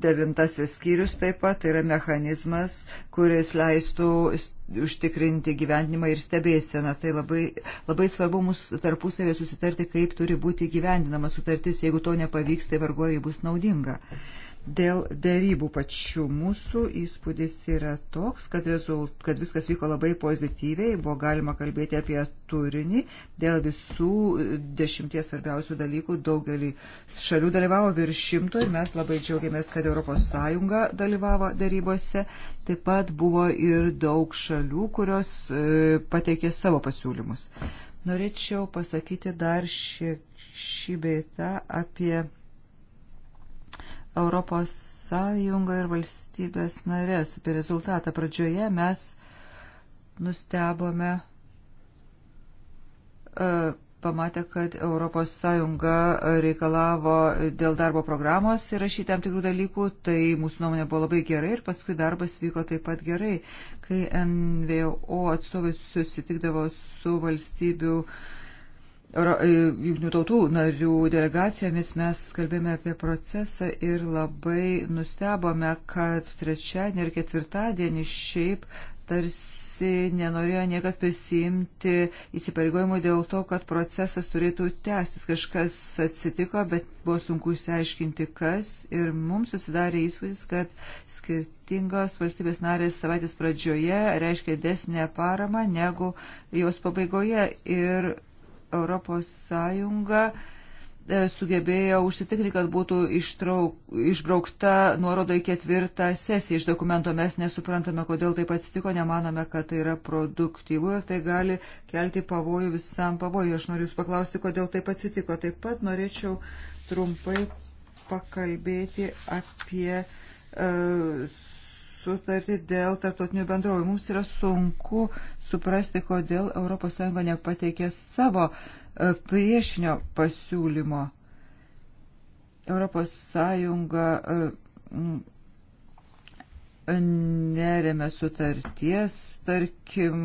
C: Devintasis skyrius taip pat tai yra mechanizmas, kuris leistų užtikrinti gyvendinimą ir stebėseną. Tai labai, labai svarbu mūsų tarpusavėje susitarti, kaip turi būti gyvendinama sutartis. Jeigu to nepavyks, tai vargu ar ji bus naudinga. Uh, Dėl dėrybų pačių mūsų įspūdis yra toks, kad, rezult, kad viskas vyko labai pozityviai, buvo galima kalbėti apie turinį, dėl visų dešimties svarbiausių dalykų daugelį šalių dalyvavo virš šimto ir mes labai džiaugiamės, kad ES dalyvavo dėrybose. Taip pat buvo ir daug šalių, kurios e, pateikė savo pasiūlymus. Norėčiau pasakyti dar šį, šį beitą apie Europos Sąjungą ir valstybės narės. Apie rezultatą pradžioje mes nustebome e, pamatę, kad Europos Sąjunga reikalavo dėl darbo programos įrašyti tam tikrų dalykų, tai mūsų nuomonė buvo labai gerai ir paskui darbas vyko taip pat gerai. Kai NVO atstovai susitikdavo su valstybių uh, E, jungtinių tautų narių delegacijomis mes kalbėjome apie procesą ir labai nustebome, kad trečiadienį ir ketvirtadienį šiaip tarsi nenorėjo niekas prisimti įsipareigojimų dėl to, kad procesas turėtų tęstis. Kažkas atsitiko, bet buvo sunku išsiaiškinti, kas. Ir mums susidarė įspūdis, kad skirtingos valstybės narės savaitės pradžioje reiškia desnę paramą negu jos pabaigoje. Ir Europos Sąjunga e, sugebėjo užsitikrinti, kad būtų ištrauk, išbraukta nuoroda į ketvirtą sesiją iš dokumento. Mes nesuprantame, kodėl taip atsitiko, nemanome, kad tai yra produktyvu ir tai gali kelti pavojų visam pavojų. Aš noriu Jūs paklausti, kodėl taip atsitiko. Taip pat norėčiau trumpai pakalbėti apie uh, sutartį dėl tarptautinių bendrovų. Mums yra sunku suprasti, kodėl ES nepateikė savo e, priešinio pasiūlymo. ES e, neremia sutarties, tarkim,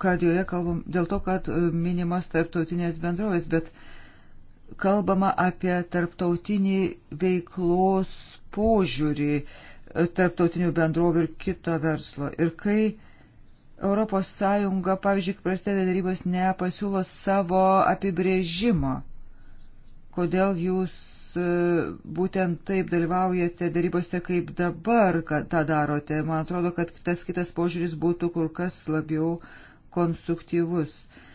C: kad joje kalbam dėl to, kad e, minimos tarptautinės bendrovės, bet kalbama apie tarptautinį veiklos požiūrį tarptautinių bendrovų ir kito verslo. Ir kai ES, pavyzdžiui, prasideda darybos, nepasiūlo savo apibrėžimo, kodėl jūs e, būtent taip dalyvaujate darybose, kaip dabar tą darote. Man atrodo, kad tas kitas požiūris būtų kur kas labiau konstruktyvus. Uh,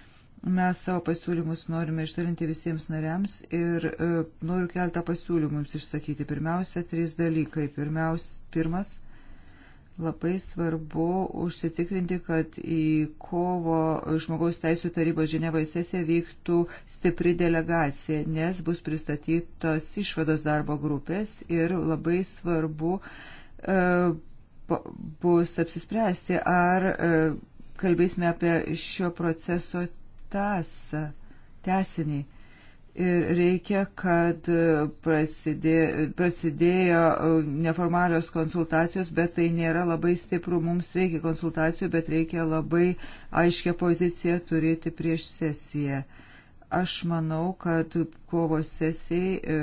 C: Mes savo pasiūlymus norime išdalinti visiems nariams ir e, noriu keltą pasiūlymų jums išsakyti. Pirmiausia, trys dalykai. Pirmiaus, pirmas, labai svarbu užsitikrinti, kad į kovo žmogaus teisų tarybos Ženevoje sesiją vyktų stipri delegacija, nes bus pristatytos išvados darbo grupės ir labai svarbu e, bus apsispręsti, ar e, kalbėsime apie šio proceso tęsą, tęsinį. Ir reikia, kad prasidė, prasidėjo neformalios konsultacijos, bet tai nėra labai stipru. Mums reikia konsultacijų, bet reikia labai aiškę poziciją turėti prieš sesiją. Aš manau, kad kovo sesijai e,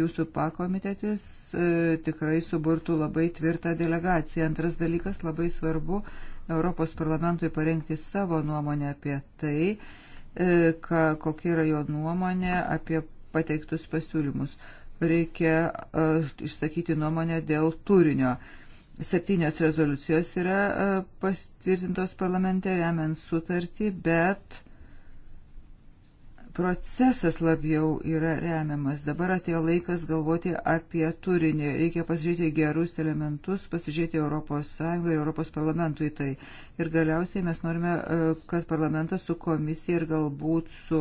C: jūsų pakomitetis e, tikrai suburtų labai tvirtą delegaciją. Antras dalykas labai svarbu Europos parlamentui parengti savo nuomonę apie tai, e, ką, kokia yra jo nuomonė apie pateiktus pasiūlymus. Reikia uh, išsakyti nuomonę dėl turinio. Septynios rezoliucijos yra uh, pastvirtintos parlamente remiant sutartį, bet uh, procesas labiau yra remiamas. Dabar atėjo laikas galvoti apie turinį. Reikia pasižiūrėti gerus elementus, pasižiūrėti Europos Sąjungą ir Europos parlamentui tai. Ir galiausiai mes norime, e, kad parlamentas su komisija ir galbūt su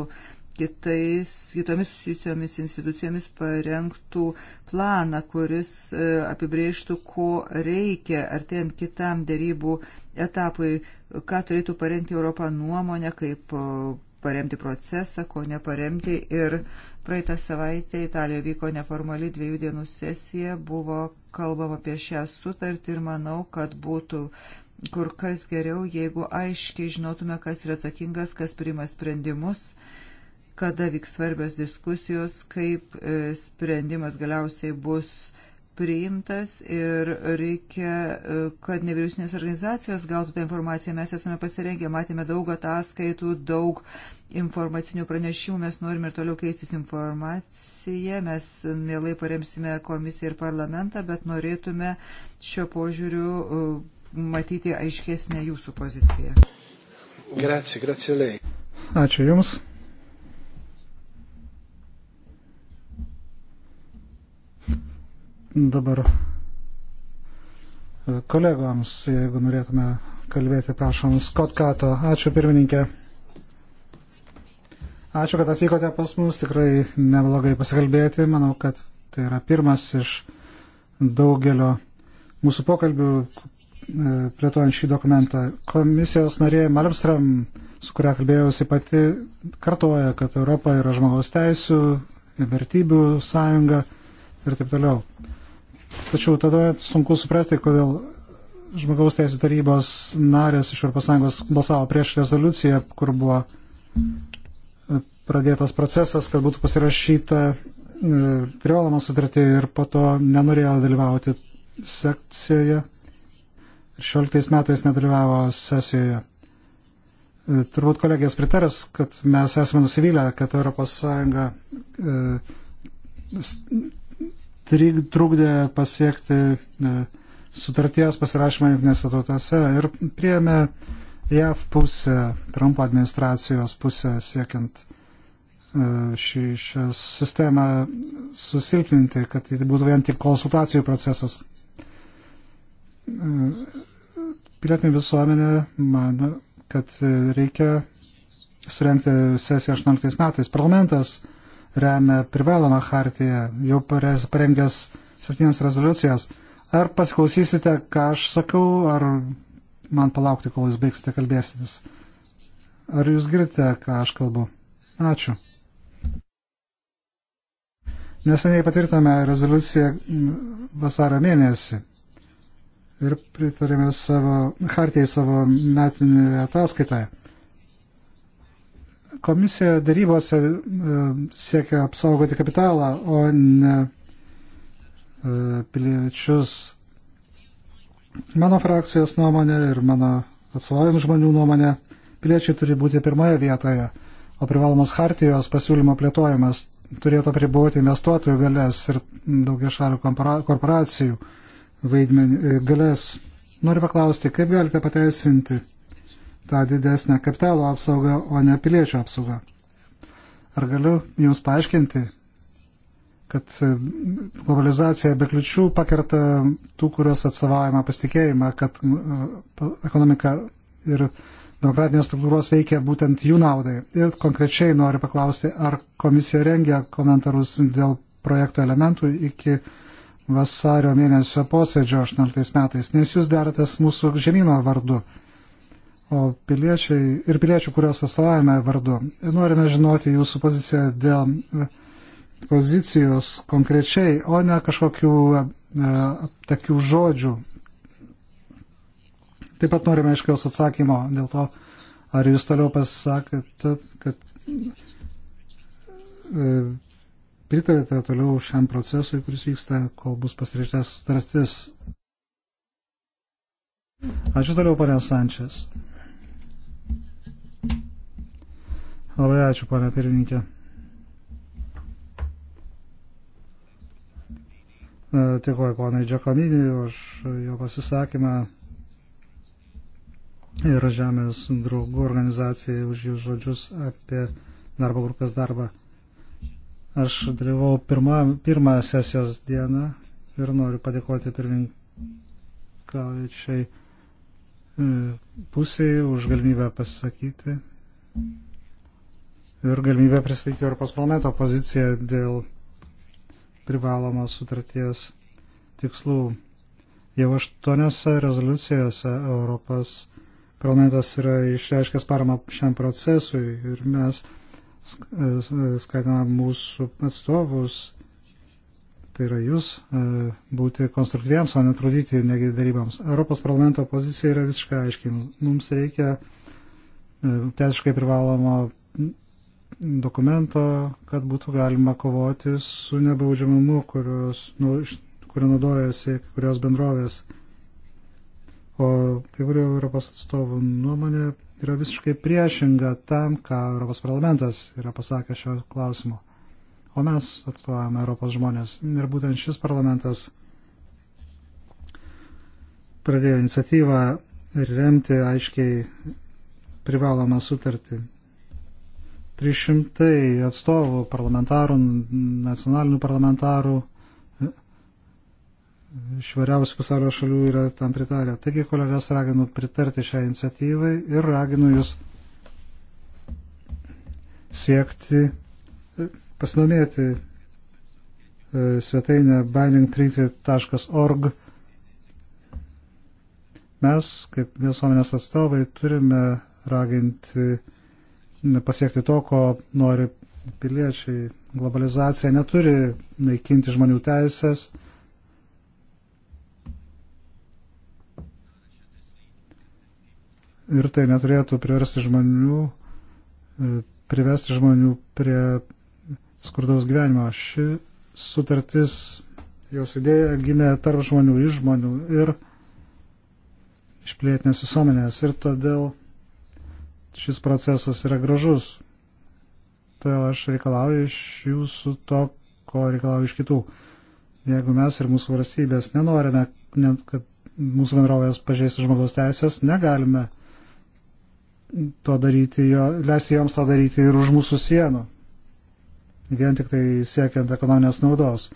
C: kitais, kitomis susijusiomis institucijomis parengtų planą, kuris e, apibrėžtų, ko reikia artėjant kitam dėrybų etapui, ką turėtų parengti Europą nuomonę kaip e, paremti procesą, ko neparemti. Ir praeitą savaitę Italijoje vyko neformali dviejų dienų sesija, buvo kalbama apie šią sutartį ir manau, kad būtų kur kas geriau, jeigu aiškiai žinotume, kas yra atsakingas, kas priima sprendimus kada vyks svarbios diskusijos, kaip e, sprendimas galiausiai bus priimtas ir reikia, e, kad nevyriausinės organizacijos gautų tą informaciją. Mes esame pasirengę, matėme daug ataskaitų, daug informacinių pranešimų, mes norime ir toliau keistis informaciją, mes mielai paremsime komisiją ir parlamentą, bet norėtume šio požiūriu e, matyti aiškesnę jūsų poziciją.
A: Grazie, grazie lei.
D: Ačiū Jums. dabar e, kolegoms, jeigu norėtume kalbėti, prašom, Scott Kato. Ačiū pirmininkė. Ačiū, kad atvykote pas mus, tikrai neblogai pasikalbėti. Manau, kad tai yra pirmas iš daugelio mūsų pokalbių e, plėtojant šį dokumentą. Komisijos narė Malmström, su kuria kalbėjausi pati, kartoja, kad Europa yra žmogaus teisų, vertybių sąjunga ir taip toliau. Tačiau tada sunku suprasti, kodėl žmogaus teisų tarybos narės iš Europos Sąjungos balsavo prieš rezoliuciją, kur buvo e, pradėtas procesas, kad būtų pasirašyta e, privaloma sutartį ir po to nenorėjo dalyvauti sekcijoje. 16 metais nedalyvavo sesijoje. E, turbūt kolegijas pritars, kad mes esame nusivylę, kad ES trukdė pasiekti e, sutarties pasirašymą jungtinėse tautose ir priėmė JAV pusę, Trumpo administracijos pusę siekiant e, šį, šią sistemą susilpninti, kad tai būtų vien tik konsultacijų procesas. E, pilietinė visuomenė mano, kad reikia surenkti sesiją 18 metais. Parlamentas remia privalomą hartiją, jau parengęs septynias rezoliucijas. Ar pasiklausysite, ką aš sakau, ar man palaukti, kol jūs baigsite kalbėsitis? Ar jūs girdite, ką aš kalbu? Ačiū. Neseniai patvirtame rezoliuciją vasario mėnesį ir pritarėme savo, hartijai savo metinį ataskaitą. Komisija darybose e, siekia apsaugoti kapitalą, o ne e, piliečius. Mano frakcijos nuomonė ir mano atstovavimų žmonių nuomonė, piliečiai turi būti pirmoje vietoje, o privalomas hartijos pasiūlymo plėtojimas turėtų apriboti investuotojų galės ir daugia šalių korporacijų vaidmenį e, galės. Noriu paklausti, kaip galite pateisinti tą didesnę kapitalo apsaugą, o ne piliečių apsaugą. Ar galiu Jums paaiškinti, kad e, globalizacija be kliučių pakerta tų, kurios atstovavimą pasitikėjimą, kad e, ekonomika ir demokratinės struktūros veikia būtent jų naudai. Ir konkrečiai noriu paklausti, ar komisija rengia komentarus dėl projekto elementų iki vasario mėnesio posėdžio 18 metais, nes jūs deratės mūsų žemyno vardu o piliečiai ir piliečių, kuriuos atstovavome vardu. Norime žinoti jūsų poziciją dėl pozicijos konkrečiai, o ne kažkokių e, tokių žodžių. Taip pat norime aiškiaus atsakymo dėl to, ar jūs toliau pasakėte, kad e, pritarėte toliau šiam procesui, kuris vyksta, kol bus pasirašytas sutartis. Ačiū toliau, ponė Sančias. Labai ačiū, ponia pirmininkė. Tikoju e, ponai Džekominį už jo pasisakymą ir Žemės draugų organizacijai už jų žodžius apie darbo grupės darbą. Aš dalyvau pirmą, pirmą sesijos dieną ir noriu padėkoti pirmininkaujančiai e, pusiai už galimybę pasisakyti ir galimybę pristatyti Europos parlamento poziciją dėl privalomos sutarties tikslų. Jau aštuoniose rezoliucijose Europos parlamentas yra išreiškęs paramą šiam procesui ir mes e, e, skatiname mūsų atstovus, tai yra jūs, e, būti konstruktyviems, o netrudyti darybams. Europos parlamento pozicija yra visiškai aiškiai. Mums reikia teisiškai privalomo dokumento, kad būtų galima kovoti su nebaudžiamumu, kurios, nu, kurio naudojasi kurios bendrovės. O kai kurių Europos atstovų nuomonė yra visiškai priešinga tam, ką Europos parlamentas yra pasakęs šio klausimu. O mes atstovavome Europos žmonės. Ir būtent šis parlamentas pradėjo iniciatyvą remti aiškiai privalomą sutartį 300 atstovų parlamentarų, nacionalinių parlamentarų švariausių pasaulio šalių yra tam pritarę. Taigi, kolegas, raginu pritarti šią iniciatyvai ir raginu jūs siekti pasidomėti e, svetainę bindingtreaty.org. Mes, kaip visuomenės atstovai, turime raginti pasiekti to, ko nori piliečiai. Globalizacija neturi naikinti žmonių teisės. Ir tai neturėtų priversti žmonių, e, privesti žmonių prie skurdaus gyvenimo. Ši sutartis, jos idėja gimė tarp žmonių, iš žmonių ir iš plėtinės visuomenės. Ir todėl šis procesas yra gražus. Todėl aš reikalauju iš jūsų to, ko reikalauju iš kitų. Jeigu mes ir mūsų valstybės nenorime, kad mūsų bendrovės pažeistų žmogaus teisės, negalime to daryti, jo, leisti joms tą daryti ir už mūsų sienų, vien tik tai siekiant ekonominės naudos.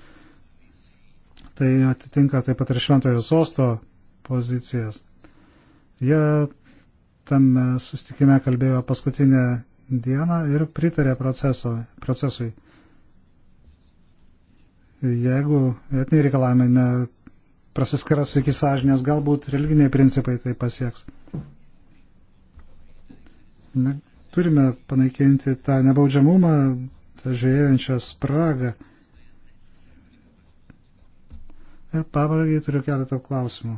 D: Tai atitinka taip pat ir šventojo sosto pozicijas. Jie tame sustikime kalbėjo paskutinę dieną ir pritarė proceso, procesui. Jeigu etiniai reikalavimai ne prasiskaras iki sąžinės, galbūt religiniai principai tai pasieks. Ne, turime panaikinti tą nebaudžiamumą, tą žiūrėjančią spragą. Ir pabaigai turiu keletą klausimų.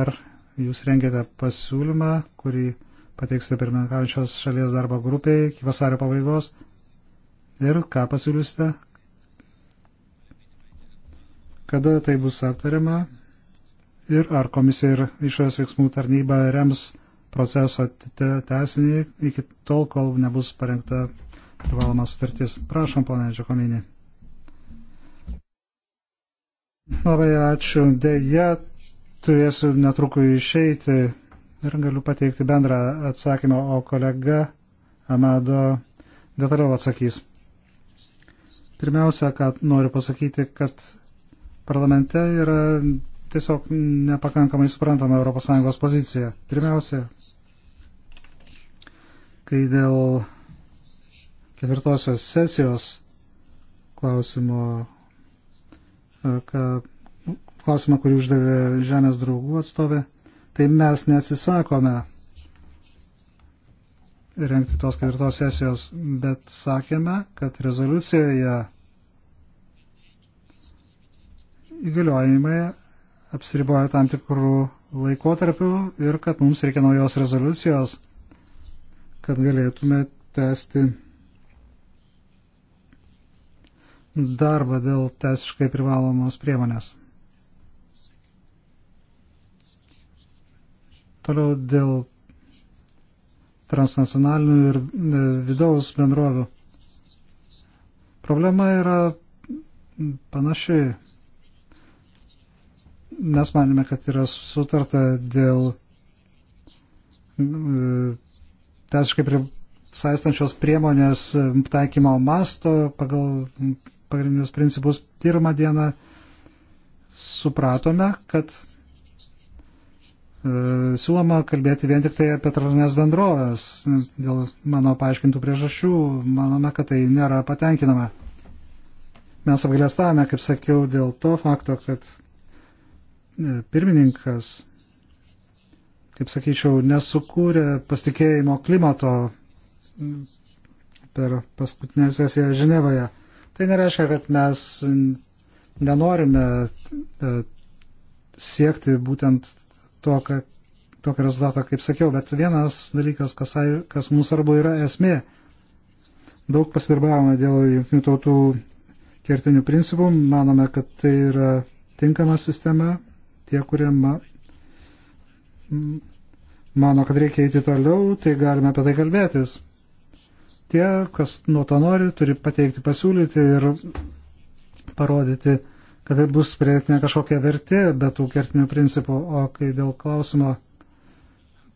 D: Ar jūs rengiate pasiūlymą, kurį pateiksite pirmininkaujančios šalies darbo grupiai iki vasario pabaigos. Ir ką pasiūlysite? Kada tai bus aptariama? Ir ar komisija ir išorės veiksmų tarnyba rems proceso tesinį iki tol, kol nebus parengta privaloma sutartis. Prašom, ponė Džekominė. Labai ačiū. Deja, turėsiu netrukus išeiti ir galiu pateikti bendrą atsakymą, o kolega Amado detaliau atsakys. Pirmiausia, kad noriu pasakyti, kad parlamente yra tiesiog nepakankamai suprantama ES pozicija. Pirmiausia, kai dėl ketvirtosios sesijos klausimo, ką klausimą, kurį uždavė Žemės draugų atstovė, tai mes neatsisakome rengti tos ketvirtos sesijos, bet sakėme, kad rezoliucijoje įgaliojimai apsiriboja tam tikrų laikotarpių ir kad mums reikia naujos rezoliucijos, kad galėtume tęsti darbą dėl teisiškai privalomos priemonės. Toliau dėl transnacionalinių ir e, vidaus bendrovių. Problema yra panašiai. Mes manime, kad yra sutarta dėl e, teisiškai prie, saistančios priemonės taikymo masto pagal pagrindinius principus. Pirmą dieną supratome, kad E, siūloma kalbėti vien tik tai apie pramonės bendrovės. Dėl mano paaiškintų priežasčių manome, kad tai nėra patenkinama. Mes apgailestavome, kaip sakiau, dėl to fakto, kad e, pirmininkas, kaip sakyčiau, nesukūrė pasitikėjimo klimato per paskutinę sesiją Ženevoje. Tai nereiškia, kad mes nenorime e, siekti būtent tokį, tokį rezultatą, kaip sakiau, bet vienas dalykas, kas, kas mums svarbu, yra esmė. Daug pasidirbavome dėl jungtinių tautų kertinių principų, manome, kad tai yra tinkama sistema, tie, kurie ma, mano, kad reikia eiti toliau, tai galime apie tai kalbėtis. Tie, kas nuo to nori, turi pateikti pasiūlyti ir parodyti, kad tai bus pridėtinė kažkokia vertė be tų kertinių principų, o kai dėl klausimo,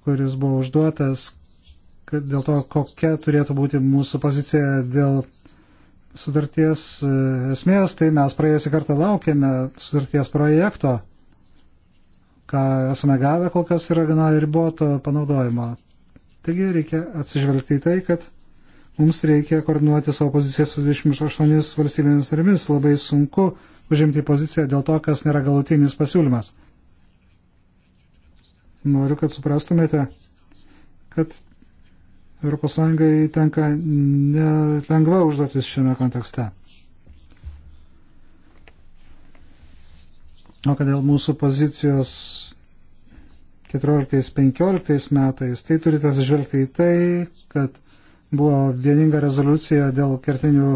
D: kuris buvo užduotas, kad dėl to, kokia turėtų būti mūsų pozicija dėl sutarties e, esmės, tai mes praėjusią kartą laukėme sutarties projekto, ką esame gavę kol kas yra gana riboto panaudojimo. Taigi reikia atsižvelgti į tai, kad Mums reikia koordinuoti savo poziciją su 28 valstybėmis narimis. Labai sunku užimti poziciją dėl to, kas nėra galutinis pasiūlymas. Noriu, kad suprastumėte, kad ES tenka nelengva užduotis šiame kontekste. O kad dėl mūsų pozicijos 14-15 metais, tai turite atsižvelgti į tai, kad Buvo vieninga rezoliucija dėl kertinių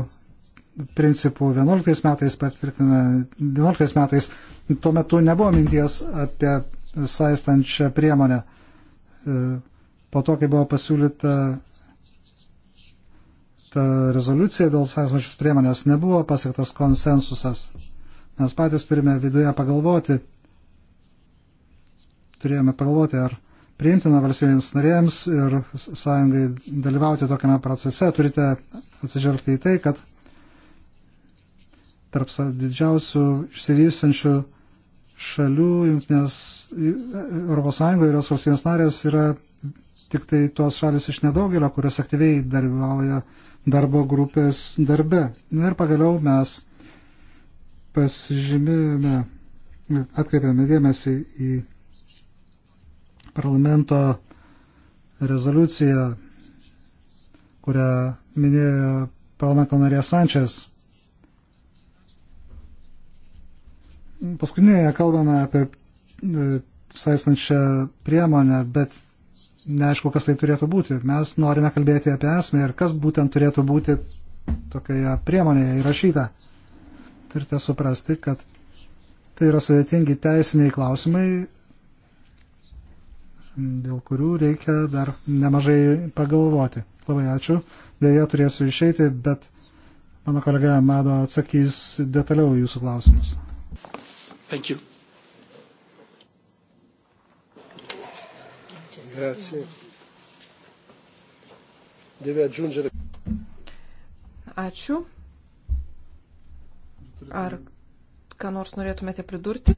D: principų 11 metais patvirtina 11 metais. Tuo metu nebuvo minties apie saistančią priemonę. E, po to, kai buvo pasiūlyta ta rezoliucija dėl saistančios priemonės, nebuvo pasiektas konsensusas. Mes patys turime viduje pagalvoti, turėjome pagalvoti, ar priimtina valstybėms narėms ir sąjungai dalyvauti tokiame procese, turite atsižvelgti į tai, kad tarp didžiausių išsivystančių šalių Junktinės Europos Sąjungoje ir jos valstybės narės yra tik tai tos šalis iš nedaugelio, kurios aktyviai dalyvauja darbo grupės darbe. Na ir pagaliau mes pasižymėjome, atkreipėme dėmesį į parlamento rezoliuciją, kurią minėjo parlamento narė Sančias. Paskutinėje kalbame apie e, saistančią priemonę, bet neaišku, kas tai turėtų būti. Mes norime kalbėti apie esmę ir kas būtent turėtų būti tokioje priemonėje įrašyta. Turite suprasti, kad tai yra sudėtingi teisiniai klausimai dėl kurių reikia dar nemažai pagalvoti. Labai ačiū. Dėja turėsiu išeiti, bet mano kolega Mado atsakys detaliau jūsų klausimus.
A: Thank you. Grazie. Deve aggiungere.
B: Ačiū. Ar ką nors norėtumėte pridurti?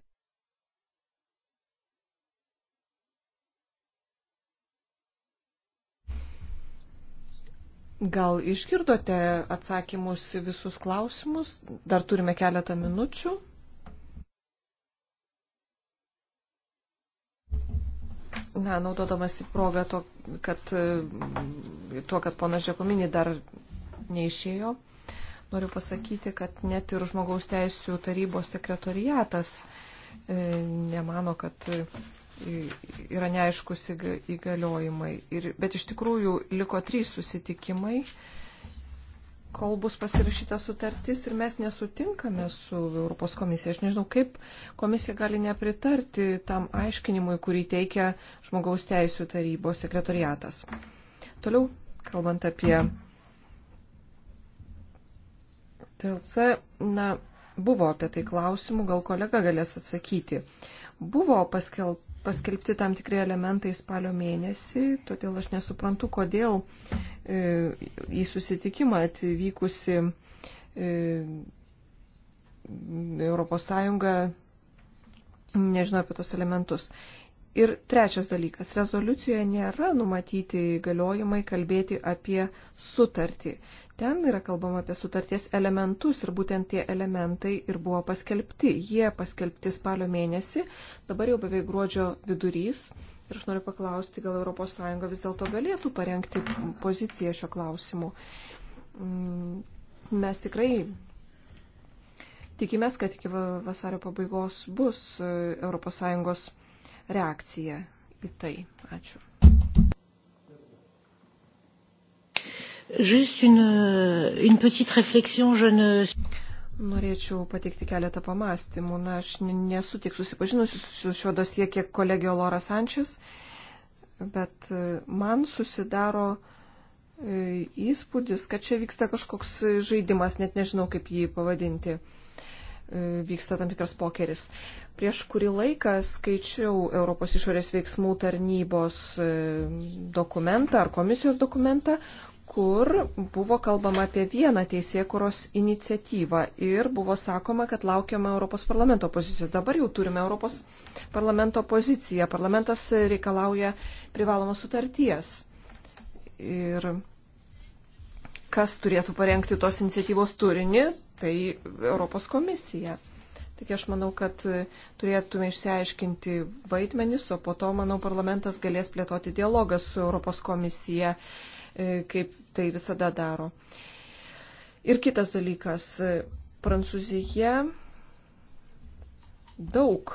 B: Gal išgirdote atsakymus visus klausimus? Dar turime keletą minučių. Na, naudodamas į progą to, kad, tuo, kad ponas Žekomini dar neišėjo, noriu pasakyti, kad net ir žmogaus teisų tarybos sekretoriatas e, nemano, kad yra neaiškus įgaliojimai. Ir, bet iš tikrųjų liko trys susitikimai, kol bus pasirašyta sutartis ir mes nesutinkame su Europos komisija. Aš nežinau, kaip komisija gali nepritarti tam aiškinimui, kurį teikia žmogaus teisų tarybos sekretoriatas. Toliau, kalbant apie TLC, na, buvo apie tai klausimų, gal kolega galės atsakyti. Buvo paskelbta paskelbti tam tikrai elementai spalio mėnesį, todėl aš nesuprantu, kodėl e, į susitikimą atvykusi ES nežino apie tos elementus. Ir trečias dalykas, rezoliucijoje nėra numatyti įgaliojimai kalbėti apie sutartį. Ten yra kalbama apie sutarties elementus ir būtent tie elementai ir buvo paskelbti. Jie paskelbti spalio mėnesį, dabar jau beveik gruodžio vidurys. Ir aš noriu paklausti, gal ES vis dėlto galėtų parengti poziciją šio klausimu. Mm, mes tikrai tikimės, kad iki vasario pabaigos bus ES reakcija į tai. Ačiū.
D: Juste une, une petite
B: réflexion, je ne. Norėčiau pateikti keletą pamastymų. Na, aš nesu tik susipažinusi su šiuo dosie, kiek kolegė Lora Sančias, bet e, man susidaro e, įspūdis, kad čia vyksta kažkoks žaidimas, net nežinau, kaip jį pavadinti. E, vyksta tam tikras pokeris. Prieš kurį laiką skaičiau Europos išorės veiksmų tarnybos dokumentą ar komisijos dokumentą, kur buvo kalbama apie vieną teisėkuros iniciatyvą ir buvo sakoma, kad laukiama Europos parlamento pozicijos. Dabar jau turime Europos parlamento poziciją. Parlamentas reikalauja privalomos sutarties. Ir kas turėtų parengti tos iniciatyvos turinį, tai Europos komisija. Taigi aš manau, kad turėtume išsiaiškinti vaidmenis, o po to, manau, parlamentas galės plėtoti dialogą su Europos komisija E, kaip tai visada daro. Ir kitas dalykas. E, Prancūzija daug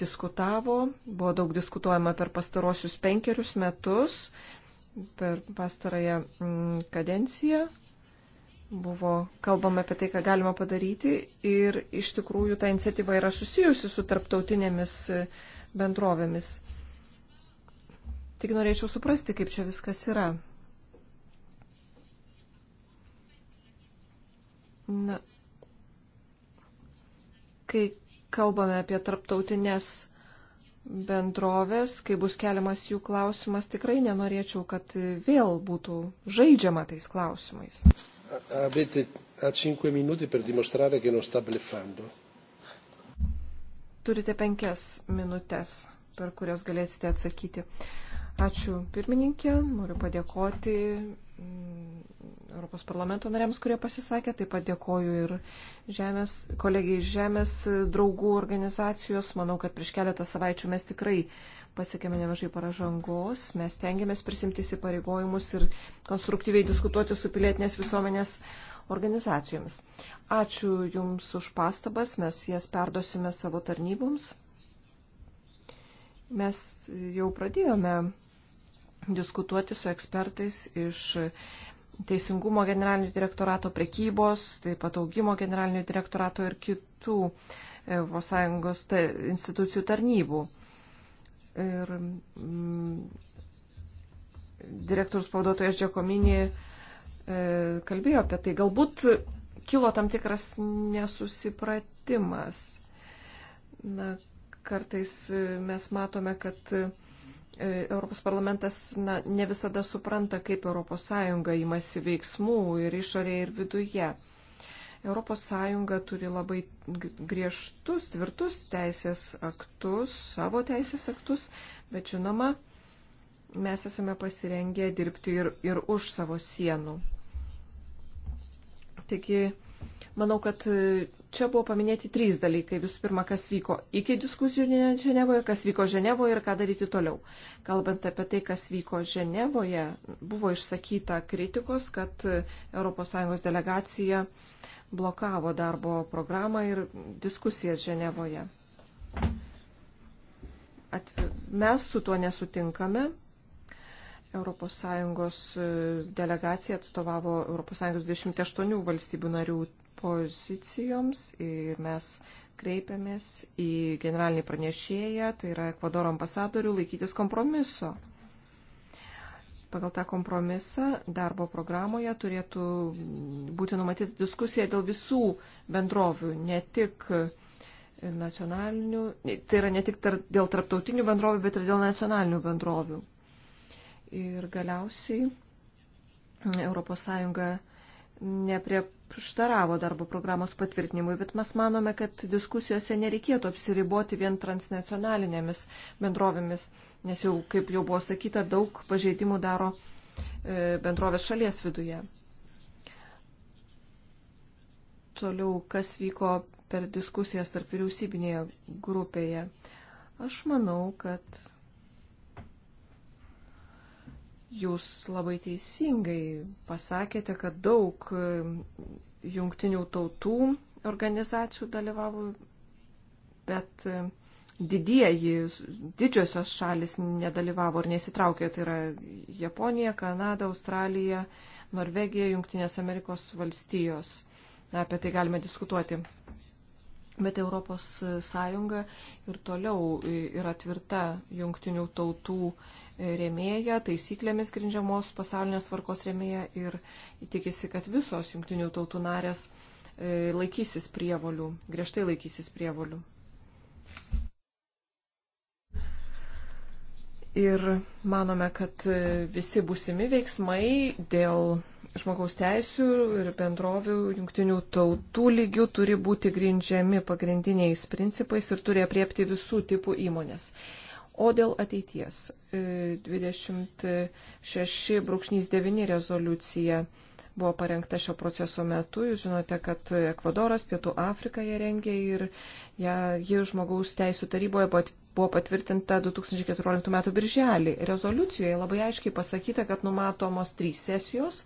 B: diskutavo, buvo daug diskutuojama per pastarosius penkerius metus, per pastarąją mm, kadenciją. Buvo kalbama apie tai, ką galima padaryti ir iš tikrųjų ta iniciatyva yra susijusi su tarptautinėmis e, bendrovėmis. Tik norėčiau suprasti, kaip čia viskas yra. Na, kai kalbame apie tarptautinės bendrovės, kai bus keliamas jų klausimas, tikrai nenorėčiau, kad vėl būtų žaidžiama tais klausimais.
A: Avete a 5 minuti per dimostrare che non sta blefando.
B: Turite penkias minutės, per kurias galėsite atsakyti. Ačiū pirmininkė, noriu padėkoti Mm, Europos parlamento nariams, kurie pasisakė. Taip pat dėkoju ir žemės, kolegijai iš Žemės draugų organizacijos. Manau, kad prieš keletą savaičių mes tikrai pasiekėme nemažai paražangos. Mes tengiamės prisimti įsipareigojimus ir konstruktyviai diskutuoti su pilietinės visuomenės organizacijomis. Ačiū Jums už pastabas, mes jas perdosime savo tarnyboms. Mes jau pradėjome diskutuoti su ekspertais iš Teisingumo generalinio direktorato prekybos, taip pat augimo generalinio direktorato ir kitų e, ES institucijų tarnybų. Ir mm, direktorius pavaduotojas Džekominį e, kalbėjo apie tai. Galbūt kilo tam tikras nesusipratimas. Na, kartais e, mes matome, kad Europos parlamentas na, ne visada supranta, kaip ES imasi veiksmų ir išorėje, ir viduje. ES turi labai griežtus, tvirtus teisės aktus, savo teisės aktus, bet žinoma, mes esame pasirengę dirbti ir, ir už savo sienų. Taigi, manau, kad čia buvo paminėti trys dalykai. Visų pirma, kas vyko iki diskusijų Ženevoje, kas vyko Ženevoje ir ką daryti toliau. Kalbant apie tai, kas vyko Ženevoje, buvo išsakyta kritikos, kad ES delegacija blokavo darbo programą ir diskusijas Ženevoje. Atvi... Mes su tuo nesutinkame. ES delegacija atstovavo ES 28 valstybių narių pozicijoms ir mes kreipiamės į generalinį pranešėją, tai yra Ekvadoro ambasadorių, laikytis kompromiso. Pagal tą kompromisą darbo programoje turėtų būti numatyta diskusija dėl visų bendrovių, ne tik nacionalinių, tai yra ne tik tar, dėl tarptautinių bendrovių, bet ir dėl nacionalinių bendrovių. Ir galiausiai ES neprieštaravo darbo programos patvirtinimui, bet mes manome, kad diskusijose nereikėtų apsiriboti vien transnacionalinėmis bendrovėmis, nes jau, kaip jau buvo sakyta, daug pažeidimų daro e, bendrovės šalies viduje. Toliau, kas vyko per diskusijas tarp vyriausybinėje grupėje. Aš manau, kad Jūs labai teisingai pasakėte, kad daug um, jungtinių tautų organizacijų dalyvavo, bet um, didieji, didžiosios šalis nedalyvavo ir neįsitraukė. Tai yra Japonija, Kanada, Australija, Norvegija, Junktinės Amerikos valstijos. Na, apie tai galime diskutuoti. Bet Europos Sąjunga ir toliau yra tvirta jungtinių tautų uh, rėmėja, taisyklėmis grindžiamos pasaulinės tvarkos rėmėja ir tikisi, kad visos jungtinių tautų narės e, laikysis prievolių, griežtai laikysis prievolių. Ir manome, kad e, visi būsimi veiksmai dėl žmogaus teisų ir bendrovių jungtinių tautų lygių turi būti grindžiami pagrindiniais principais ir turi apriepti visų tipų įmonės. O dėl ateities 26.9 e, rezoliucija buvo parengta šio proceso metu. Jūs žinote, kad Ekvadoras, Pietų Afrika ją rengė ir ją, ji žmogaus teisų taryboje pat, buvo patvirtinta 2014 m. birželį. Rezoliucijoje labai aiškiai pasakyta, kad numatomos trys sesijos.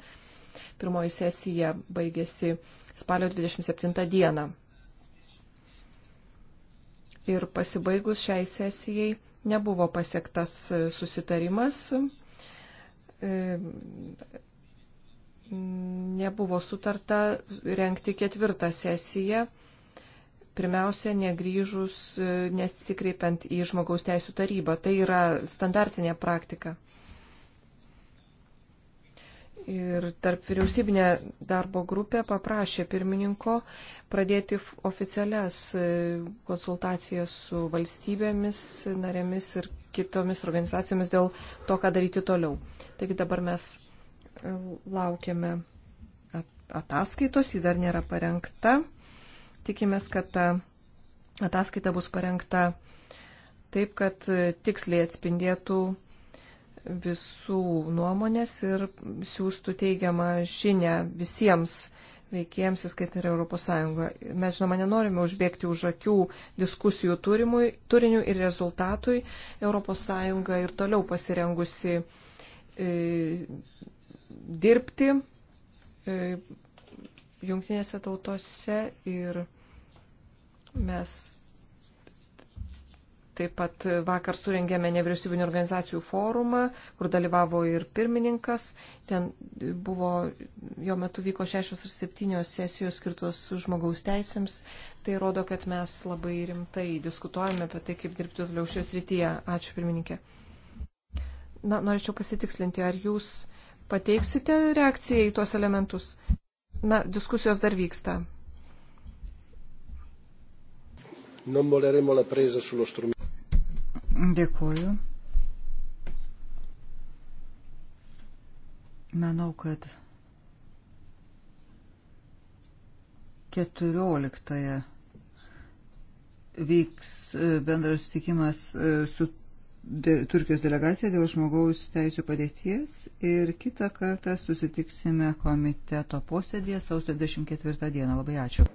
B: Pirmoji sesija baigėsi spalio 27 dieną. Ir pasibaigus šiai sesijai nebuvo pasiektas susitarimas, e, nebuvo sutarta renkti ketvirtą sesiją, pirmiausia, negryžus, e, nesikreipiant į žmogaus teisų tarybą. Tai yra standartinė praktika. Ir tarp vyriausybinė darbo grupė paprašė pirmininko pradėti oficialias e, konsultacijas su valstybėmis, narėmis ir kitomis organizacijomis dėl to, ką daryti toliau. Taigi dabar mes e, laukiame ataskaitos, ji dar nėra parengta. Tikimės, kad ta ataskaita bus parengta taip, kad e, tiksliai atspindėtų visų nuomonės ir siūstų teigiamą žinę visiems veikėjams, įskaitant ir Europos Sąjungą. Mes, žinoma, nenorime užbėgti už akių diskusijų turimui, turiniu ir rezultatui. Europos Sąjunga ir toliau pasirengusi e, dirbti e, jungtinėse tautose ir mes Taip pat vakar surengėme nevyriausybinio organizacijų forumą, kur dalyvavo ir pirmininkas. Ten buvo, jo metu vyko šešios ar septynios sesijos skirtos žmogaus teisėms. Tai rodo, kad mes labai rimtai diskutuojame apie tai, kaip dirbti toliau šios rytyje. Ačiū, pirmininkė. Na, norėčiau pasitikslinti, ar jūs pateiksite reakciją į tuos elementus? Na, diskusijos dar vyksta.
A: Non voleremo la presa sullo strumento.
C: Dėkuoju. Manau, kad 14 vyks e, bendras sutikimas e, su Turkijos delegacija dėl žmogaus teisų padėties ir kitą kartą susitiksime komiteto posėdėje sausio 24 dieną. Labai ačiū.